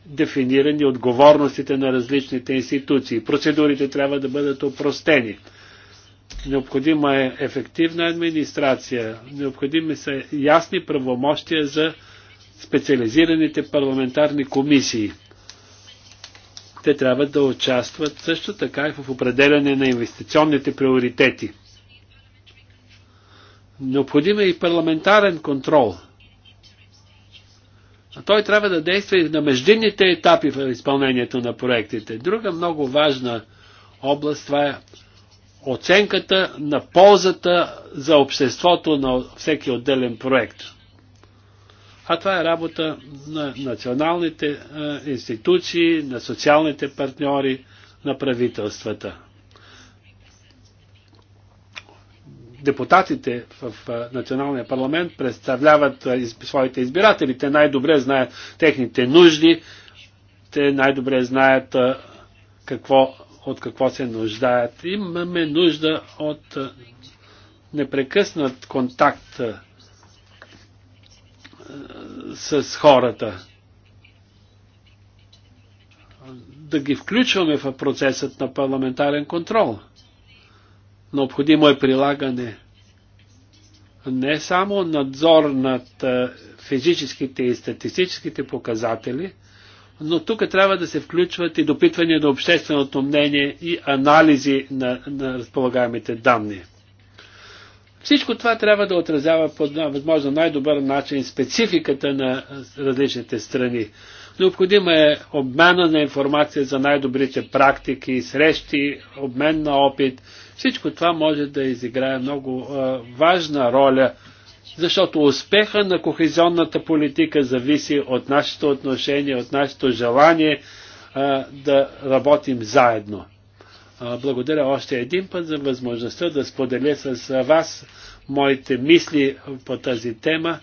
дефинирани отговорностите на различните институции. Процедурите трябва да бъдат опростени Необходима е ефективна администрация, необходими са ясни правомощия за специализираните парламентарни комисии. Те трябва да участват също така и в определяне на инвестиционните приоритети. Необходим е и парламентарен контрол. А той трябва да действа и на междинните етапи в изпълнението на проектите. Друга много важна област това е оценката на ползата за обществото на всеки отделен проект. А това е работа на националните институции, на социалните партньори, на правителствата. депутатите в националния парламент представляват своите избиратели. Те най-добре знаят техните нужди, те най-добре знаят какво от какво се нуждаят. Имаме нужда от непрекъснат контакт с хората. Да ги включваме в процесът на парламентарен контрол. Необходимо е прилагане не само надзор над физическите и статистическите показатели, но тук трябва да се включват и допитвания на общественото мнение и анализи на, на разполагаемите данни. Всичко това трябва да отразява по възможно най-добър начин спецификата на различните страни. Необходима е обмяна на информация за най-добрите практики, срещи, обмен на опит. Всичко това може да изиграе много а, важна роля защото успеха на кохезионната политика зависи от нашето отношение, от нашето желание а, да работим заедно. А, благодаря още един път за възможността да споделя с вас моите мисли по тази тема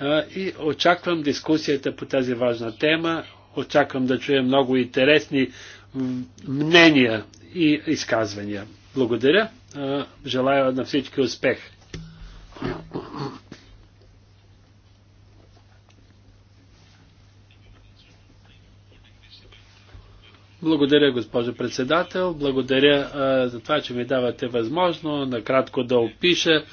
а, и очаквам дискусията по тази важна тема. Очаквам да чуя много интересни мнения и изказвания. Благодаря. Желая на всички успех. Благодаря, госпожо председател. Благодаря а, за това, че ми давате възможно накратко да опиша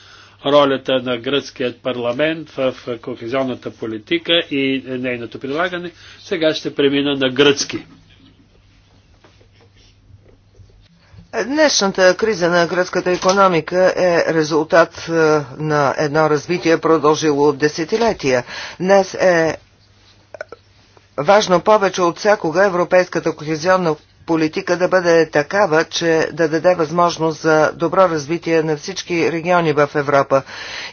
ролята на гръцкият парламент в кохезионната политика и нейното прилагане. Сега ще премина на гръцки. Днешната криза на гръцката економика е резултат е, на едно развитие продължило от десетилетия. Днес е важно повече от всякога европейската кохезионна политика да бъде такава, че да даде възможност за добро развитие на всички региони в Европа.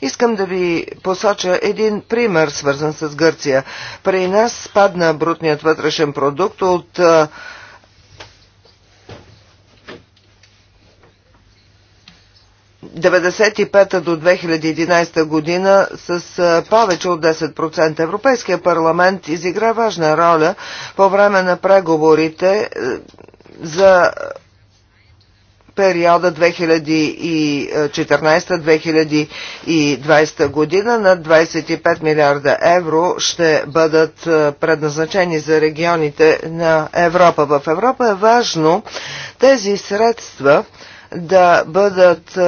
Искам да ви посоча един пример, свързан с Гърция. При нас спадна брутният вътрешен продукт от е, 95 до 2011 година с повече от 10%. Европейския парламент изигра важна роля по време на преговорите е, за периода 2014-2020 година над 25 милиарда евро ще бъдат е, предназначени за регионите на Европа. В Европа е важно тези средства да бъдат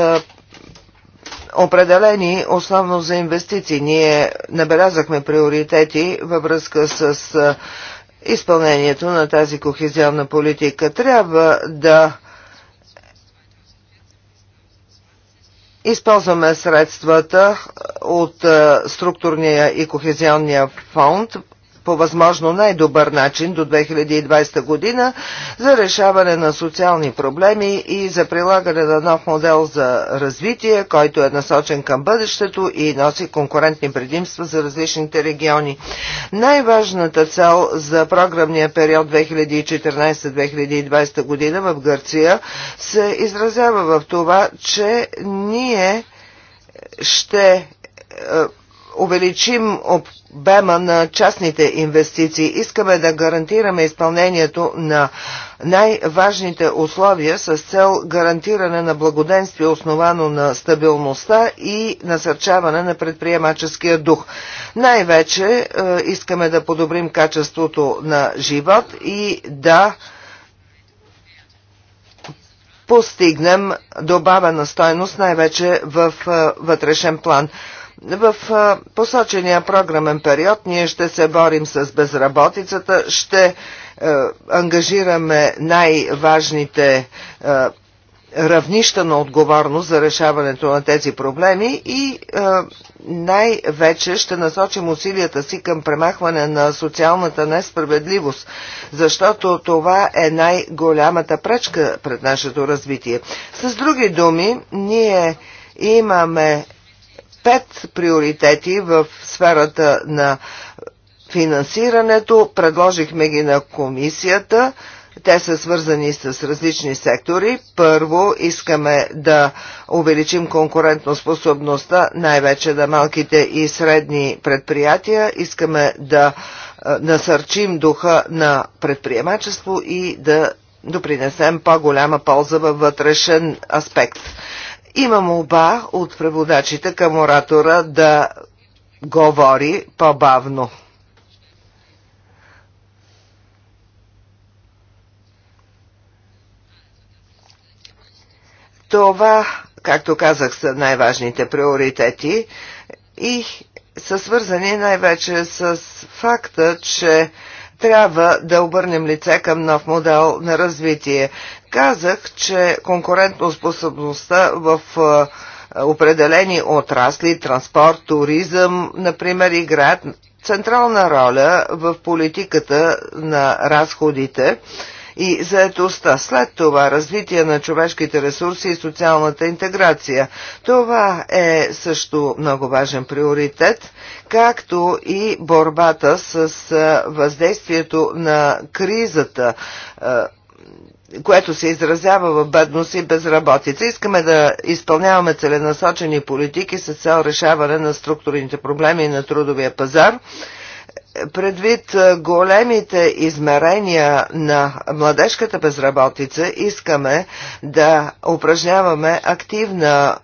определени основно за инвестиции. Ние набелязахме приоритети във връзка с изпълнението на тази кохезионна политика. Трябва да Използваме средствата от структурния и кохезионния фонд по възможно най-добър начин до 2020 година за решаване на социални проблеми и за прилагане на нов модел за развитие, който е насочен към бъдещето и носи конкурентни предимства за различните региони. Най-важната цел за програмния период 2014-2020 година в Гърция се изразява в това, че ние ще е, увеличим обема на частните инвестиции. Искаме да гарантираме изпълнението на най-важните условия с цел гарантиране на благоденствие, основано на стабилността и насърчаване на предприемаческия дух. Най-вече е, искаме да подобрим качеството на живот и да постигнем добавена стойност, най-вече в е, вътрешен план. В посочения програмен период ние ще се борим с безработицата, ще е, ангажираме най-важните е, равнища на отговорност за решаването на тези проблеми и е, най-вече ще насочим усилията си към премахване на социалната несправедливост, защото това е най-голямата пречка пред нашето развитие. С други думи, ние имаме пет приоритети в сферата на финансирането. Предложихме ги на комисията. Те са свързани с различни сектори. Първо, искаме да увеличим способността, най-вече на малките и средни предприятия. Искаме да насърчим духа на предприемачество и да допринесем по-голяма полза във вътрешен аспект. Има молба от преводачите към оратора да говори по-бавно. Това, както казах, са най-важните приоритети и са свързани най-вече с факта, че трябва да обърнем лице към нов модел на развитие. Казах, че конкурентоспособността в определени отрасли, транспорт, туризъм, например, играят централна роля в политиката на разходите и заетостта, след това развитие на човешките ресурси и социалната интеграция. Това е също много важен приоритет, както и борбата с въздействието на кризата което се изразява в бедност и безработица. Искаме да изпълняваме целенасочени политики с цел решаване на структурните проблеми на трудовия пазар. Предвид големите измерения на младежката безработица, искаме да упражняваме активна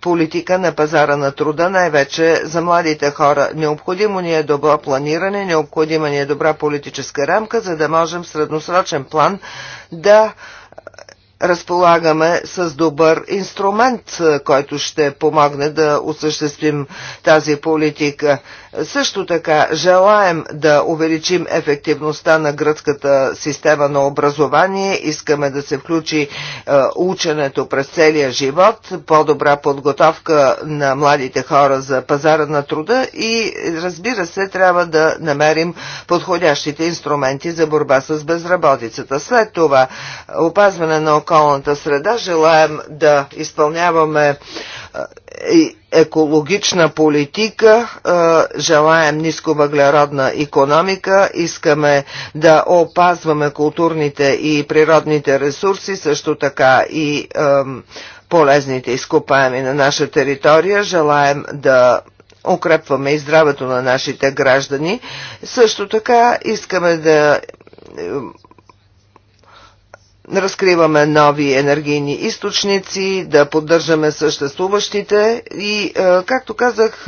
политика на пазара на труда, най-вече за младите хора. Необходимо ни е добро планиране, необходима ни е добра политическа рамка, за да можем в средносрочен план да разполагаме с добър инструмент, който ще помогне да осъществим тази политика. Също така желаем да увеличим ефективността на гръцката система на образование, искаме да се включи ученето през целия живот, по-добра подготовка на младите хора за пазара на труда и разбира се трябва да намерим подходящите инструменти за борба с безработицата. След това опазване на околната среда, желаем да изпълняваме екологична политика, желаем нисковъглеродна економика, искаме да опазваме културните и природните ресурси, също така и полезните изкопаеми на наша територия, желаем да укрепваме и здравето на нашите граждани. Също така искаме да разкриваме нови енергийни източници, да поддържаме съществуващите и, е, както казах,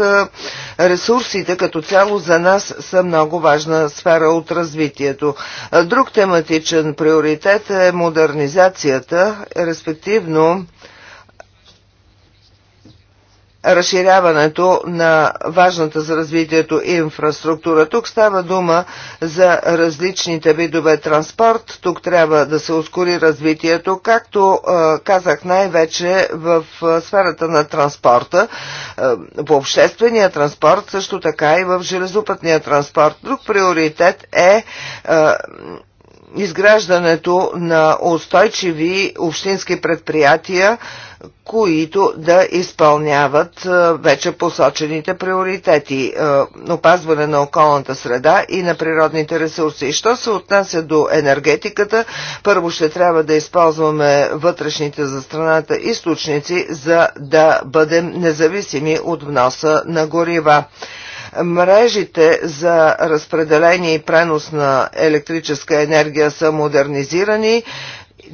е, ресурсите като цяло за нас са много важна сфера от развитието. Е, друг тематичен приоритет е модернизацията, респективно разширяването на важната за развитието инфраструктура. Тук става дума за различните видове транспорт. Тук трябва да се ускори развитието, както казах най-вече в сферата на транспорта, по обществения транспорт, също така и в железопътния транспорт. Друг приоритет е изграждането на устойчиви общински предприятия, които да изпълняват вече посочените приоритети опазване на околната среда и на природните ресурси. Що се отнася до енергетиката, първо ще трябва да използваме вътрешните за страната източници, за да бъдем независими от вноса на горива мрежите за разпределение и пренос на електрическа енергия са модернизирани,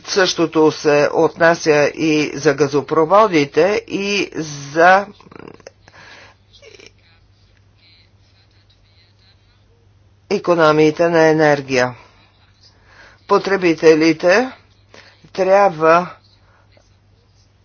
Същото се отнася и за газопроводите и за економиите на енергия. Потребителите трябва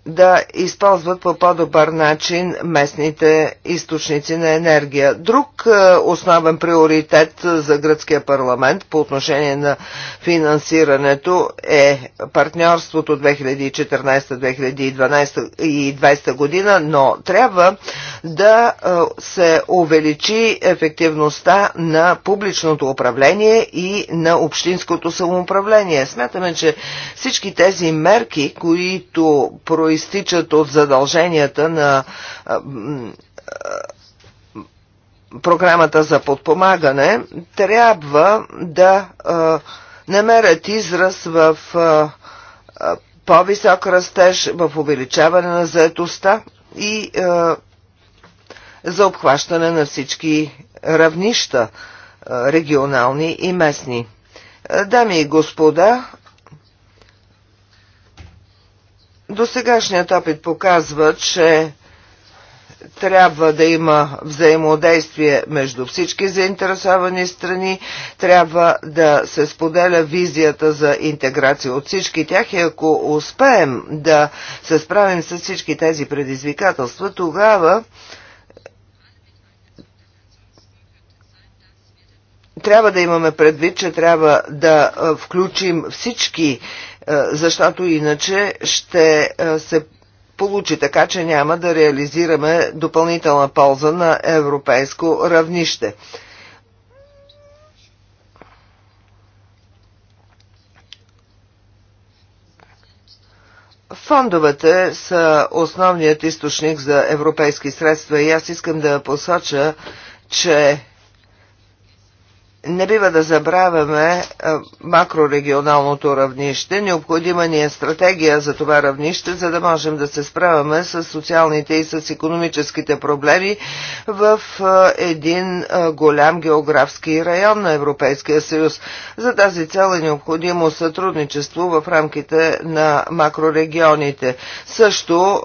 да използват по по-добър начин местните източници на енергия. Друг е, основен приоритет за гръцкия парламент по отношение на финансирането е партньорството 2014-2020 година, но трябва да е, се увеличи ефективността на публичното управление и на общинското самоуправление. Смятаме, че всички тези мерки, които проявяват проистичат от задълженията на програмата за подпомагане, трябва да намерят израз в по-висок растеж, в увеличаване на заетостта и за обхващане на всички равнища, регионални и местни. Дами и господа, Досегашният опит показва, че трябва да има взаимодействие между всички заинтересовани страни, трябва да се споделя визията за интеграция от всички тях и ако успеем да се справим с всички тези предизвикателства, тогава трябва да имаме предвид, че трябва да включим всички е, защото иначе ще е, се получи така, че няма да реализираме допълнителна полза на европейско равнище. Фондовете са основният източник за европейски средства и аз искам да посоча, че не бива да забравяме е, макрорегионалното равнище. Необходима ни е стратегия за това равнище, за да можем да се справяме с социалните и с економическите проблеми в е, един е, голям географски район на Европейския съюз. За тази цел е необходимо сътрудничество в рамките на макрорегионите. Също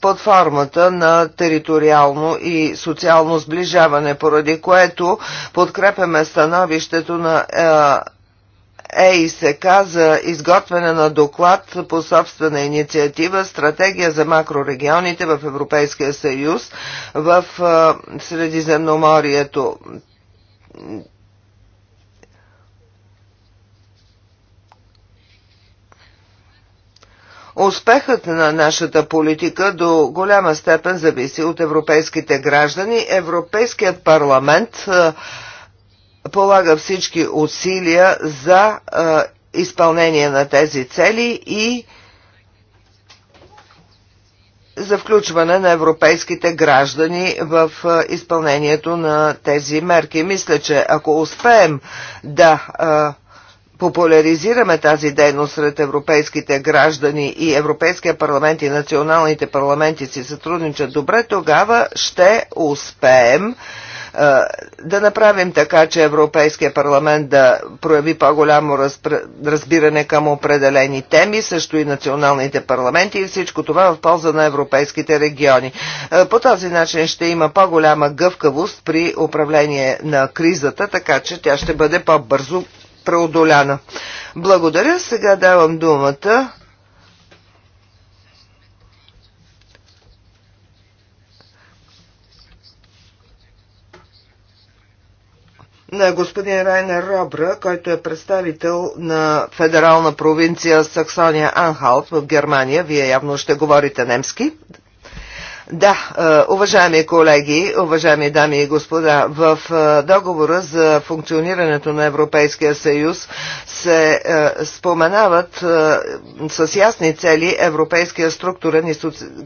под формата на териториално и социално сближаване, поради което подкрепяме становището на е, ЕИСК за изготвяне на доклад по собствена инициатива Стратегия за макрорегионите в Европейския съюз в е, Средиземноморието Успехът на нашата политика до голяма степен зависи от европейските граждани. Европейският парламент полага всички усилия за изпълнение на тези цели и за включване на европейските граждани в изпълнението на тези мерки. Мисля, че ако успеем да популяризираме тази дейност сред европейските граждани и Европейския парламент и националните парламенти си сътрудничат добре, тогава ще успеем е, да направим така, че Европейския парламент да прояви по-голямо разбиране към определени теми, също и националните парламенти и всичко това в полза на европейските региони. Е, по този начин ще има по-голяма гъвкавост при управление на кризата, така че тя ще бъде по-бързо преодоляна. Благодаря. Сега давам думата на господин Райнер Робра, който е представител на федерална провинция Саксония Анхалт в Германия. Вие явно ще говорите немски. Да, е, уважаеми колеги, уважаеми дами и господа, в е, договора за функционирането на Европейския съюз се е, споменават с ясни цели Европейския структурен и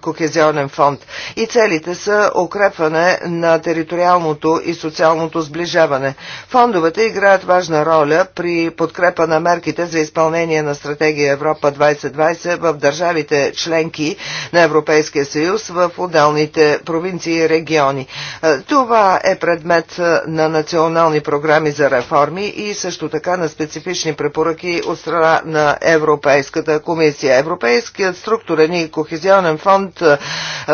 кохезионен фонд. И целите са укрепване на териториалното и социалното сближаване. Фондовете играят важна роля при подкрепа на мерките за изпълнение на стратегия Европа 2020 в държавите членки на Европейския съюз в отделните провинции и региони. Е, това е предмет е, на национални програми за реформи и също така на специфични препоръки от страна на Европейската комисия. Европейският структурен и кохезионен фонд е,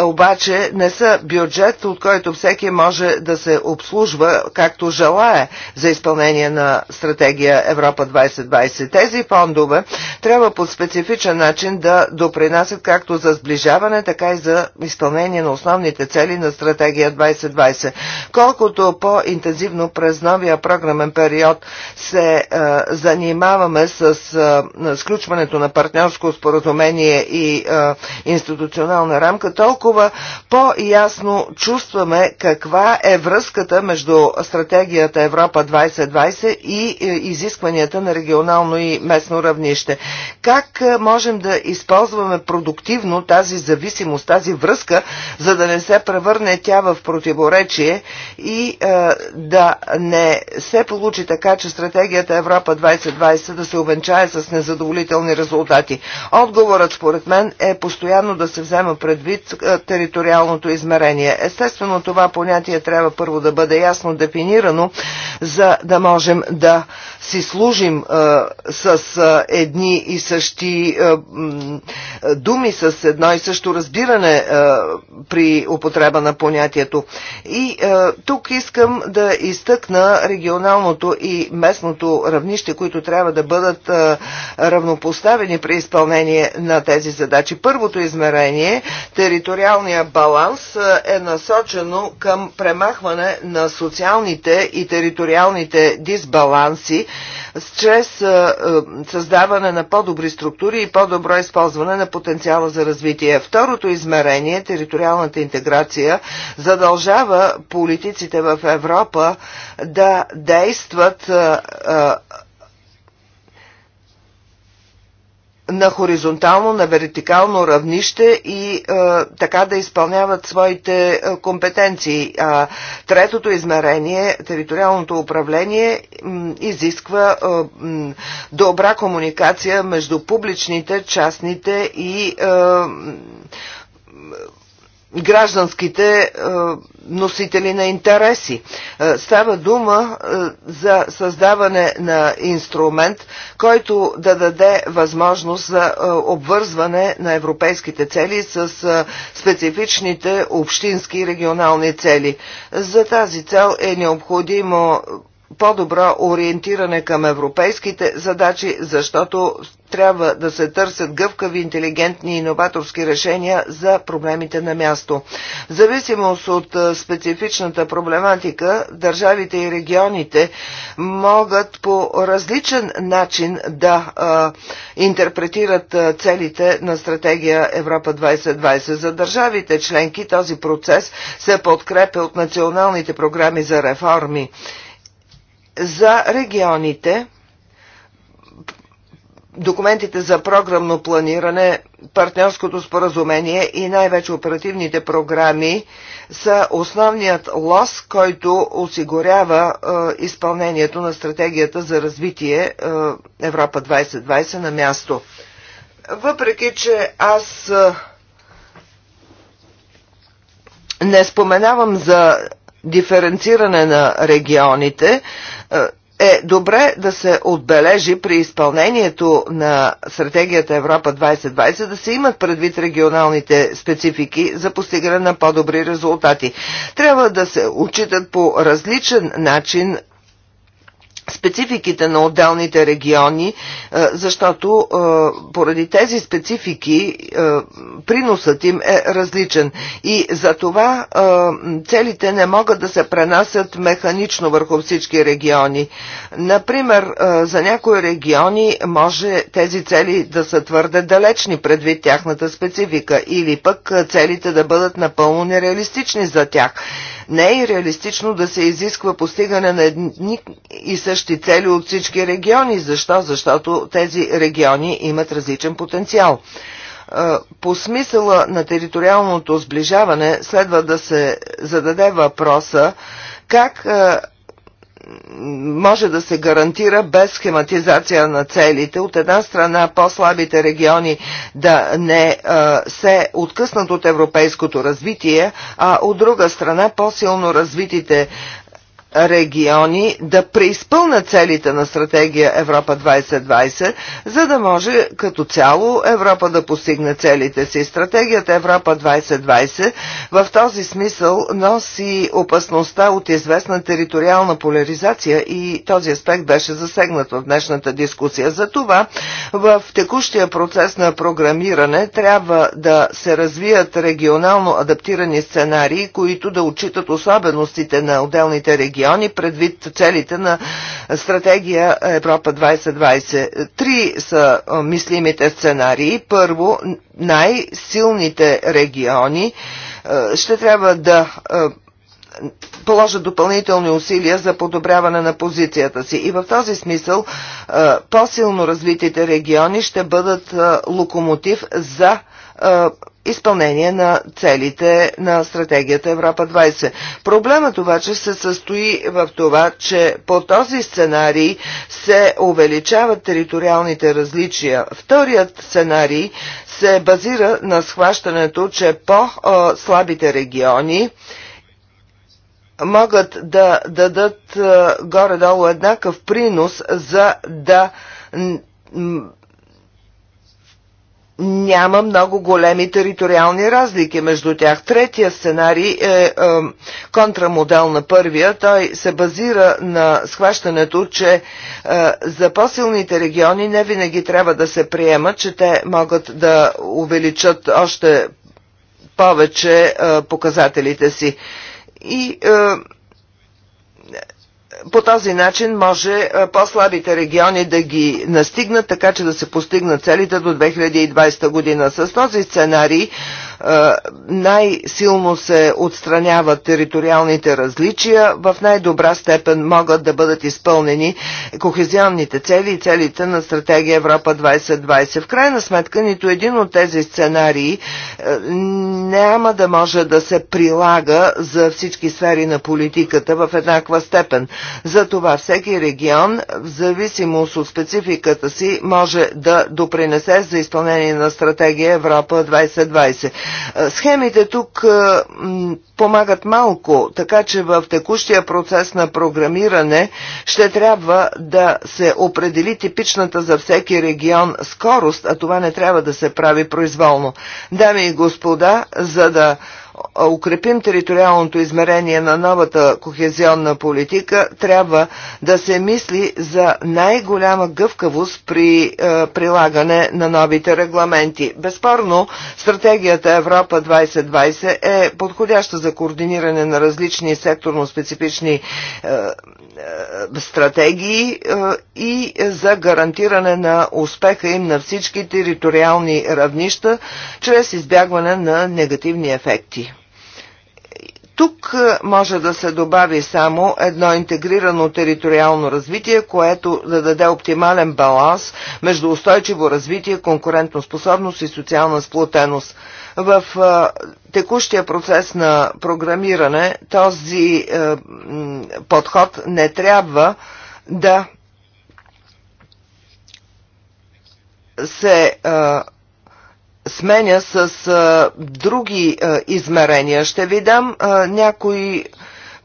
обаче не са бюджет, от който всеки може да се обслужва както желае за изпълнение на стратегия Европа 2020. Тези фондове трябва по специфичен начин да допринасят както за сближаване, така и за изпълнение изпълнение на основните цели на стратегия 2020. Колкото по-интензивно през новия програмен период се а, е, занимаваме с а, е, сключването на партньорско споразумение и а, е, институционална рамка, толкова по-ясно чувстваме каква е връзката между стратегията Европа 2020 и изискванията на регионално и местно равнище. Как можем да използваме продуктивно тази зависимост, тази връзка за да не се превърне тя в противоречие и е, да не се получи така, че стратегията Европа 2020 да се увенчае с незадоволителни резултати. Отговорът според мен е постоянно да се взема предвид е, териториалното измерение. Естествено това понятие трябва първо да бъде ясно дефинирано, за да можем да си служим с едни и същи думи, с едно и също разбиране при употреба на понятието. И тук искам да изтъкна регионалното и местното равнище, които трябва да бъдат равнопоставени при изпълнение на тези задачи. Първото измерение, териториалния баланс, е насочено към премахване на социалните и териториалните дисбаланси чрез създаване на по-добри структури и по-добро използване на потенциала за развитие. Второто измерение, териториалната интеграция, задължава политиците в Европа да действат на хоризонтално, на вертикално равнище и е, така да изпълняват своите е, компетенции. А, третото измерение, териториалното управление, м, изисква е, м, добра комуникация между публичните, частните и е, гражданските е, носители на интереси. Е, става дума е, за създаване на инструмент, който да даде възможност за обвързване на европейските цели с специфичните общински и регионални цели. За тази цел е необходимо по-добро ориентиране към европейските задачи, защото трябва да се търсят гъвкави, интелигентни и иноваторски решения за проблемите на място. В зависимост от специфичната проблематика, държавите и регионите могат по различен начин да а, интерпретират целите на стратегия Европа 2020. За държавите членки този процес се подкрепя от националните програми за реформи за регионите, документите за програмно планиране, партньорското споразумение и най-вече оперативните програми са основният лос, който осигурява е, изпълнението на стратегията за развитие е, Европа 2020 на място. Въпреки, че аз е, не споменавам за диференциране на регионите е, е добре да се отбележи при изпълнението на стратегията Европа 2020 да се имат предвид регионалните специфики за постигане на по-добри резултати. Трябва да се отчитат по различен начин спецификите на отделните региони, е, защото е, поради тези специфики е, приносът им е различен и за това целите не могат да се пренасят механично върху всички региони. Например, за някои региони може тези цели да са твърде далечни предвид тяхната специфика или пък целите да бъдат напълно нереалистични за тях. Не е реалистично да се изисква постигане на едни и същи същи цели от всички региони. Защо? Защото тези региони имат различен потенциал. Е, по смисъла на териториалното сближаване следва да се зададе въпроса как е, може да се гарантира без схематизация на целите. От една страна по-слабите региони да не а, е, се откъснат от европейското развитие, а от друга страна по-силно развитите региони да преизпълнят целите на стратегия Европа 2020, за да може като цяло Европа да постигне целите си. Стратегията Европа 2020 в този смисъл носи опасността от известна териториална поляризация и този аспект беше засегнат в днешната дискусия. За това в текущия процес на програмиране трябва да се развият регионално адаптирани сценарии, които да отчитат особеностите на отделните региони региони предвид целите на стратегия Европа 2020. Три са мислимите сценарии. Първо, най-силните региони ще трябва да положат допълнителни усилия за подобряване на позицията си. И в този смисъл по-силно развитите региони ще бъдат локомотив за изпълнение на целите на стратегията Европа 20. Проблемът обаче се състои в това, че по този сценарий се увеличават териториалните различия. Вторият сценарий се базира на схващането, че по-слабите региони могат да дадат горе-долу еднакъв принос за да няма много големи териториални разлики между тях. Третия сценарий е, е контрамодел на първия. Той се базира на схващането, че е, за по-силните региони не винаги трябва да се приема, че те могат да увеличат още повече е, показателите си. И е, по този начин може е, по-слабите региони да ги настигнат, така че да се постигнат целите до 2020 година. С този сценарий е, най-силно се отстраняват териториалните различия, в най-добра степен могат да бъдат изпълнени кохезионните цели и целите на стратегия Европа 2020. В крайна сметка нито един от тези сценарии е, няма да може да се прилага за всички сфери на политиката в еднаква степен. Затова всеки регион, в зависимост от спецификата си, може да допринесе за изпълнение на стратегия Европа 2020. Е, схемите тук е, помагат малко, така че в текущия процес на програмиране ще трябва да се определи типичната за всеки регион скорост, а това не трябва да се прави произволно. Дами и господа, за да укрепим териториалното измерение на новата кохезионна политика, трябва да се мисли за най-голяма гъвкавост при е, прилагане на новите регламенти. Безспорно, стратегията Европа 2020 е подходяща за координиране на различни секторно-специфични е, стратегии е, и за гарантиране на успеха им на всички териториални равнища, чрез избягване на негативни ефекти. Тук може да се добави само едно интегрирано териториално развитие, което да даде оптимален баланс между устойчиво развитие, конкурентоспособност и социална сплотеност. В текущия процес на програмиране този подход не трябва да се а, сменя с а, други а, измерения. Ще ви дам а, някои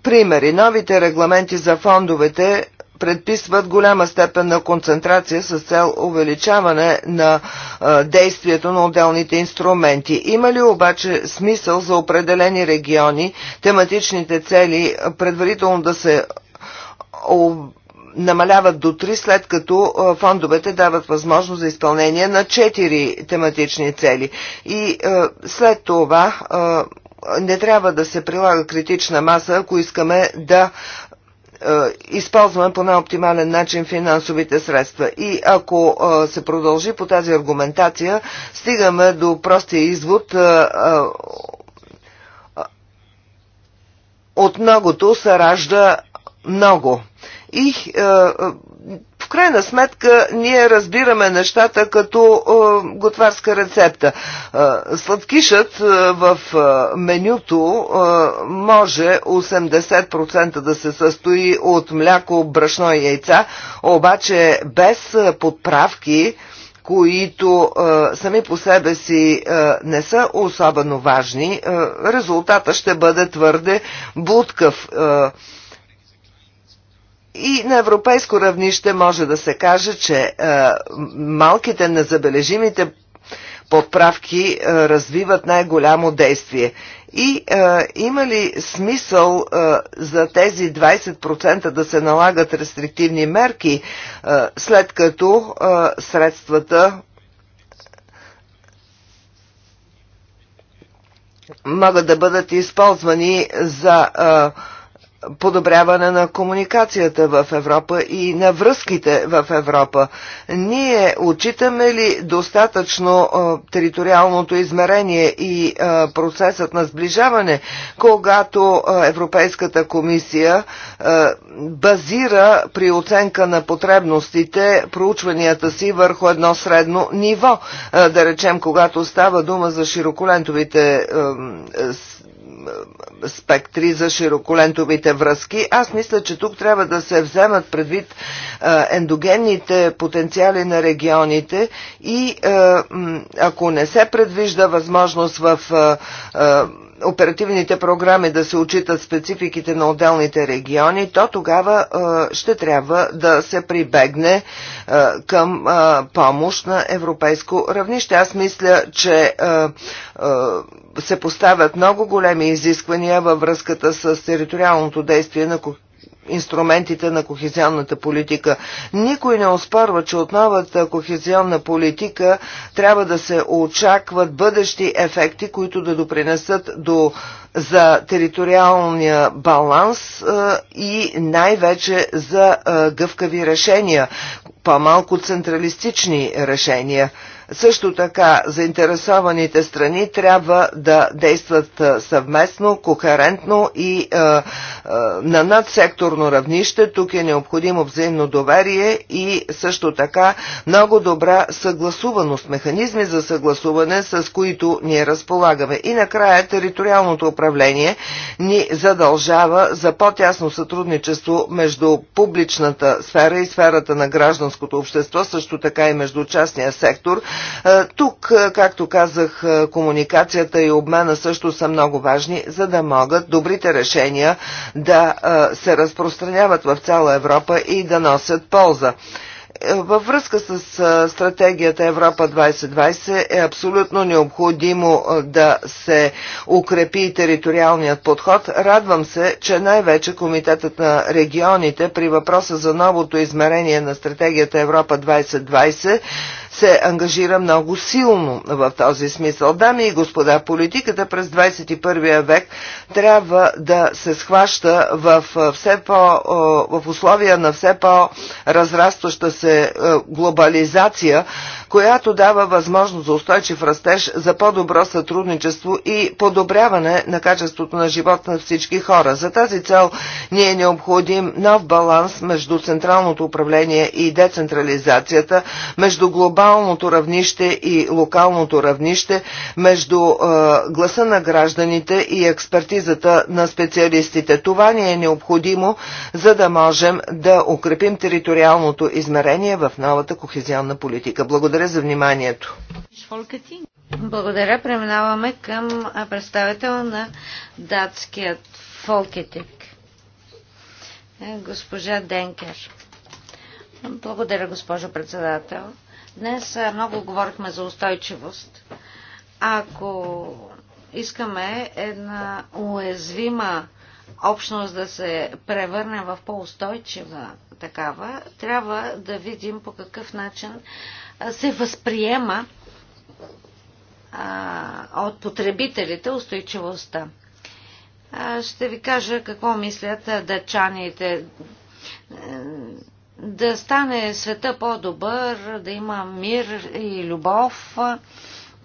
примери. Новите регламенти за фондовете предписват голяма степен на концентрация с цел увеличаване на а, действието на отделните инструменти. Има ли обаче смисъл за определени региони тематичните цели предварително да се намаляват до 3, след като фондовете дават възможност за изпълнение на 4 тематични цели. И след това не трябва да се прилага критична маса, ако искаме да използваме по най-оптимален начин финансовите средства. И ако се продължи по тази аргументация, стигаме до простия извод от многото се ражда много. И е, е, в крайна сметка ние разбираме нещата като е, готварска рецепта. Е, сладкишът е, в е, менюто е, може 80% да се състои от мляко, брашно и яйца, обаче без е, подправки, които е, сами по себе си е, не са особено важни, е, резултата ще бъде твърде будкав. Е, и на европейско равнище може да се каже, че е, малките незабележимите подправки е, развиват най-голямо действие. И а, е, има ли смисъл а, за тези 20% да се налагат рестриктивни мерки, а, след като а, средствата могат да бъдат използвани за а, подобряване на комуникацията в Европа и на връзките в Европа. Ние отчитаме ли достатъчно териториалното измерение и процесът на сближаване, когато Европейската комисия базира при оценка на потребностите проучванията си върху едно средно ниво? да речем, когато става дума за широколентовите спектри за широколентовите връзки. Аз мисля, че тук трябва да се вземат предвид е, ендогенните потенциали на регионите и е, ако не се предвижда възможност в е, оперативните програми да се очитат спецификите на отделните региони, то тогава ще трябва да се прибегне към помощ на европейско равнище. Аз мисля, че се поставят много големи изисквания във връзката с териториалното действие на инструментите на кохезионната политика. Никой не оспорва, че от новата кохезионна политика трябва да се очакват бъдещи ефекти, които да допринесат до за териториалния баланс е, и най-вече за е, гъвкави решения, по-малко централистични решения. Също така заинтересованите страни трябва да действат съвместно, кохерентно и е, е, на надсекторно равнище. Тук е необходимо взаимно доверие и също така много добра съгласуваност, механизми за съгласуване, с които ние разполагаме. И накрая териториалното управление ни задължава за по-тясно сътрудничество между публичната сфера и сферата на гражданското общество, също така и между частния сектор – е, тук, е, както казах, е, комуникацията и обмена също са много важни, за да могат добрите решения да се разпространяват в цяла Европа и да носят полза във връзка с стратегията Европа 2020 е абсолютно необходимо да се укрепи териториалният подход. Радвам се, че най-вече Комитетът на регионите при въпроса за новото измерение на стратегията Европа 2020 се ангажира много силно в този смисъл. Дами и господа, политиката през 21 век трябва да се схваща в, все по, в условия на все по-разрастваща се глобализация, която дава възможност за устойчив растеж, за по-добро сътрудничество и подобряване на качеството на живот на всички хора. За тази цел ние е необходим нов баланс между централното управление и децентрализацията, между глобалното равнище и локалното равнище, между е, гласа на гражданите и експертизата на специалистите. Това ни е необходимо, за да можем да укрепим териториалното измерение в новата кохезионна политика. Благодаря благодаря за вниманието. Благодаря. Преминаваме към представител на датският Фолкетик, е, госпожа Денкер. Благодаря, госпожо председател. Днес много говорихме за устойчивост. Ако искаме една уязвима общност да се превърне в по-устойчива такава, трябва да видим по какъв начин се възприема от потребителите устойчивостта. Ще ви кажа какво мислят дъчаните. Е, да стане света по-добър, да има мир и любов,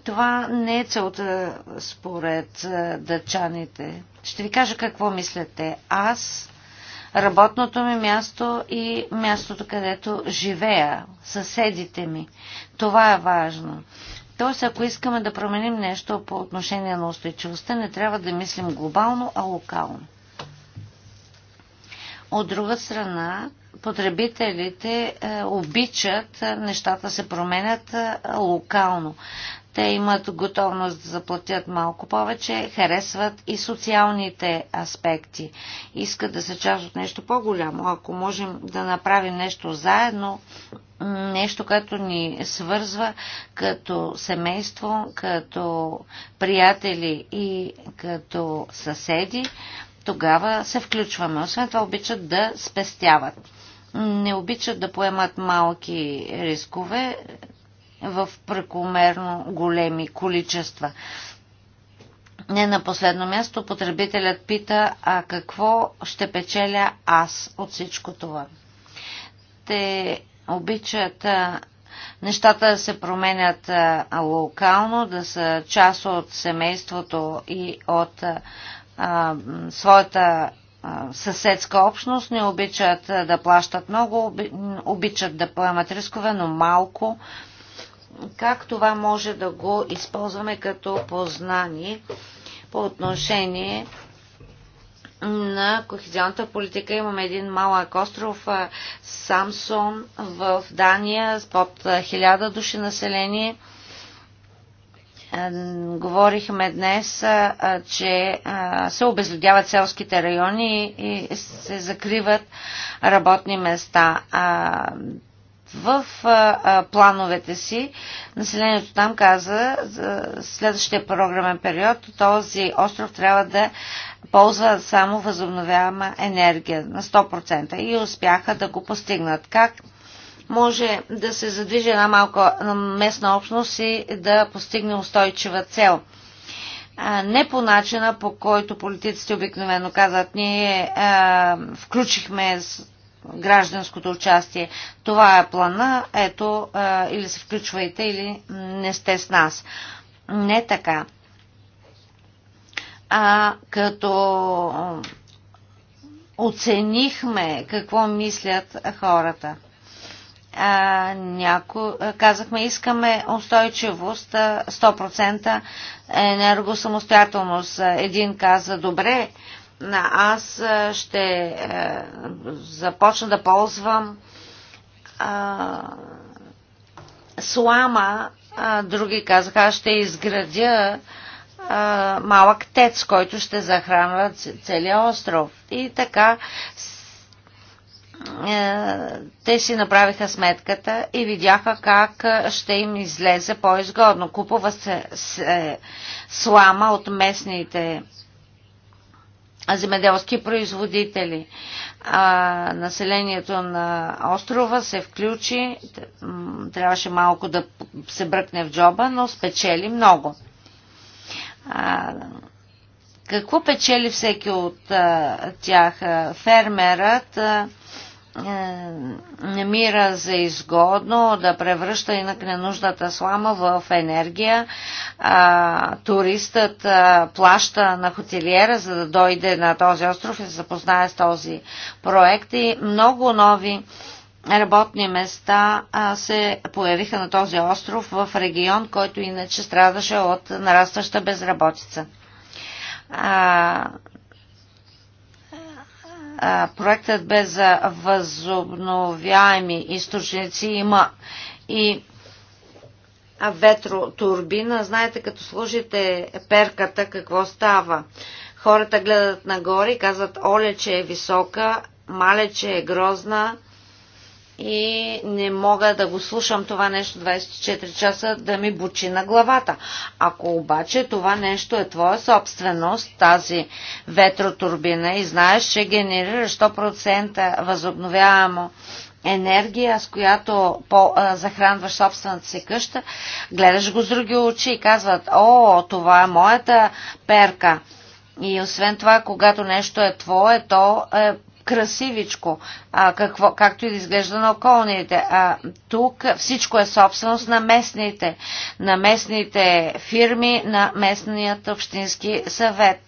това не е целта според дъчаните. Ще ви кажа какво мислят те. Аз работното ми място и мястото, където живея, съседите ми. Това е важно. Тоест, ако искаме да променим нещо по отношение на устойчивостта, не трябва да мислим глобално, а локално. От друга страна, потребителите е, обичат е, нещата се променят е, локално те имат готовност да заплатят малко повече, харесват и социалните аспекти. Искат да са част от нещо по-голямо. Ако можем да направим нещо заедно, нещо, което ни свързва като семейство, като приятели и като съседи, тогава се включваме. Освен това обичат да спестяват. Не обичат да поемат малки рискове, в прекомерно големи количества. Не на последно място потребителят пита, а какво ще печеля аз от всичко това? Те обичат нещата да се променят локално, да са част от семейството и от а, своята съседска общност, не обичат да плащат много, обичат да поемат рискове, но малко. А, как това може да го използваме като познание по отношение на кохезионната политика. Имаме един малък остров Самсон в Дания с под 1000 души население. Говорихме днес, че се обезлюдяват селските райони и се закриват работни места в а, а, плановете си. Населението там каза, за следващия програмен период този остров трябва да ползва само възобновяема енергия на 100% и успяха да го постигнат. Как може да се задвижи една малка местна общност и да постигне устойчива цел? не по начина, по който политиците обикновено казват. Ние а, включихме гражданското участие. Това е плана, ето, е, или се включвайте, или не сте с нас. Не така. А като е, оценихме какво мислят хората а, няко, е, казахме, искаме устойчивост 100% енергосамостоятелност. Един каза, добре, аз ще започна да ползвам слама, други казаха, аз ще изградя малък тец, който ще захранва целия остров. И така те си направиха сметката и видяха как ще им излезе по-изгодно. Купува се, се слама от местните земеделски производители. А населението на острова се включи, трябваше малко да се бръкне в джоба, но спечели много. А, какво печели всеки от а, тях? Фермерът а, е, намира за изгодно да превръща инак ненуждата слама в енергия. А, туристът а, плаща на хотелиера, за да дойде на този остров и се запознае с този проект и много нови работни места а, се появиха на този остров в регион, който иначе страдаше от нарастваща безработица. А, проектът бе за възобновяеми източници. Има и ветротурбина. Знаете, като сложите перката, какво става? Хората гледат нагоре и казват, оле, че е висока, мале, че е грозна, и не мога да го слушам това нещо 24 часа да ми бучи на главата. Ако обаче това нещо е твоя собственост, тази ветротурбина и знаеш, че генерира 100% възобновяемо енергия, с която по, а, захранваш собствената си къща, гледаш го с други очи и казват, о, това е моята перка. И освен това, когато нещо е твое, то е красивичко, а какво, както и да изглежда на околните. А тук всичко е собственост на местните, на местните фирми, на местният общински съвет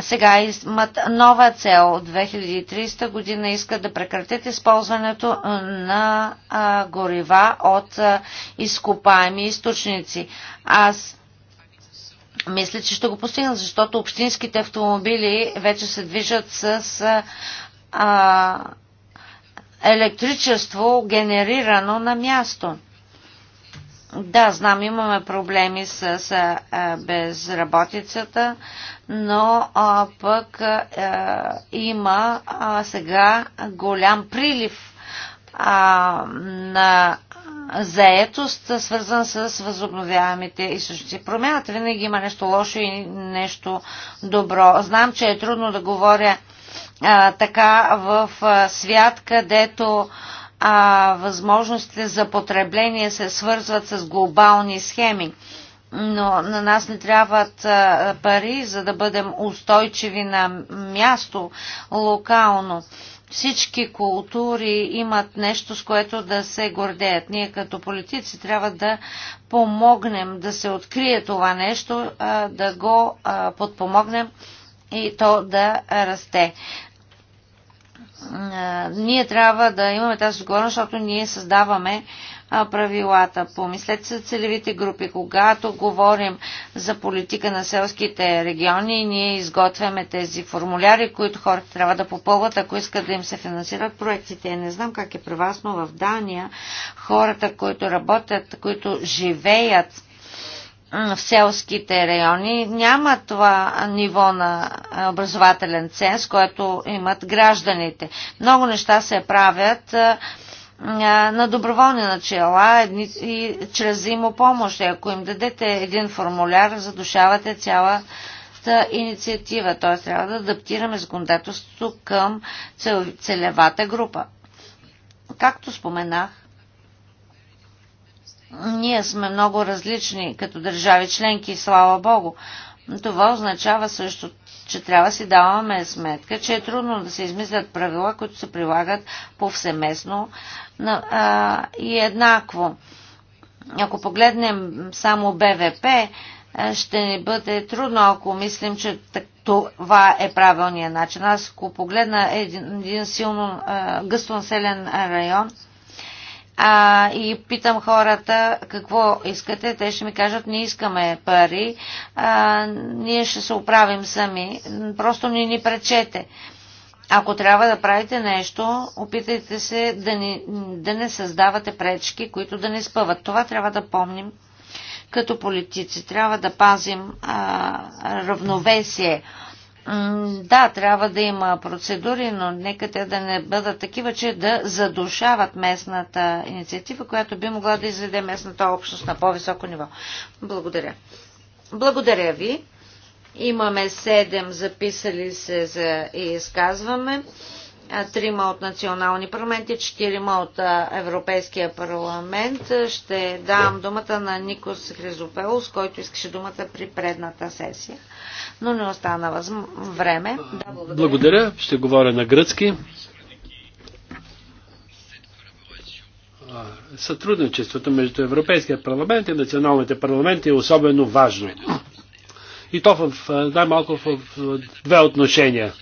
сега имат нова цел от 2030 година искат да прекратят използването на горива от изкопаеми източници. Аз мисля, че ще го постигна, защото общинските автомобили вече се движат с а, електричество, генерирано на място. Да, знам, имаме проблеми с, с а, безработицата, но а, пък а, има а, сега голям прилив а, на заетост, свързан с възобновяемите източници. Промяната винаги има нещо лошо и нещо добро. Знам, че е трудно да говоря а, така в а, свят, където а, възможностите за потребление се свързват с глобални схеми. Но на нас не трябват а, пари, за да бъдем устойчиви на място локално. Всички култури имат нещо, с което да се гордеят. Ние като политици трябва да помогнем да се открие това нещо, да го подпомогнем и то да расте ние трябва да имаме тази отговорност, защото ние създаваме правилата. Помислете за целевите групи. Когато говорим за политика на селските региони, ние изготвяме тези формуляри, които хората трябва да попълват, ако искат да им се финансират проектите. Не знам как е при вас, но в Дания хората, които работят, които живеят в селските райони няма това ниво на образователен ценз, което имат гражданите. Много неща се правят на доброволни начала и чрез взаимопомощ. Ако им дадете един формуляр, задушавате цялата инициатива. Т.е. трябва да адаптираме законодателството към целевата група. Както споменах, ние сме много различни като държави членки и слава Богу. Това означава също, че трябва си даваме сметка, че е трудно да се измислят правила, които се прилагат повсеместно и еднакво. Ако погледнем само БВП, е, ще ни бъде трудно, ако мислим, че това е правилният начин. Аз ако погледна един, един силно населен район, а, и питам хората какво искате, те ще ми кажат не искаме пари, а, ние ще се оправим сами, просто ни ни пречете. А, ако трябва да правите нещо, опитайте се да не, да не създавате пречки, които да не спъват. Това трябва да помним като политици. Трябва да пазим а, равновесие. Да, трябва да има процедури, но нека те да не бъдат такива, че да задушават местната инициатива, която би могла да изведе местната общност на по-високо ниво. Благодаря. Благодаря ви. Имаме седем записали се за и изказваме. Трима от национални парламенти, четирима от Европейския парламент. Ще дам думата на Никос Хризопелос, който искаше думата при предната сесия, но не остана време. Да, благодаря. благодаря. Ще говоря на гръцки. Сътрудничеството между Европейския парламент и националните парламенти е особено важно и то в, най-малко в, в две отношения.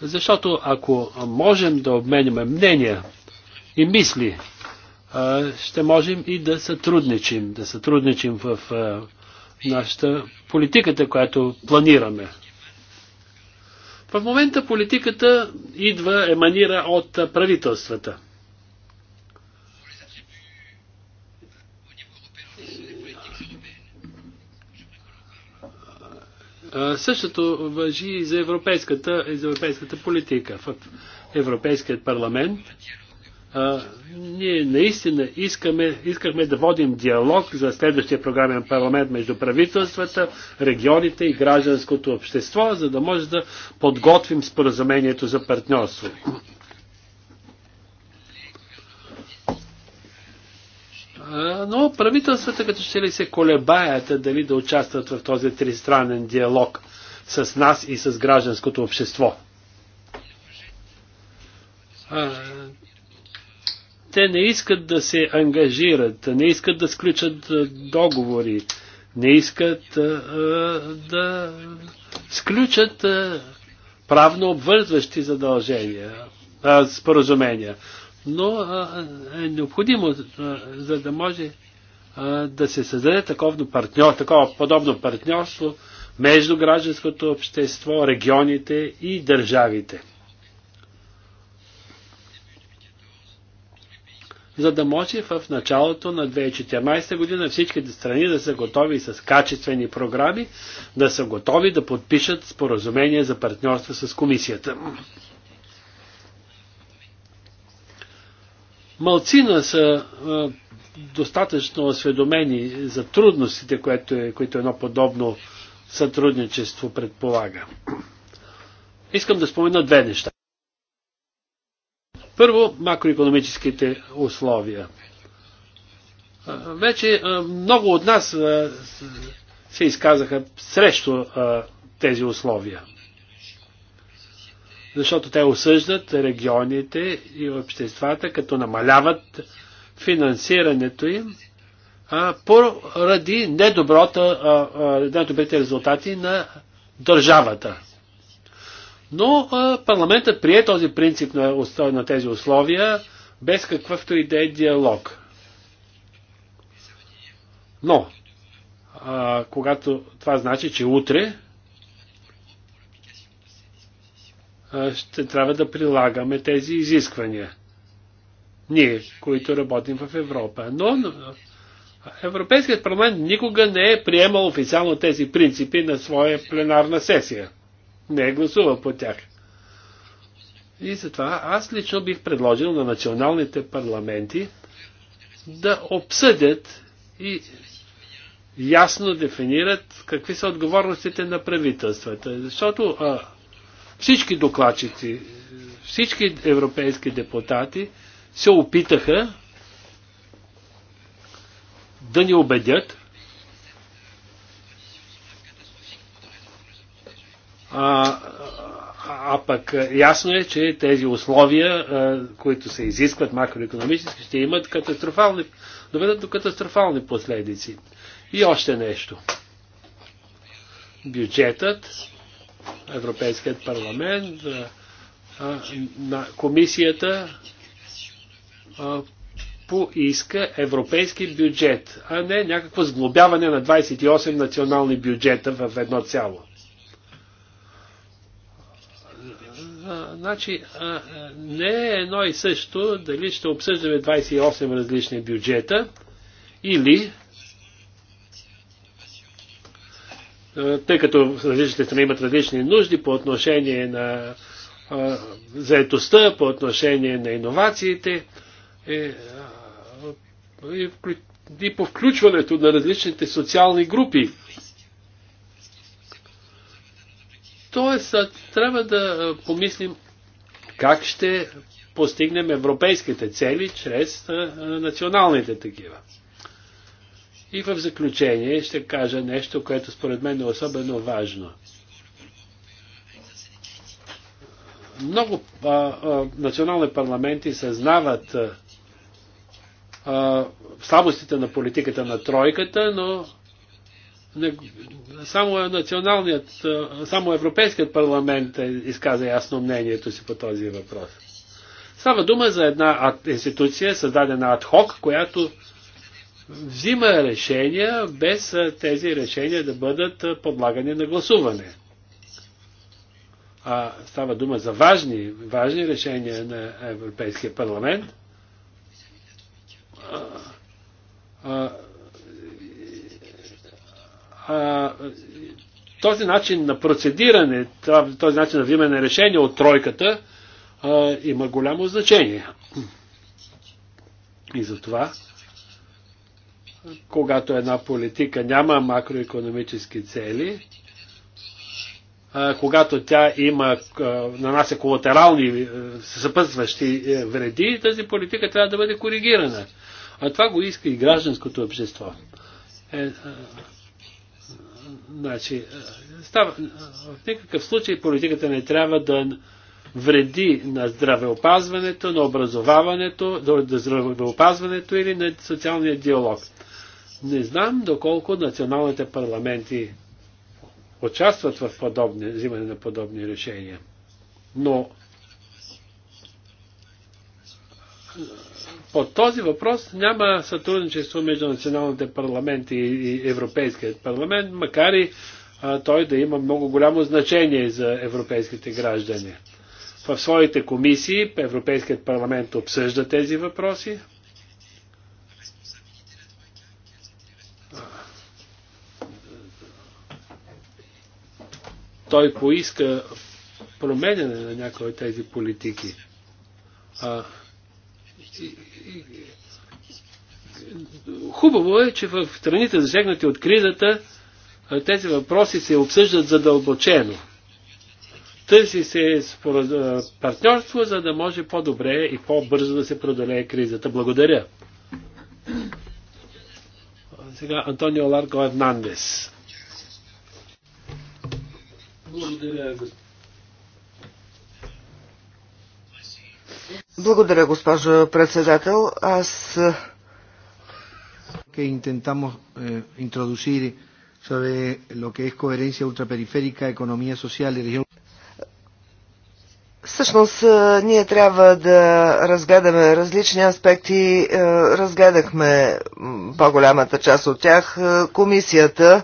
Защото ако можем да обменяме мнения и мисли, ще можем и да сътрудничим, да сътрудничим в нашата политиката, която планираме. В момента политиката идва, еманира от правителствата. Същото въжи и за европейската, и за европейската политика. В Европейският парламент а, ние наистина искаме, искахме да водим диалог за следващия програмен парламент между правителствата, регионите и гражданското общество, за да може да подготвим споразумението за партньорство. Но правителствата като ще ли се колебаят дали да участват в този тристранен диалог с нас и с гражданското общество. Те не искат да се ангажират, не искат да сключат договори, не искат да сключат правно обвързващи задължения, споразумения но а, е необходимо, а, за да може а, да се създаде такова, партньор, такова подобно партньорство между гражданското общество, регионите и държавите. За да може в началото на 2014 година всичките страни да са готови с качествени програми, да са готови да подпишат споразумение за партньорство с комисията. Малцина са а, достатъчно осведомени за трудностите, което е, които едно подобно сътрудничество предполага. Искам да спомена две неща. Първо, макроекономическите условия. Вече много от нас се изказаха срещу тези условия защото те осъждат регионите и обществата, като намаляват финансирането им а, поради недоброта, а, а, недобрите резултати на държавата. Но а, парламентът прие този принцип на, на тези условия без какъвто и да е диалог. Но, а, когато това значи, че утре ще трябва да прилагаме тези изисквания. Ние, които работим в Европа. Но Европейският парламент никога не е приемал официално тези принципи на своя пленарна сесия. Не е гласувал по тях. И затова аз лично бих предложил на националните парламенти да обсъдят и ясно дефинират какви са отговорностите на правителствата. Защото а, всички докладчици, всички европейски депутати се опитаха да ни убедят, а, а пък ясно е, че тези условия, които се изискват макроекономически, ще имат катастрофални, доведат до катастрофални последици. И още нещо. Бюджетът Европейският парламент, на комисията поиска европейски бюджет, а не някакво сглобяване на 28 национални бюджета в едно цяло. Значи, не е едно и също дали ще обсъждаме 28 различни бюджета или тъй като различните страни имат различни нужди по отношение на заетостта, по отношение на иновациите е, и, и, и по включването на различните социални групи. Тоест, трябва да помислим как ще постигнем европейските цели чрез националните такива. И в заключение ще кажа нещо, което според мен е особено важно. Много а, а, национални парламенти съзнават а, слабостите на политиката на тройката, но не, само националният, само Европейският парламент е, изказа ясно мнението си по този въпрос. Става дума за една институция, създадена адхок, която взима решения без тези решения да бъдат подлагани на гласуване. А става дума за важни, важни решения на Европейския парламент. А, а, а, този начин на процедиране, този начин на взимане на решение от тройката а, има голямо значение. И затова когато една политика няма макроекономически цели, когато тя има, нанася колатерални съпътстващи е, вреди, тази политика трябва да бъде коригирана. А това го иска и гражданското общество. Е, значи, става, в никакъв случай политиката не трябва да вреди на здравеопазването, на образоваването, на здравеопазването или на социалния диалог. Не знам доколко националните парламенти участват в подобни, взимане на подобни решения. Но по този въпрос няма сътрудничество между националните парламенти и Европейският парламент, макар и а, той да има много голямо значение за европейските граждани. В своите комисии Европейският парламент обсъжда тези въпроси, той поиска променене на някои от тези политики. А, и, и, хубаво е, че в страните засегнати от кризата тези въпроси се обсъждат задълбочено. Търси се според, партньорство, за да може по-добре и по-бързо да се продолее кризата. Благодаря. Сега Антонио Ларко Ернандес. Благодаря, господин. Благодаря, госпожо председател. Аз е, que intentamos eh, introducir sobre lo que es coherencia ultraperiférica, economía social y región. Всъщност, е, ние трябва да разгледаме различни аспекти. Разгледахме по-голямата част от тях. Комисията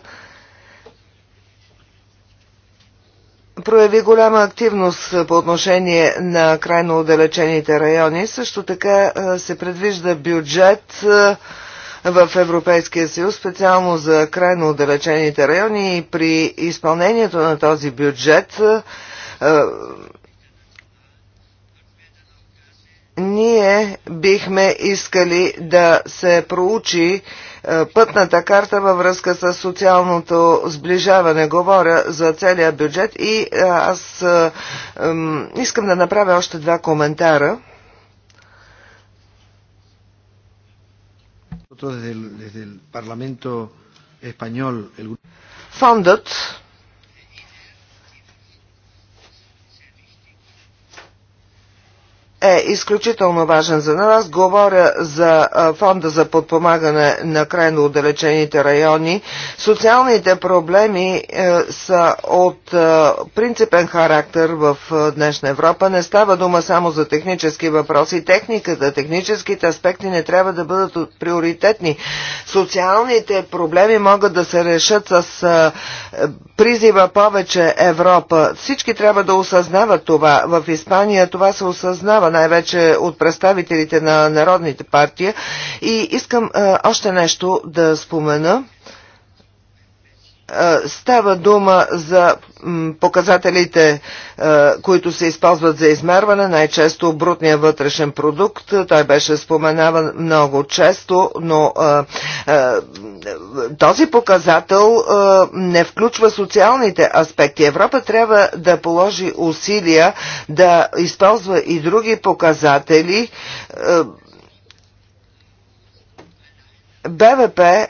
прояви голяма активност по отношение на крайно отдалечените райони. Също така се предвижда бюджет в Европейския съюз, специално за крайно отдалечените райони и при изпълнението на този бюджет ние бихме искали да се проучи е, пътната карта във връзка с социалното сближаване. Говоря за целия бюджет и е, аз е, искам да направя още два коментара. Фондът е изключително важен за нас. Говоря за фонда за подпомагане на крайно отдалечените райони. Социалните проблеми е, са от е, принципен характер в е, днешна Европа. Не става дума само за технически въпроси. Техниката, техническите аспекти не трябва да бъдат приоритетни. Социалните проблеми могат да се решат с призива повече Европа. Всички трябва да осъзнават това. В Испания това се осъзнава най-вече от представителите на народните партии. И искам още нещо да спомена. Става дума за показателите, които се използват за измерване, най-често брутния вътрешен продукт. Той беше споменаван много често, но този показател не включва социалните аспекти. Европа трябва да положи усилия да използва и други показатели, БВП е,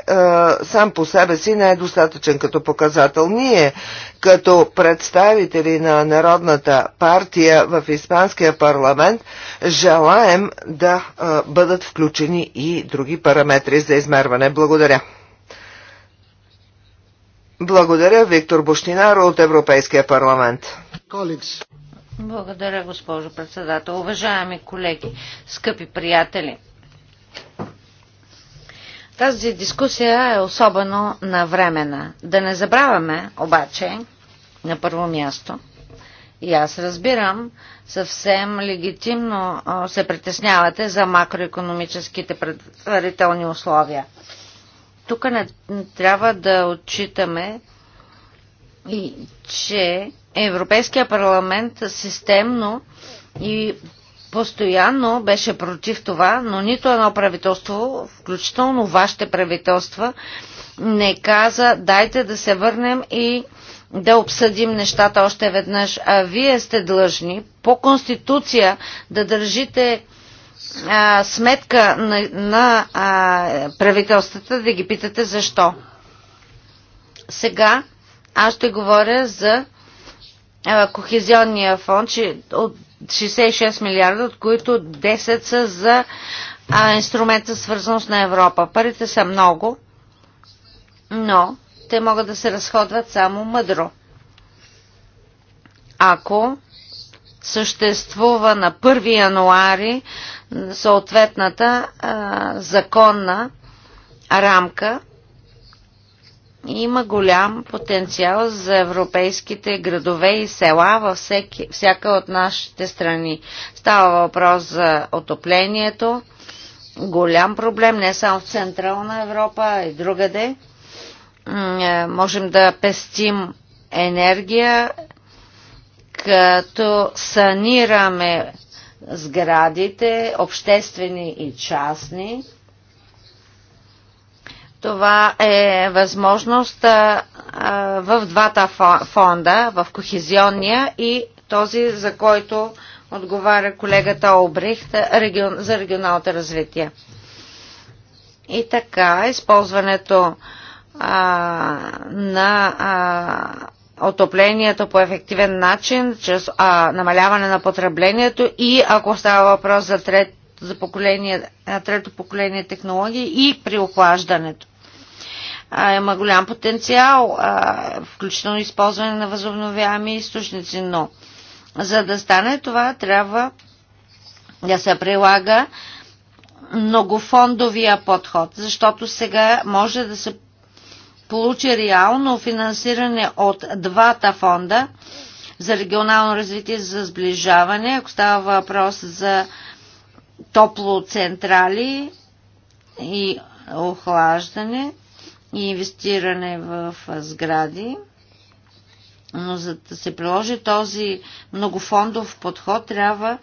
сам по себе си не е достатъчен като показател. Ние, като представители на Народната партия в Испанския парламент, желаем да е, бъдат включени и други параметри за измерване. Благодаря. Благодаря, Виктор Бощинаро от Европейския парламент. Благодаря, госпожо председател. Уважаеми колеги, скъпи приятели, тази дискусия е особено навремена. Да не забравяме, обаче, на първо място, и аз разбирам, съвсем легитимно се притеснявате за макроекономическите предварителни условия. Тук не трябва да отчитаме и че Европейския парламент системно и постоянно беше против това, но нито едно правителство, включително вашите правителства, не каза дайте да се върнем и да обсъдим нещата още веднъж. А вие сте длъжни по конституция да държите а, сметка на, на а, правителствата, да ги питате защо. Сега аз ще говоря за а, Кохезионния фонд, че от 66 милиарда, от които 10 са за а, инструмента свързаност на Европа. Парите са много, но те могат да се разходват само мъдро. Ако съществува на 1 януари съответната а, законна рамка има голям потенциал за европейските градове и села във всеки, всяка от нашите страни. Става въпрос за отоплението, голям проблем не само в Централна Европа, а и другаде. Е, можем да пестим енергия, като санираме сградите, обществени и частни това е възможност в двата фонда, в кохезионния и този, за който отговаря колегата Обрихт за регионалното развитие. И така, използването а, на а, отоплението по ефективен начин, чрез а, намаляване на потреблението и ако става въпрос за трет, за поколение, трето поколение технологии и при охлаждането. А, има голям потенциал, а, включително използване на възобновяеми източници, но за да стане това, трябва да се прилага многофондовия подход, защото сега може да се получи реално финансиране от двата фонда за регионално развитие за сближаване, ако става въпрос за топлоцентрали и охлаждане и инвестиране в сгради. Но за да се приложи този многофондов подход, трябва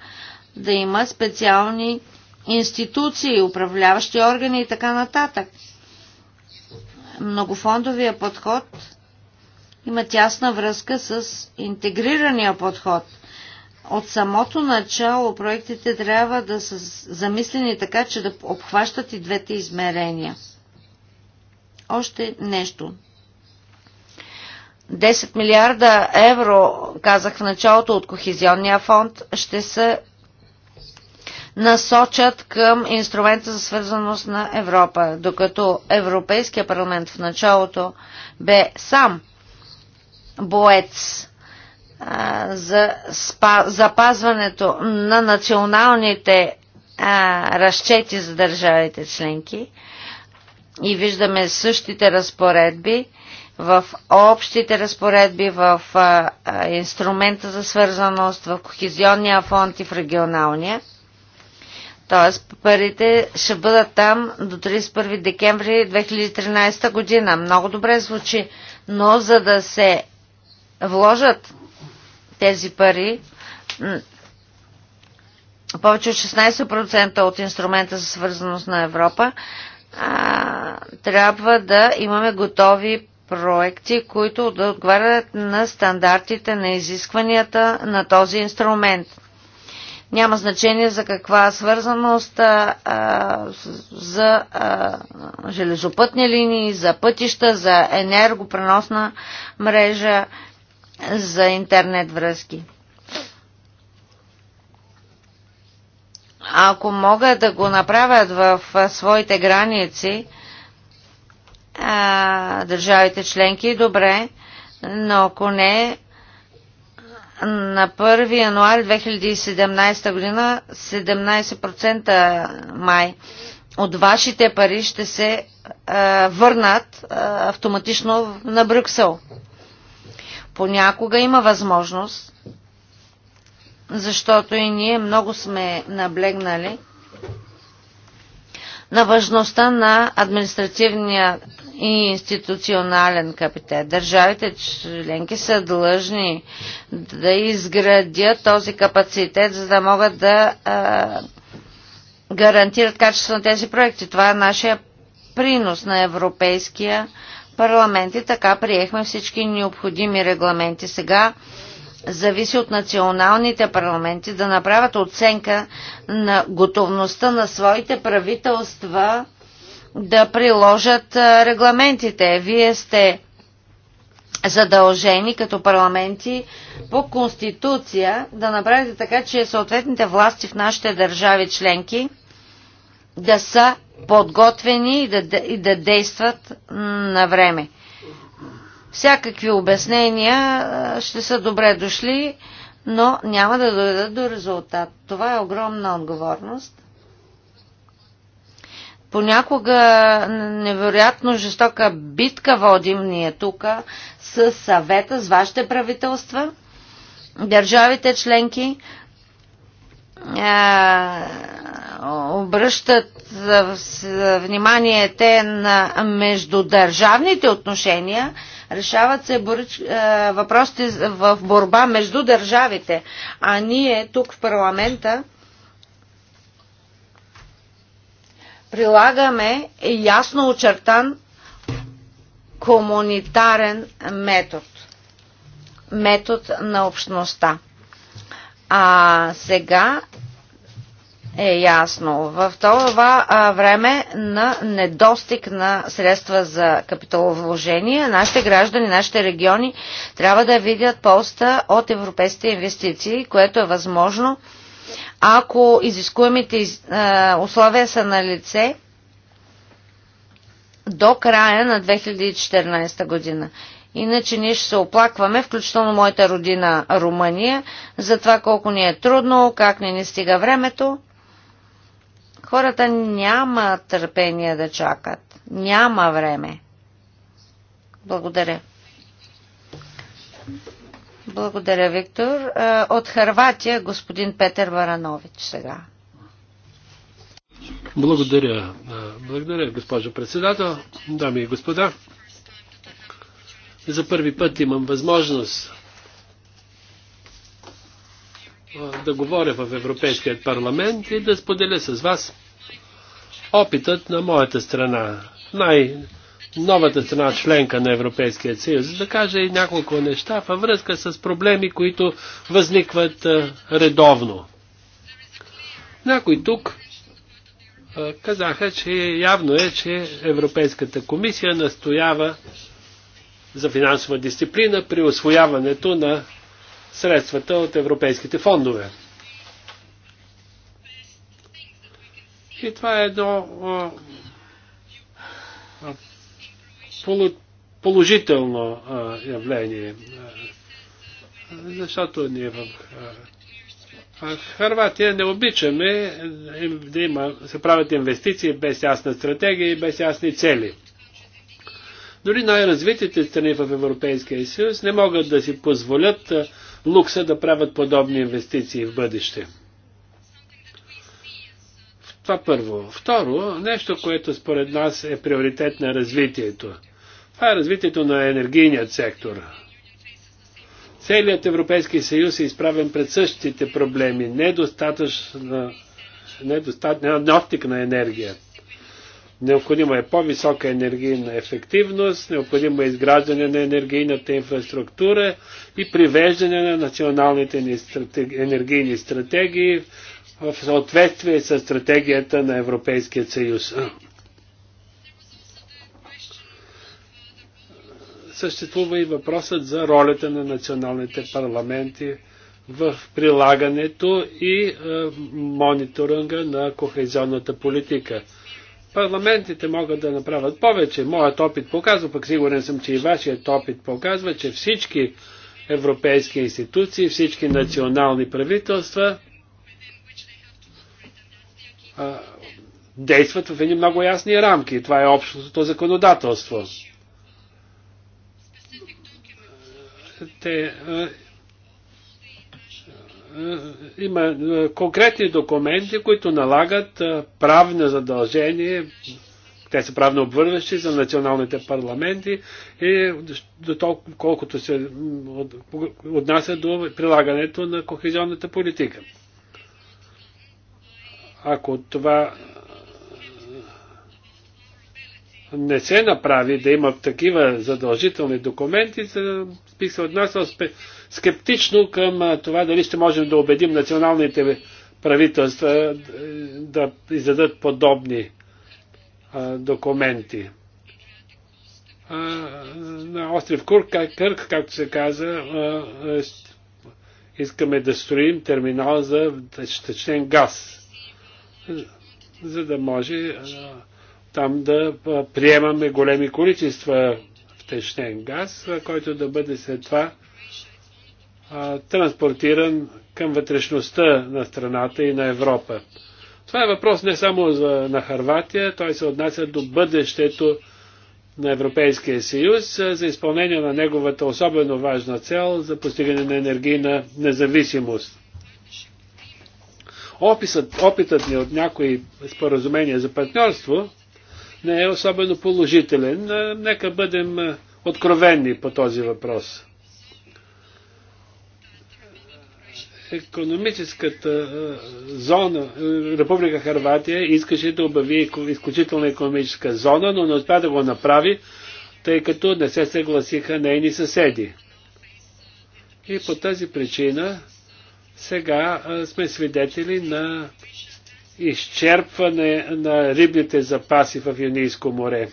да има специални институции, управляващи органи и така нататък. Многофондовия подход има тясна връзка с интегрирания подход – от самото начало проектите трябва да са замислени така, че да обхващат и двете измерения. Още нещо. 10 милиарда евро, казах в началото от Кохизионния фонд, ще се насочат към инструмента за свързаност на Европа, докато Европейския парламент в началото бе сам боец за запазването на националните разчети за държавите членки и виждаме същите разпоредби в общите разпоредби, в инструмента за свързаност, в кохезионния фонд и в регионалния. Тоест парите ще бъдат там до 31 декември 2013 година. Много добре звучи, но за да се вложат тези пари. Повече от 16% от инструмента за свързаност на Европа а, трябва да имаме готови проекти, които да отговарят на стандартите, на изискванията на този инструмент. Няма значение за каква свързаност а, за а, железопътни линии, за пътища, за енергопреносна мрежа за интернет връзки. Ако могат да го направят в своите граници, държавите членки, добре, но ако не, на 1 януари 2017 година 17% май от вашите пари ще се а, върнат а, автоматично на Брюксел. Понякога има възможност, защото и ние много сме наблегнали на важността на административния и институционален капитет. Държавите членки са длъжни да изградят този капацитет, за да могат да а, гарантират качество на тези проекти. Това е нашия принос на Европейския Парламенти така приехме всички необходими регламенти. Сега зависи от националните парламенти да направят оценка на готовността на своите правителства да приложат регламентите. Вие сте задължени като парламенти по Конституция да направите така, че съответните власти в нашите държави членки да са подготвени и да, и да действат на време. Всякакви обяснения ще са добре дошли, но няма да доведат до резултат. Това е огромна отговорност. Понякога невероятно жестока битка водим ние тук с съвета, с вашите правителства, държавите членки. А обръщат внимание те на междудържавните отношения, решават се въпросите в борба между държавите. А ние тук в парламента прилагаме ясно очертан комунитарен метод. Метод на общността. А сега е ясно. В това време на недостиг на средства за капиталовложение, нашите граждани, нашите региони трябва да видят полста от европейските инвестиции, което е възможно, ако изискуемите условия са на лице до края на 2014 година. Иначе ние ще се оплакваме, включително моята родина Румъния, за това колко ни е трудно, как не ни стига времето. Хората няма търпение да чакат. Няма време. Благодаря. Благодаря, Виктор. От Харватия господин Петър Варанович сега. Благодаря. Благодаря, госпожо председател, дами и господа. За първи път имам възможност да говоря в Европейският парламент и да споделя с вас опитът на моята страна, най-новата страна членка на Европейския съюз, да кажа и няколко неща във връзка с проблеми, които възникват редовно. Някой тук казаха, че явно е, че Европейската комисия настоява за финансова дисциплина при освояването на средствата от европейските фондове. И това е едно положително явление. Защото ние в Харватия не обичаме да има, се правят инвестиции без ясна стратегия и без ясни цели. Дори най-развитите страни в Европейския съюз не могат да си позволят лукса да правят подобни инвестиции в бъдеще. Това първо. Второ, нещо, което според нас е приоритет на развитието. Това е развитието на енергийният сектор. Целият Европейски съюз е изправен пред същите проблеми. Недостатъчна, недостатъчна на енергия. Необходима е по-висока енергийна ефективност, необходимо е изграждане на енергийната инфраструктура и привеждане на националните ни стратеги... енергийни стратегии в съответствие с стратегията на Европейския съюз. Съществува и въпросът за ролята на националните парламенти в прилагането и е, мониторинга на кохезионната политика. Парламентите могат да направят повече. Моят опит показва, пък сигурен съм, че и вашият опит показва, че всички европейски институции, всички национални правителства а, действат в едни много ясни рамки. Това е общото законодателство. Те а, е, има е, конкретни документи, които налагат е, правно задължение, те са правно обвързващи за националните парламенти и до толкова, колкото се отнася до прилагането на кохезионната политика. Ако това не се направи да има такива задължителни документи, бих се отнасял скептично към това дали ще можем да убедим националните правителства да издадат подобни документи. На остров Кърк, както се каза, искаме да строим терминал за течен газ, за да може там да приемаме големи количества втечнен газ, който да бъде след това а, транспортиран към вътрешността на страната и на Европа. Това е въпрос не само за, на Харватия, той се отнася до бъдещето на Европейския съюз за изпълнение на неговата особено важна цел за постигане на енергийна независимост. Описът, опитът ни от някои споразумения за партньорство – не е особено положителен. Нека бъдем откровенни по този въпрос. Економическата зона, Република Харватия искаше да обяви изключителна економическа зона, но не успя да го направи, тъй като не се съгласиха нейни съседи. И по тази причина сега сме свидетели на изчерпване на рибните запаси в Юнийско море.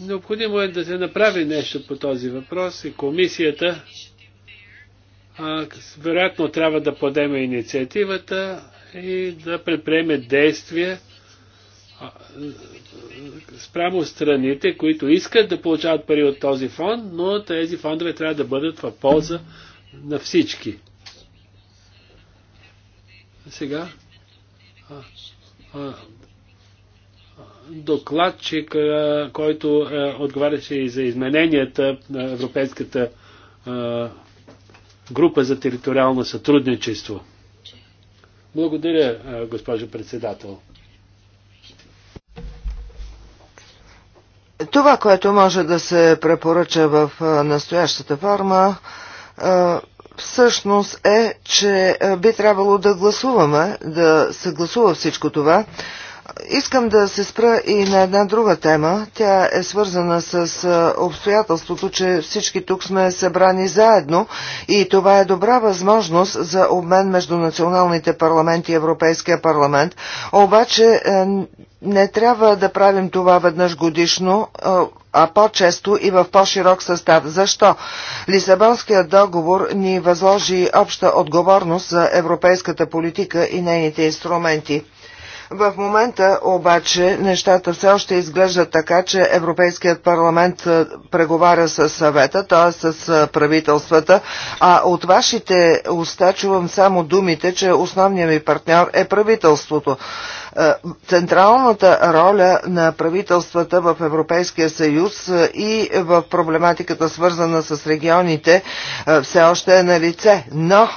Необходимо е да се направи нещо по този въпрос и комисията вероятно трябва да подеме инициативата и да предприеме действия спрямо страните, които искат да получават пари от този фонд, но тези фондове трябва да бъдат в полза на всички. Сега а, а, докладчик, а, който а, отговаряше и за измененията на Европейската а, група за териториално сътрудничество. Благодаря, а, госпожо председател. Това, което може да се препоръча в настоящата форма, всъщност е, че е, би трябвало да гласуваме, да се гласува всичко това. Искам да се спра и на една друга тема. Тя е свързана с е, обстоятелството, че всички тук сме събрани заедно и това е добра възможност за обмен между националните парламенти и Европейския парламент. Обаче е, не трябва да правим това веднъж годишно а по-често и в по-широк състав. Защо? Лисабонският договор ни възложи обща отговорност за европейската политика и нейните инструменти. В момента обаче нещата все още изглеждат така, че Европейският парламент е, преговаря с съвета, т.е. с е, правителствата, а от вашите уста чувам само думите, че основният ми партньор е правителството. Е, централната роля на правителствата в Европейския съюз е, и в проблематиката свързана с регионите е, все още е на лице. Но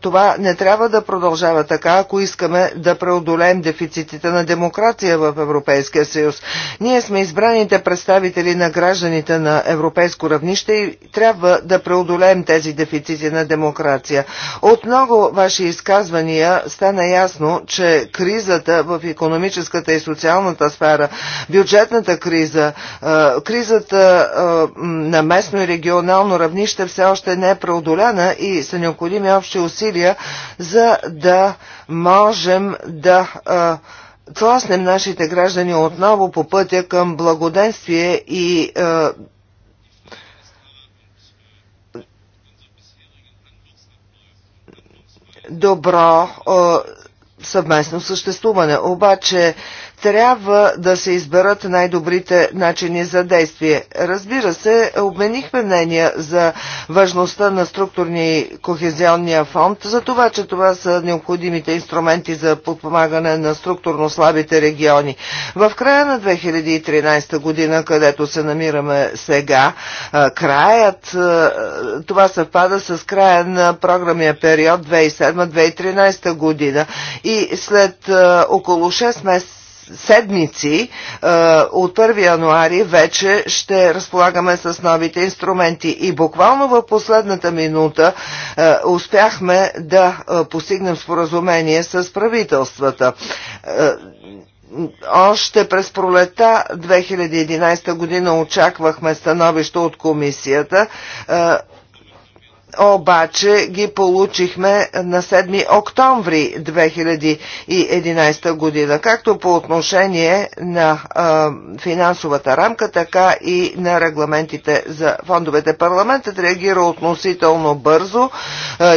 това не трябва да продължава така, ако искаме да преодолеем дефицитите на демокрация в Европейския съюз. Ние сме избраните представители на гражданите на европейско равнище и трябва да преодолеем тези дефицити на демокрация. От много ваши изказвания стана ясно, че кризата в в економическата и социалната сфера, бюджетната криза, кризата на местно и регионално равнище все още не е преодоляна и са необходими общи усилия, за да можем да тласнем нашите граждани отново по пътя към благоденствие и добро съвместно съществуване. Обаче трябва да се изберат най-добрите начини за действие. Разбира се, обменихме мнения за важността на структурния и кохезионния фонд, за това, че това са необходимите инструменти за подпомагане на структурно слабите региони. В края на 2013 година, където се намираме сега, краят, това съвпада с края на програмния период 2007-2013 година и след около 6 месеца седмици, е, от 1 януари вече ще разполагаме с новите инструменти. И буквално в последната минута е, успяхме да е, постигнем споразумение с правителствата още през пролета 2011 година очаквахме становище от комисията обаче ги получихме на 7 октомври 2011 година, както по отношение на а, финансовата рамка, така и на регламентите за фондовете. Парламентът реагира относително бързо.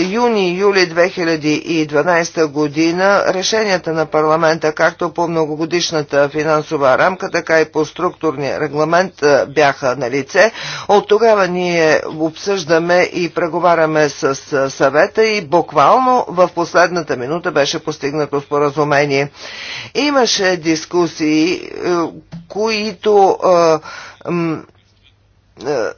Юни-юли и 2012 година решенията на парламента, както по многогодишната финансова рамка, така и по структурния регламент бяха на лице. От тогава ние обсъждаме и преговаряме преговаряме с съвета и буквално в последната минута беше постигнато споразумение. Имаше дискусии, е, които е, е,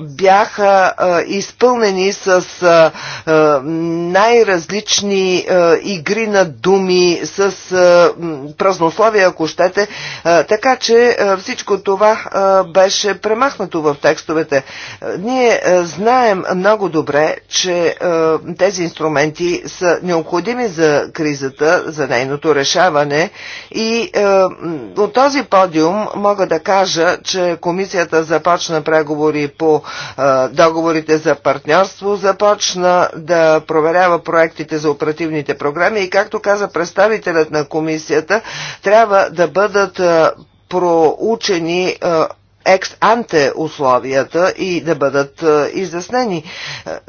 бяха а, изпълнени с а, а, най-различни а, игри на думи, с а, празнословия, ако щете, а, така че а, всичко това а, беше премахнато в текстовете. А, ние а, знаем много добре, че а, тези инструменти са необходими за кризата, за нейното решаване и а, от този подиум мога да кажа, че комисията започна преговори по е, договорите за партньорство, започна да проверява проектите за оперативните програми и, както каза представителят на комисията, трябва да бъдат е, проучени е, екс-анте условията и да бъдат изяснени.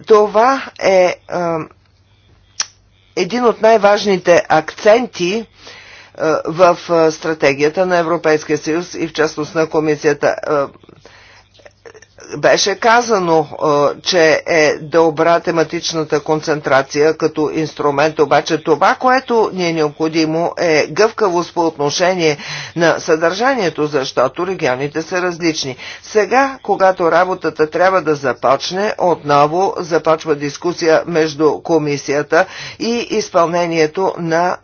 Това е един от най-важните акценти в стратегията на Европейския съюз и в частност на комисията беше казано, е, че е добра тематичната концентрация като инструмент, обаче това, което ни е необходимо е гъвкавост по отношение на съдържанието, защото регионите са различни. Сега, когато работата трябва да започне, отново започва дискусия между комисията и изпълнението на е,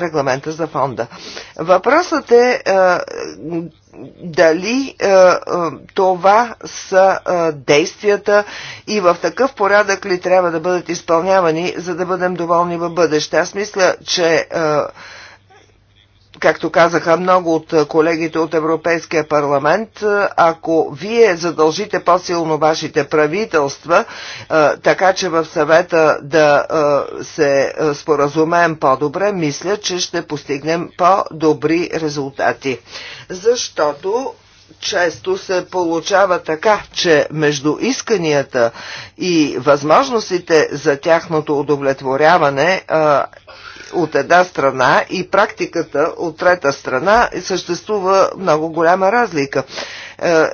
регламента за фонда. Въпросът е, е дали е, е, това са е, действията и в такъв порядък ли трябва да бъдат изпълнявани, за да бъдем доволни в бъдеще. Аз мисля, че е, както казаха много от колегите от Европейския парламент, ако вие задължите по-силно вашите правителства, е, така че в съвета да е, се е, споразумеем по-добре, мисля, че ще постигнем по-добри резултати. Защото често се получава така, че между исканията и възможностите за тяхното удовлетворяване от една страна и практиката от трета страна съществува много голяма разлика. Е, е,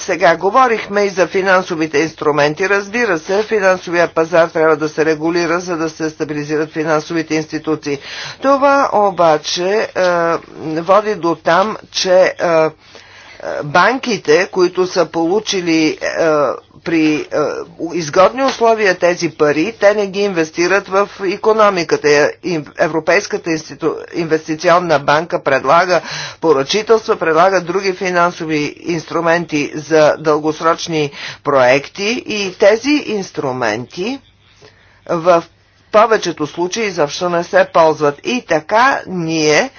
сега говорихме и за финансовите инструменти. Разбира се, финансовия пазар трябва да се регулира, за да се стабилизират финансовите институции. Това обаче е, води до там, че е, банките, които са получили е, при е, изгодни условия тези пари, те не ги инвестират в економиката. Е, Европейската инвестиционна банка предлага поръчителства, предлага други финансови инструменти за дългосрочни проекти и тези инструменти в повечето случаи изобщо не се ползват. И така ние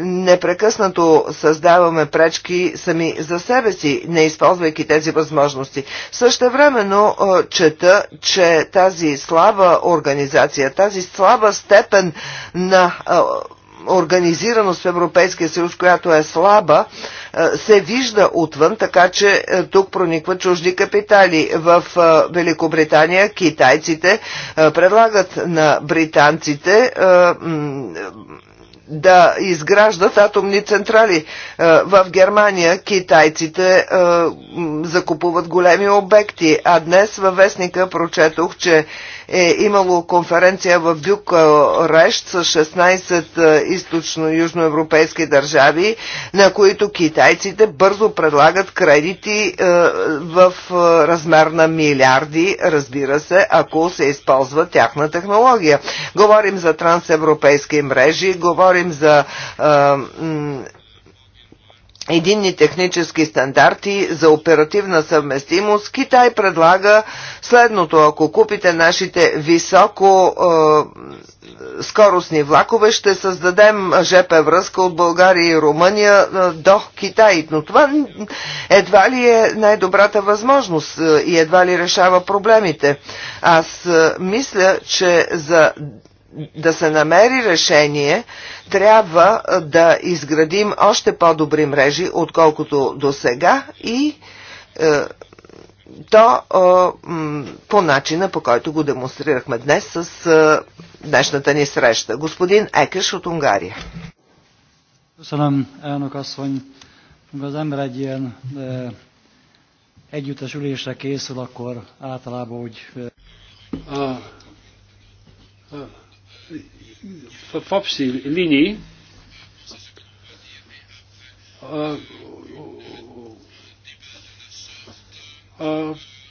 непрекъснато създаваме пречки сами за себе си, не използвайки тези възможности. Също времено чета, че тази слаба организация, тази слаба степен на организираност в Европейския съюз, която е слаба, се вижда отвън, така че тук проникват чужди капитали. В Великобритания китайците предлагат на британците да изграждат атомни централи. Е, в Германия китайците е, закупуват големи обекти, а днес във вестника прочетох, че е имало конференция в Бюкарещ с 16 е, източно-южноевропейски държави, на които китайците бързо предлагат кредити е, в е, размер на милиарди, разбира се, ако се използва тяхна технология. Говорим за трансевропейски мрежи, говорим за единни технически стандарти за оперативна съвместимост, Китай предлага следното. Ако купите нашите високо е, скоростни влакове, ще създадем ЖП връзка от България и Румъния е, до Китай. Но това едва ли е най-добрата възможност е, и едва ли решава проблемите. Аз е, мисля, че за да се намери решение, трябва да изградим още по-добри мрежи, отколкото до сега и е, то е, по начина, по който го демонстрирахме днес с е, днешната ни среща. Господин Екеш от Унгария. Köszönöm, elnök asszony. Az ember egy ilyen e, együttes ülésre készül, akkor általában úgy... E в общи линии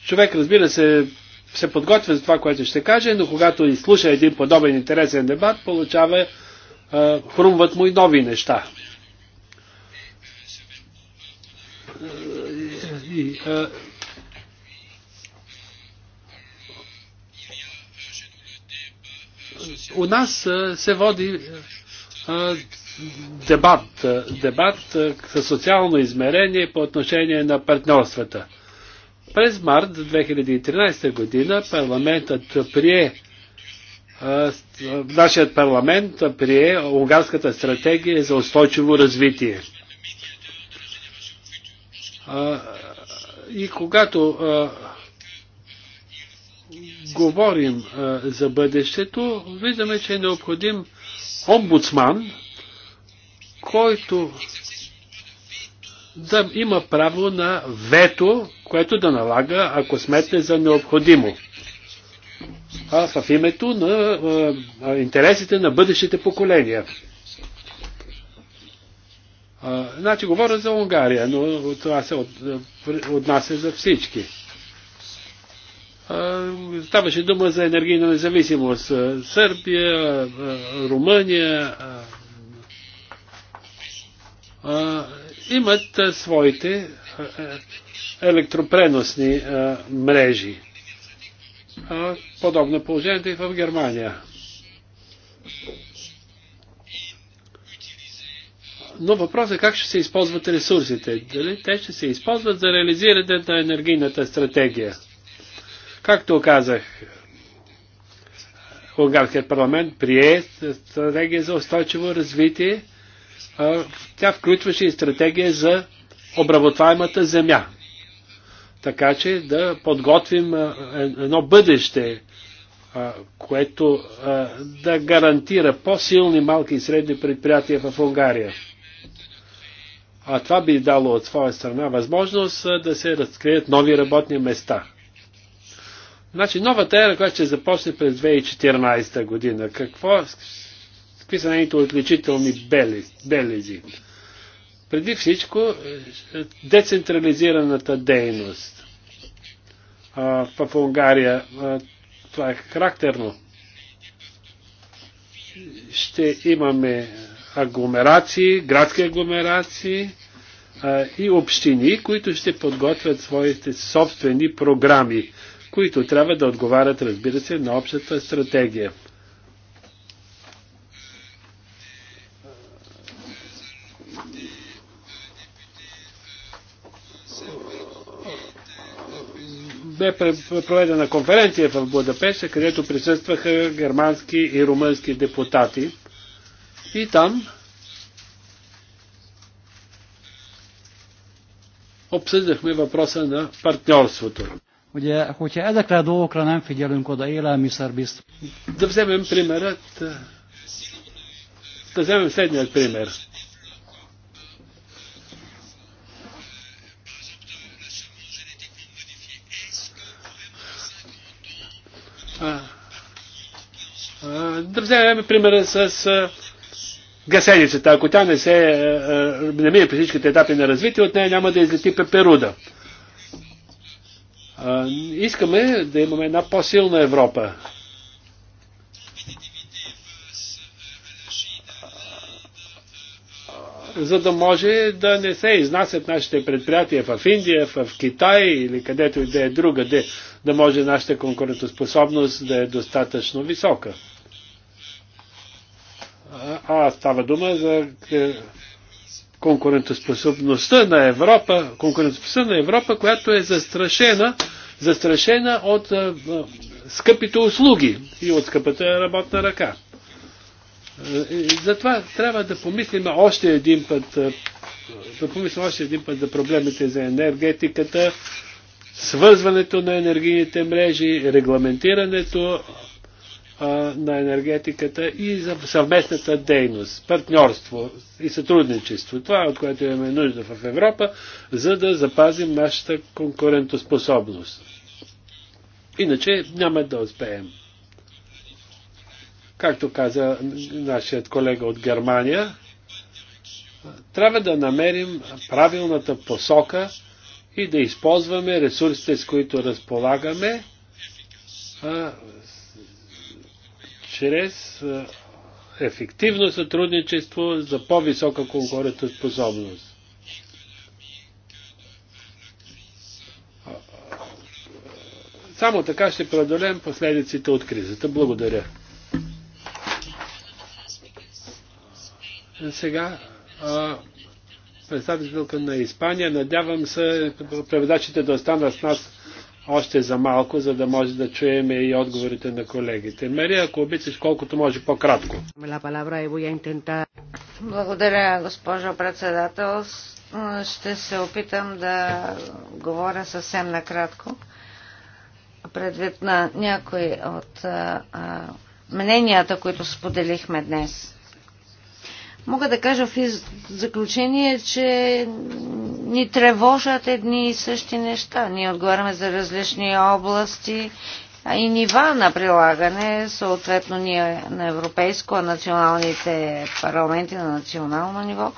човек, разбира се, се подготвя за това, което ще каже, но когато изслуша един подобен интересен дебат, получава хрумват му и нови неща. И, у нас се води дебат, дебат със социално измерение по отношение на партньорствата. През март 2013 година парламентът прие нашият парламент прие Унгарската стратегия за устойчиво развитие. И когато говорим а, за бъдещето, виждаме, че е необходим омбудсман, който да има право на вето, което да налага, ако сметне за необходимо. А в името на а, интересите на бъдещите поколения. А, значи говоря за Унгария, но това се от, отнася за всички. Ставаше дума за енергийна независимост. Сърбия, Румъния имат своите електропреносни мрежи. Подобно положението и в Германия. Но въпросът е как ще се използват ресурсите. Дали те ще се използват за реализиране на енергийната стратегия. Както казах, Унгарският парламент прие стратегия за устойчиво развитие. Тя включваше и стратегия за обработваемата земя. Така че да подготвим е, едно бъдеще, което да гарантира по-силни малки и средни предприятия в Унгария. А това би дало от своя страна възможност да се разкрият нови работни места. Значи новата ера, която ще започне през 2014 година, какво, какви са нейните отличителни белези? Преди всичко, е, децентрализираната дейност. А, в Унгария а, това е характерно. Ще имаме агломерации, градски агломерации а, и общини, които ще подготвят своите собствени програми които трябва да отговарят, разбира се, на общата стратегия. бе проведена конференция в Будапешта, където присъстваха германски и румънски депутати. И там обсъждахме въпроса на партньорството. Ugye, hogyha ezekre a dolgokra nem figyelünk oda, élelmiszer biztos. De az да вземем следният пример. А, а, да вземем примера с а, гасеницата. Ако тя не, се, не мине при всичките етапи на развитие, от нея няма да излети пеперуда искаме да имаме една по-силна Европа. за да може да не се изнасят нашите предприятия в Индия, в Китай или където и да е друга, де, да може нашата конкурентоспособност да е достатъчно висока. А, а става дума за конкурентоспособността на Европа, конкурентоспособността на Европа, която е застрашена, застрашена от а, а, скъпите услуги и от скъпата работна ръка. И затова трябва да помислим още един път, да помислим още един път за проблемите за енергетиката, свързването на енергийните мрежи, регламентирането, на енергетиката и за съвместната дейност, партньорство и сътрудничество. Това, е от което имаме нужда в Европа, за да запазим нашата конкурентоспособност. Иначе няма да успеем. Както каза нашият колега от Германия, трябва да намерим правилната посока и да използваме ресурсите, с които разполагаме, чрез ефективно сътрудничество за по-висока конкурентоспособност. Само така ще преодолеем последиците от кризата. Благодаря. Сега представителка на Испания. Надявам се преведачите да останат с нас още за малко, за да може да чуем и отговорите на колегите. Мария, ако обичаш, колкото може по-кратко. Благодаря, госпожо председател. Ще се опитам да говоря съвсем накратко, предвид на някои от мненията, които споделихме днес. Мога да кажа в заключение, че ни тревожат едни и същи неща. Ние отговаряме за различни области и нива на прилагане, съответно ние на европейско, а националните парламенти на национално ниво.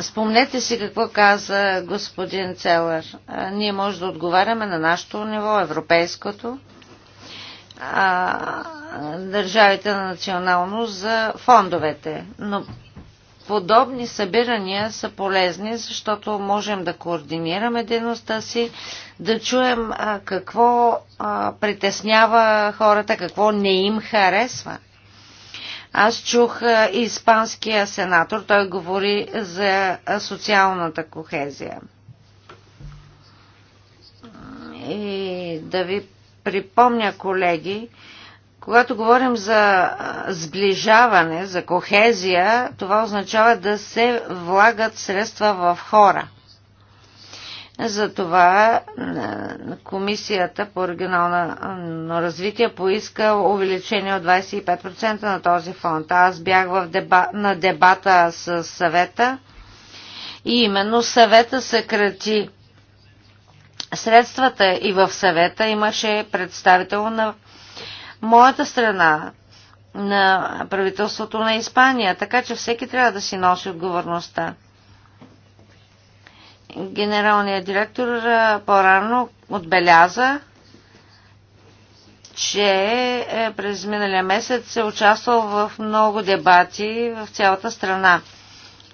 Спомнете си какво каза господин Целър. Ние може да отговаряме на нашето ниво, европейското, а, държавите на национално за фондовете. Но подобни събирания са полезни, защото можем да координираме дейността си, да чуем а, какво а, притеснява хората, какво не им харесва. Аз чух а, испанския сенатор, той говори за социалната кохезия. И да ви припомня, колеги, когато говорим за сближаване, за кохезия, това означава да се влагат средства в хора. Затова Комисията по регионално развитие поиска увеличение от 25% на този фонд. Аз бях в деба, на дебата с съвета и именно съвета съкрати средствата и в съвета имаше представител на моята страна, на правителството на Испания, така че всеки трябва да си носи отговорността. Генералният директор по-рано отбеляза, че е, през миналия месец е участвал в много дебати в цялата страна.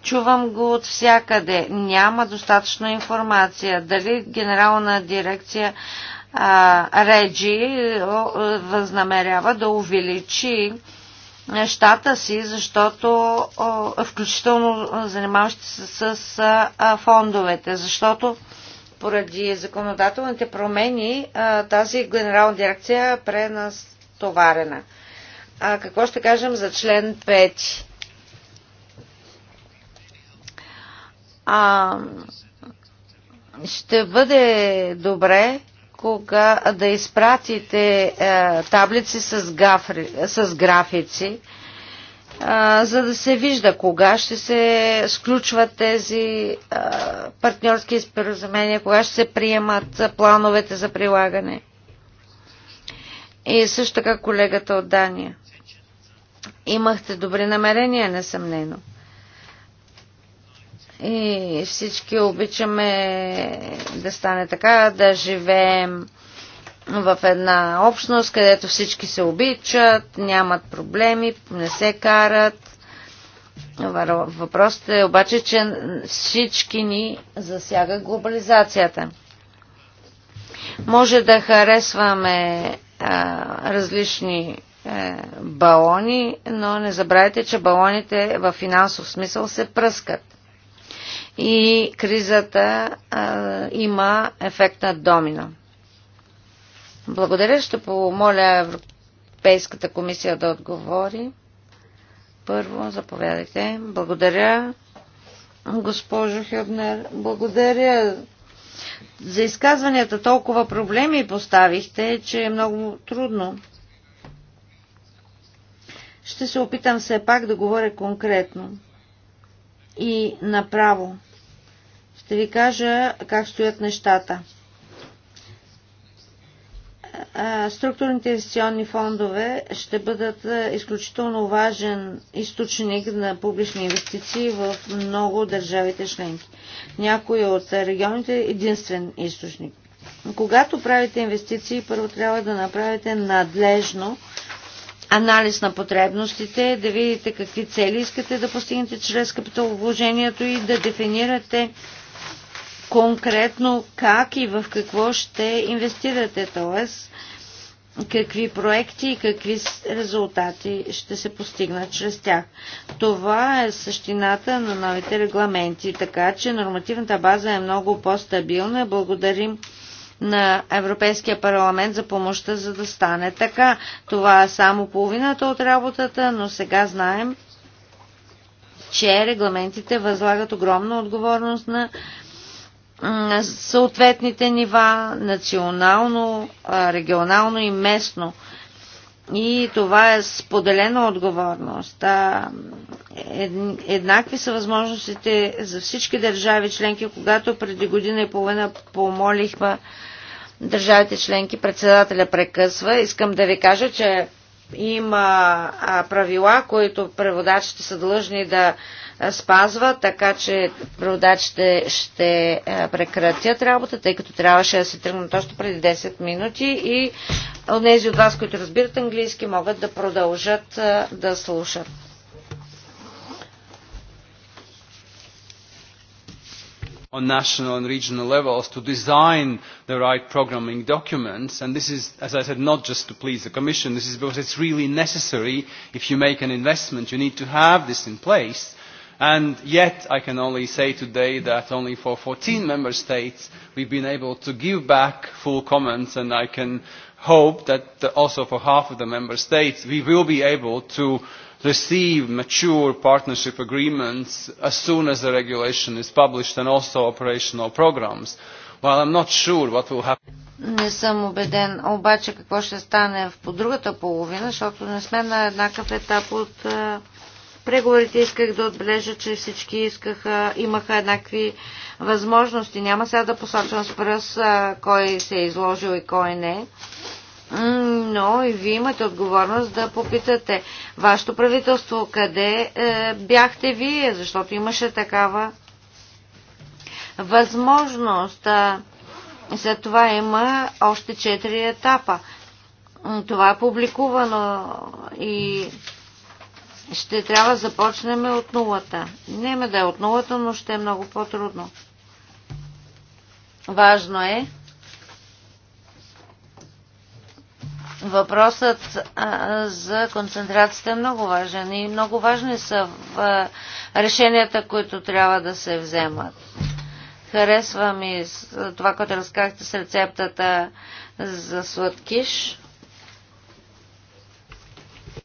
Чувам го от всякъде. Няма достатъчно информация. Дали генерална дирекция а, Реджи възнамерява да увеличи нещата си, защото включително занимаващи се с фондовете, защото поради законодателните промени тази генерална дирекция е пренастоварена. А какво ще кажем за член 5? А, ще бъде добре кога да изпратите е, таблици с, гафри, с графици, е, за да се вижда кога ще се сключват тези е, партньорски споразумения, кога ще се приемат плановете за прилагане. И също така колегата от Дания. Имахте добри намерения, несъмнено. И всички обичаме да стане така, да живеем в една общност, където всички се обичат, нямат проблеми, не се карат. Въпросът е обаче, че всички ни засяга глобализацията. Може да харесваме а, различни а, е, балони, но не забравяйте, че балоните в финансов смисъл се пръскат и кризата а, има ефект на домина. Благодаря. Ще помоля Европейската комисия да отговори. Първо, заповядайте. Благодаря, госпожо Хюбнер. Благодаря за изказванията. Толкова проблеми поставихте, че е много трудно. Ще се опитам все пак да говоря конкретно и направо. Ще ви кажа как стоят нещата. Структурните инвестиционни фондове ще бъдат изключително важен източник на публични инвестиции в много държавите членки. Някои от регионите е единствен източник. Когато правите инвестиции, първо трябва да направите надлежно анализ на потребностите, да видите какви цели искате да постигнете чрез капиталовложението и да дефинирате конкретно как и в какво ще инвестирате, т.е. какви проекти и какви резултати ще се постигнат чрез тях. Това е същината на новите регламенти, така че нормативната база е много по-стабилна. Благодарим на Европейския парламент за помощта, за да стане така. Това е само половината от работата, но сега знаем, че регламентите възлагат огромна отговорност на съответните нива, национално, регионално и местно и това е споделена отговорност. еднакви са възможностите за всички държави членки, когато преди година и половина помолихме държавите членки, председателя прекъсва. Искам да ви кажа, че има правила, които преводачите са длъжни да спазва, така че преводачите ще прекратят работа, тъй като трябваше да се тръгнат още преди 10 минути и тези от вас, които разбират английски, могат да продължат да слушат. on national and regional levels to design the right programming documents. And this is, as I said, not just to please the Commission, this is because it's really necessary. If you make an investment, you need to have this in place And yet, I can only say today that only for 14 member states we've been able to give back full comments, and I can hope that also for half of the member states we will be able to receive mature partnership agreements as soon as the regulation is published and also operational programs. While I'm not sure what will happen. Не съм убеден обаче какво ще стане в по другата половина, защото не сме на еднакъв етап от преговорите исках да отбележа, че всички искаха, имаха еднакви възможности. Няма сега да посочвам с пръст кой се е изложил и кой не. Но и вие имате отговорност да попитате вашето правителство къде е, бяхте вие, защото имаше такава възможност. След това има още четири етапа. Това е публикувано и ще трябва да започнем от нулата. Няма да е от нулата, но ще е много по-трудно. Важно е въпросът за концентрацията е много важен и много важни са в решенията, които трябва да се вземат. Харесвам и това, което разказахте с рецептата за сладкиш.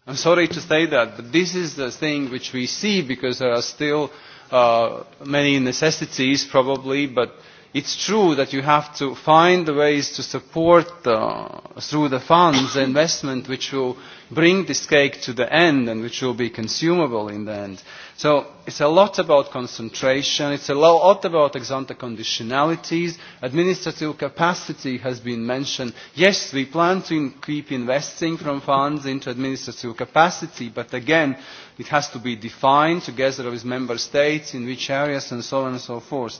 I'm sorry to say that, but this is the thing which we see because there are still uh, many necessities probably, but It is true that you have to find the ways to support uh, through the funds the investment which will bring this cake to the end and which will be consumable in the end. So it's a lot about concentration, it's a lot about ex ante conditionalities, administrative capacity has been mentioned. Yes, we plan to in keep investing from funds into administrative capacity, but again, it has to be defined together with member states in which areas and so on and so forth.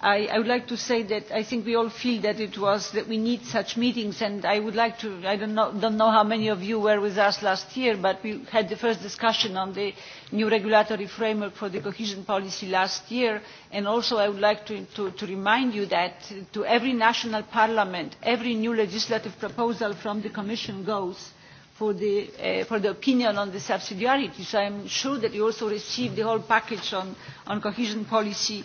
I, would like to say that I think we all feel that it was that we need such meetings and I would like to, I don't know, don't know how many of you were with us last year, but we had the first discussion on the new regulatory framework for the cohesion policy last year and also I would like to, remind you that to every national parliament, every new legislative proposal from the Commission goes for the, opinion on the subsidiarity. So I am sure that you also received the whole package on, cohesion policy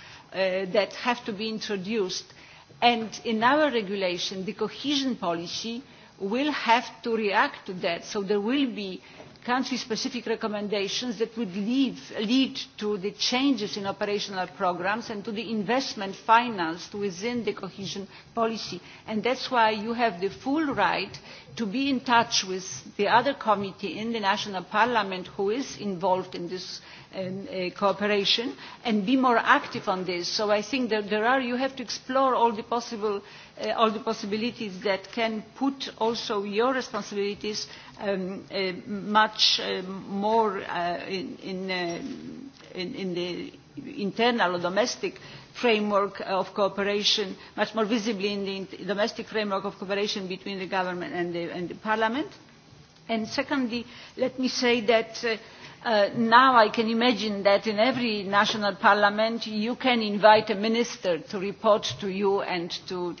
that have to be introduced. And in our regulation, the cohesion policy will have to react to that. So there will be country-specific recommendations that would lead, lead to the changes in operational programmes and to the investment financed within the cohesion policy. And that's why you have the full right to be in touch with the other committee in the national parliament who is involved in this cooperation and be more active on this. So I think that there are, you have to explore all the, possible, uh, all the possibilities that can put also your responsibilities um, uh, much uh, more uh, in, in, uh, in, in the internal or domestic uh, framework of cooperation, much more visibly in the domestic framework of cooperation between the government and the, and the parliament. And secondly, let me say that uh, uh, now I can imagine that in every national parliament you can invite a minister to report to you and to,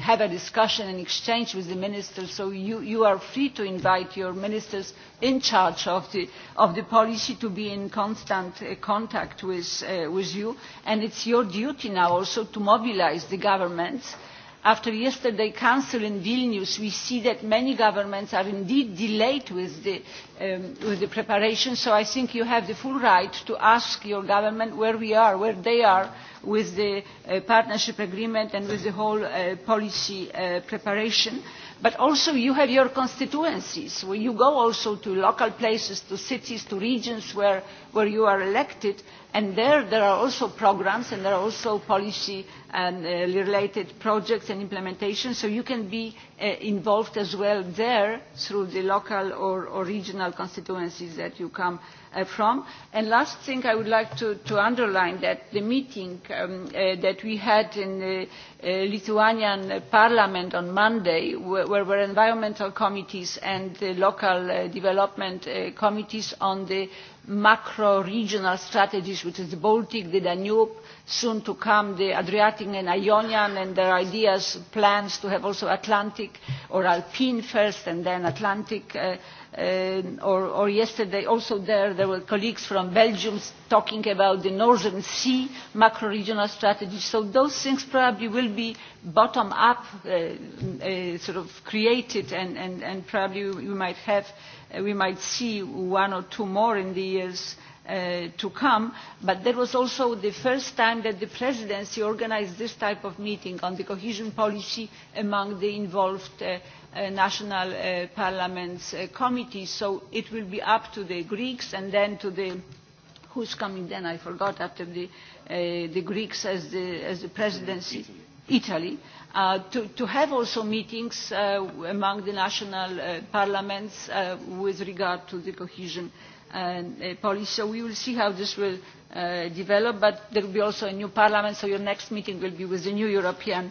have a discussion and exchange with the ministers so you, you are free to invite your ministers in charge of the, of the policy to be in constant uh, contact with, uh, with you and it's your duty now also to mobilize the governments uh, after yesterday's council in vilnius we see that many governments are indeed delayed with the, um, with the preparation so i think you have the full right to ask your government where we are where they are with the uh, partnership agreement and with the whole uh, policy uh, preparation but also you have your constituencies where you go also to local places to cities to regions where, where you are elected And there, there are also programs and there are also policy and, uh, related projects and implementation. So you can be uh, involved as well there through the local or, or regional constituencies that you come uh, from. And last thing I would like to, underline underline that the meeting that we had in the Lithuanian parliament on Monday, where, the environmental committees and the local development committees on the macro-regional strategies, which is the Baltic, the Danube, soon to come the Adriatic and Ionian, and their ideas, plans to have also Atlantic or Alpine first and then Atlantic or yesterday also there there were colleagues from belgium talking about the northern sea macro regional strategy so those things probably will be bottom up sort of created and and probably we might have we might see one or two more in the years to come but that was also the first time that the presidency organised this type of meeting on the cohesion policy among the involved national parliaments committees so it will be up to the greeks and then to the who is coming then i forgot after the, the greeks as the, as the presidency italy to, to have also meetings among the national parliaments with regard to the cohesion policy. So we will see how this will develop, but there will be also a new parliament, so your next meeting will be with the new European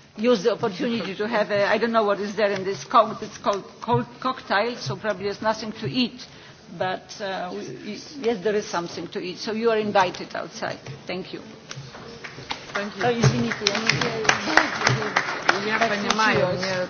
use the opportunity to have a, I don't know what is there in this coat, it's called co cocktail, so probably there's nothing to eat. But uh, yes, there is something to eat. So you are invited outside. Thank you. Thank you. извините, я не... Я понимаю,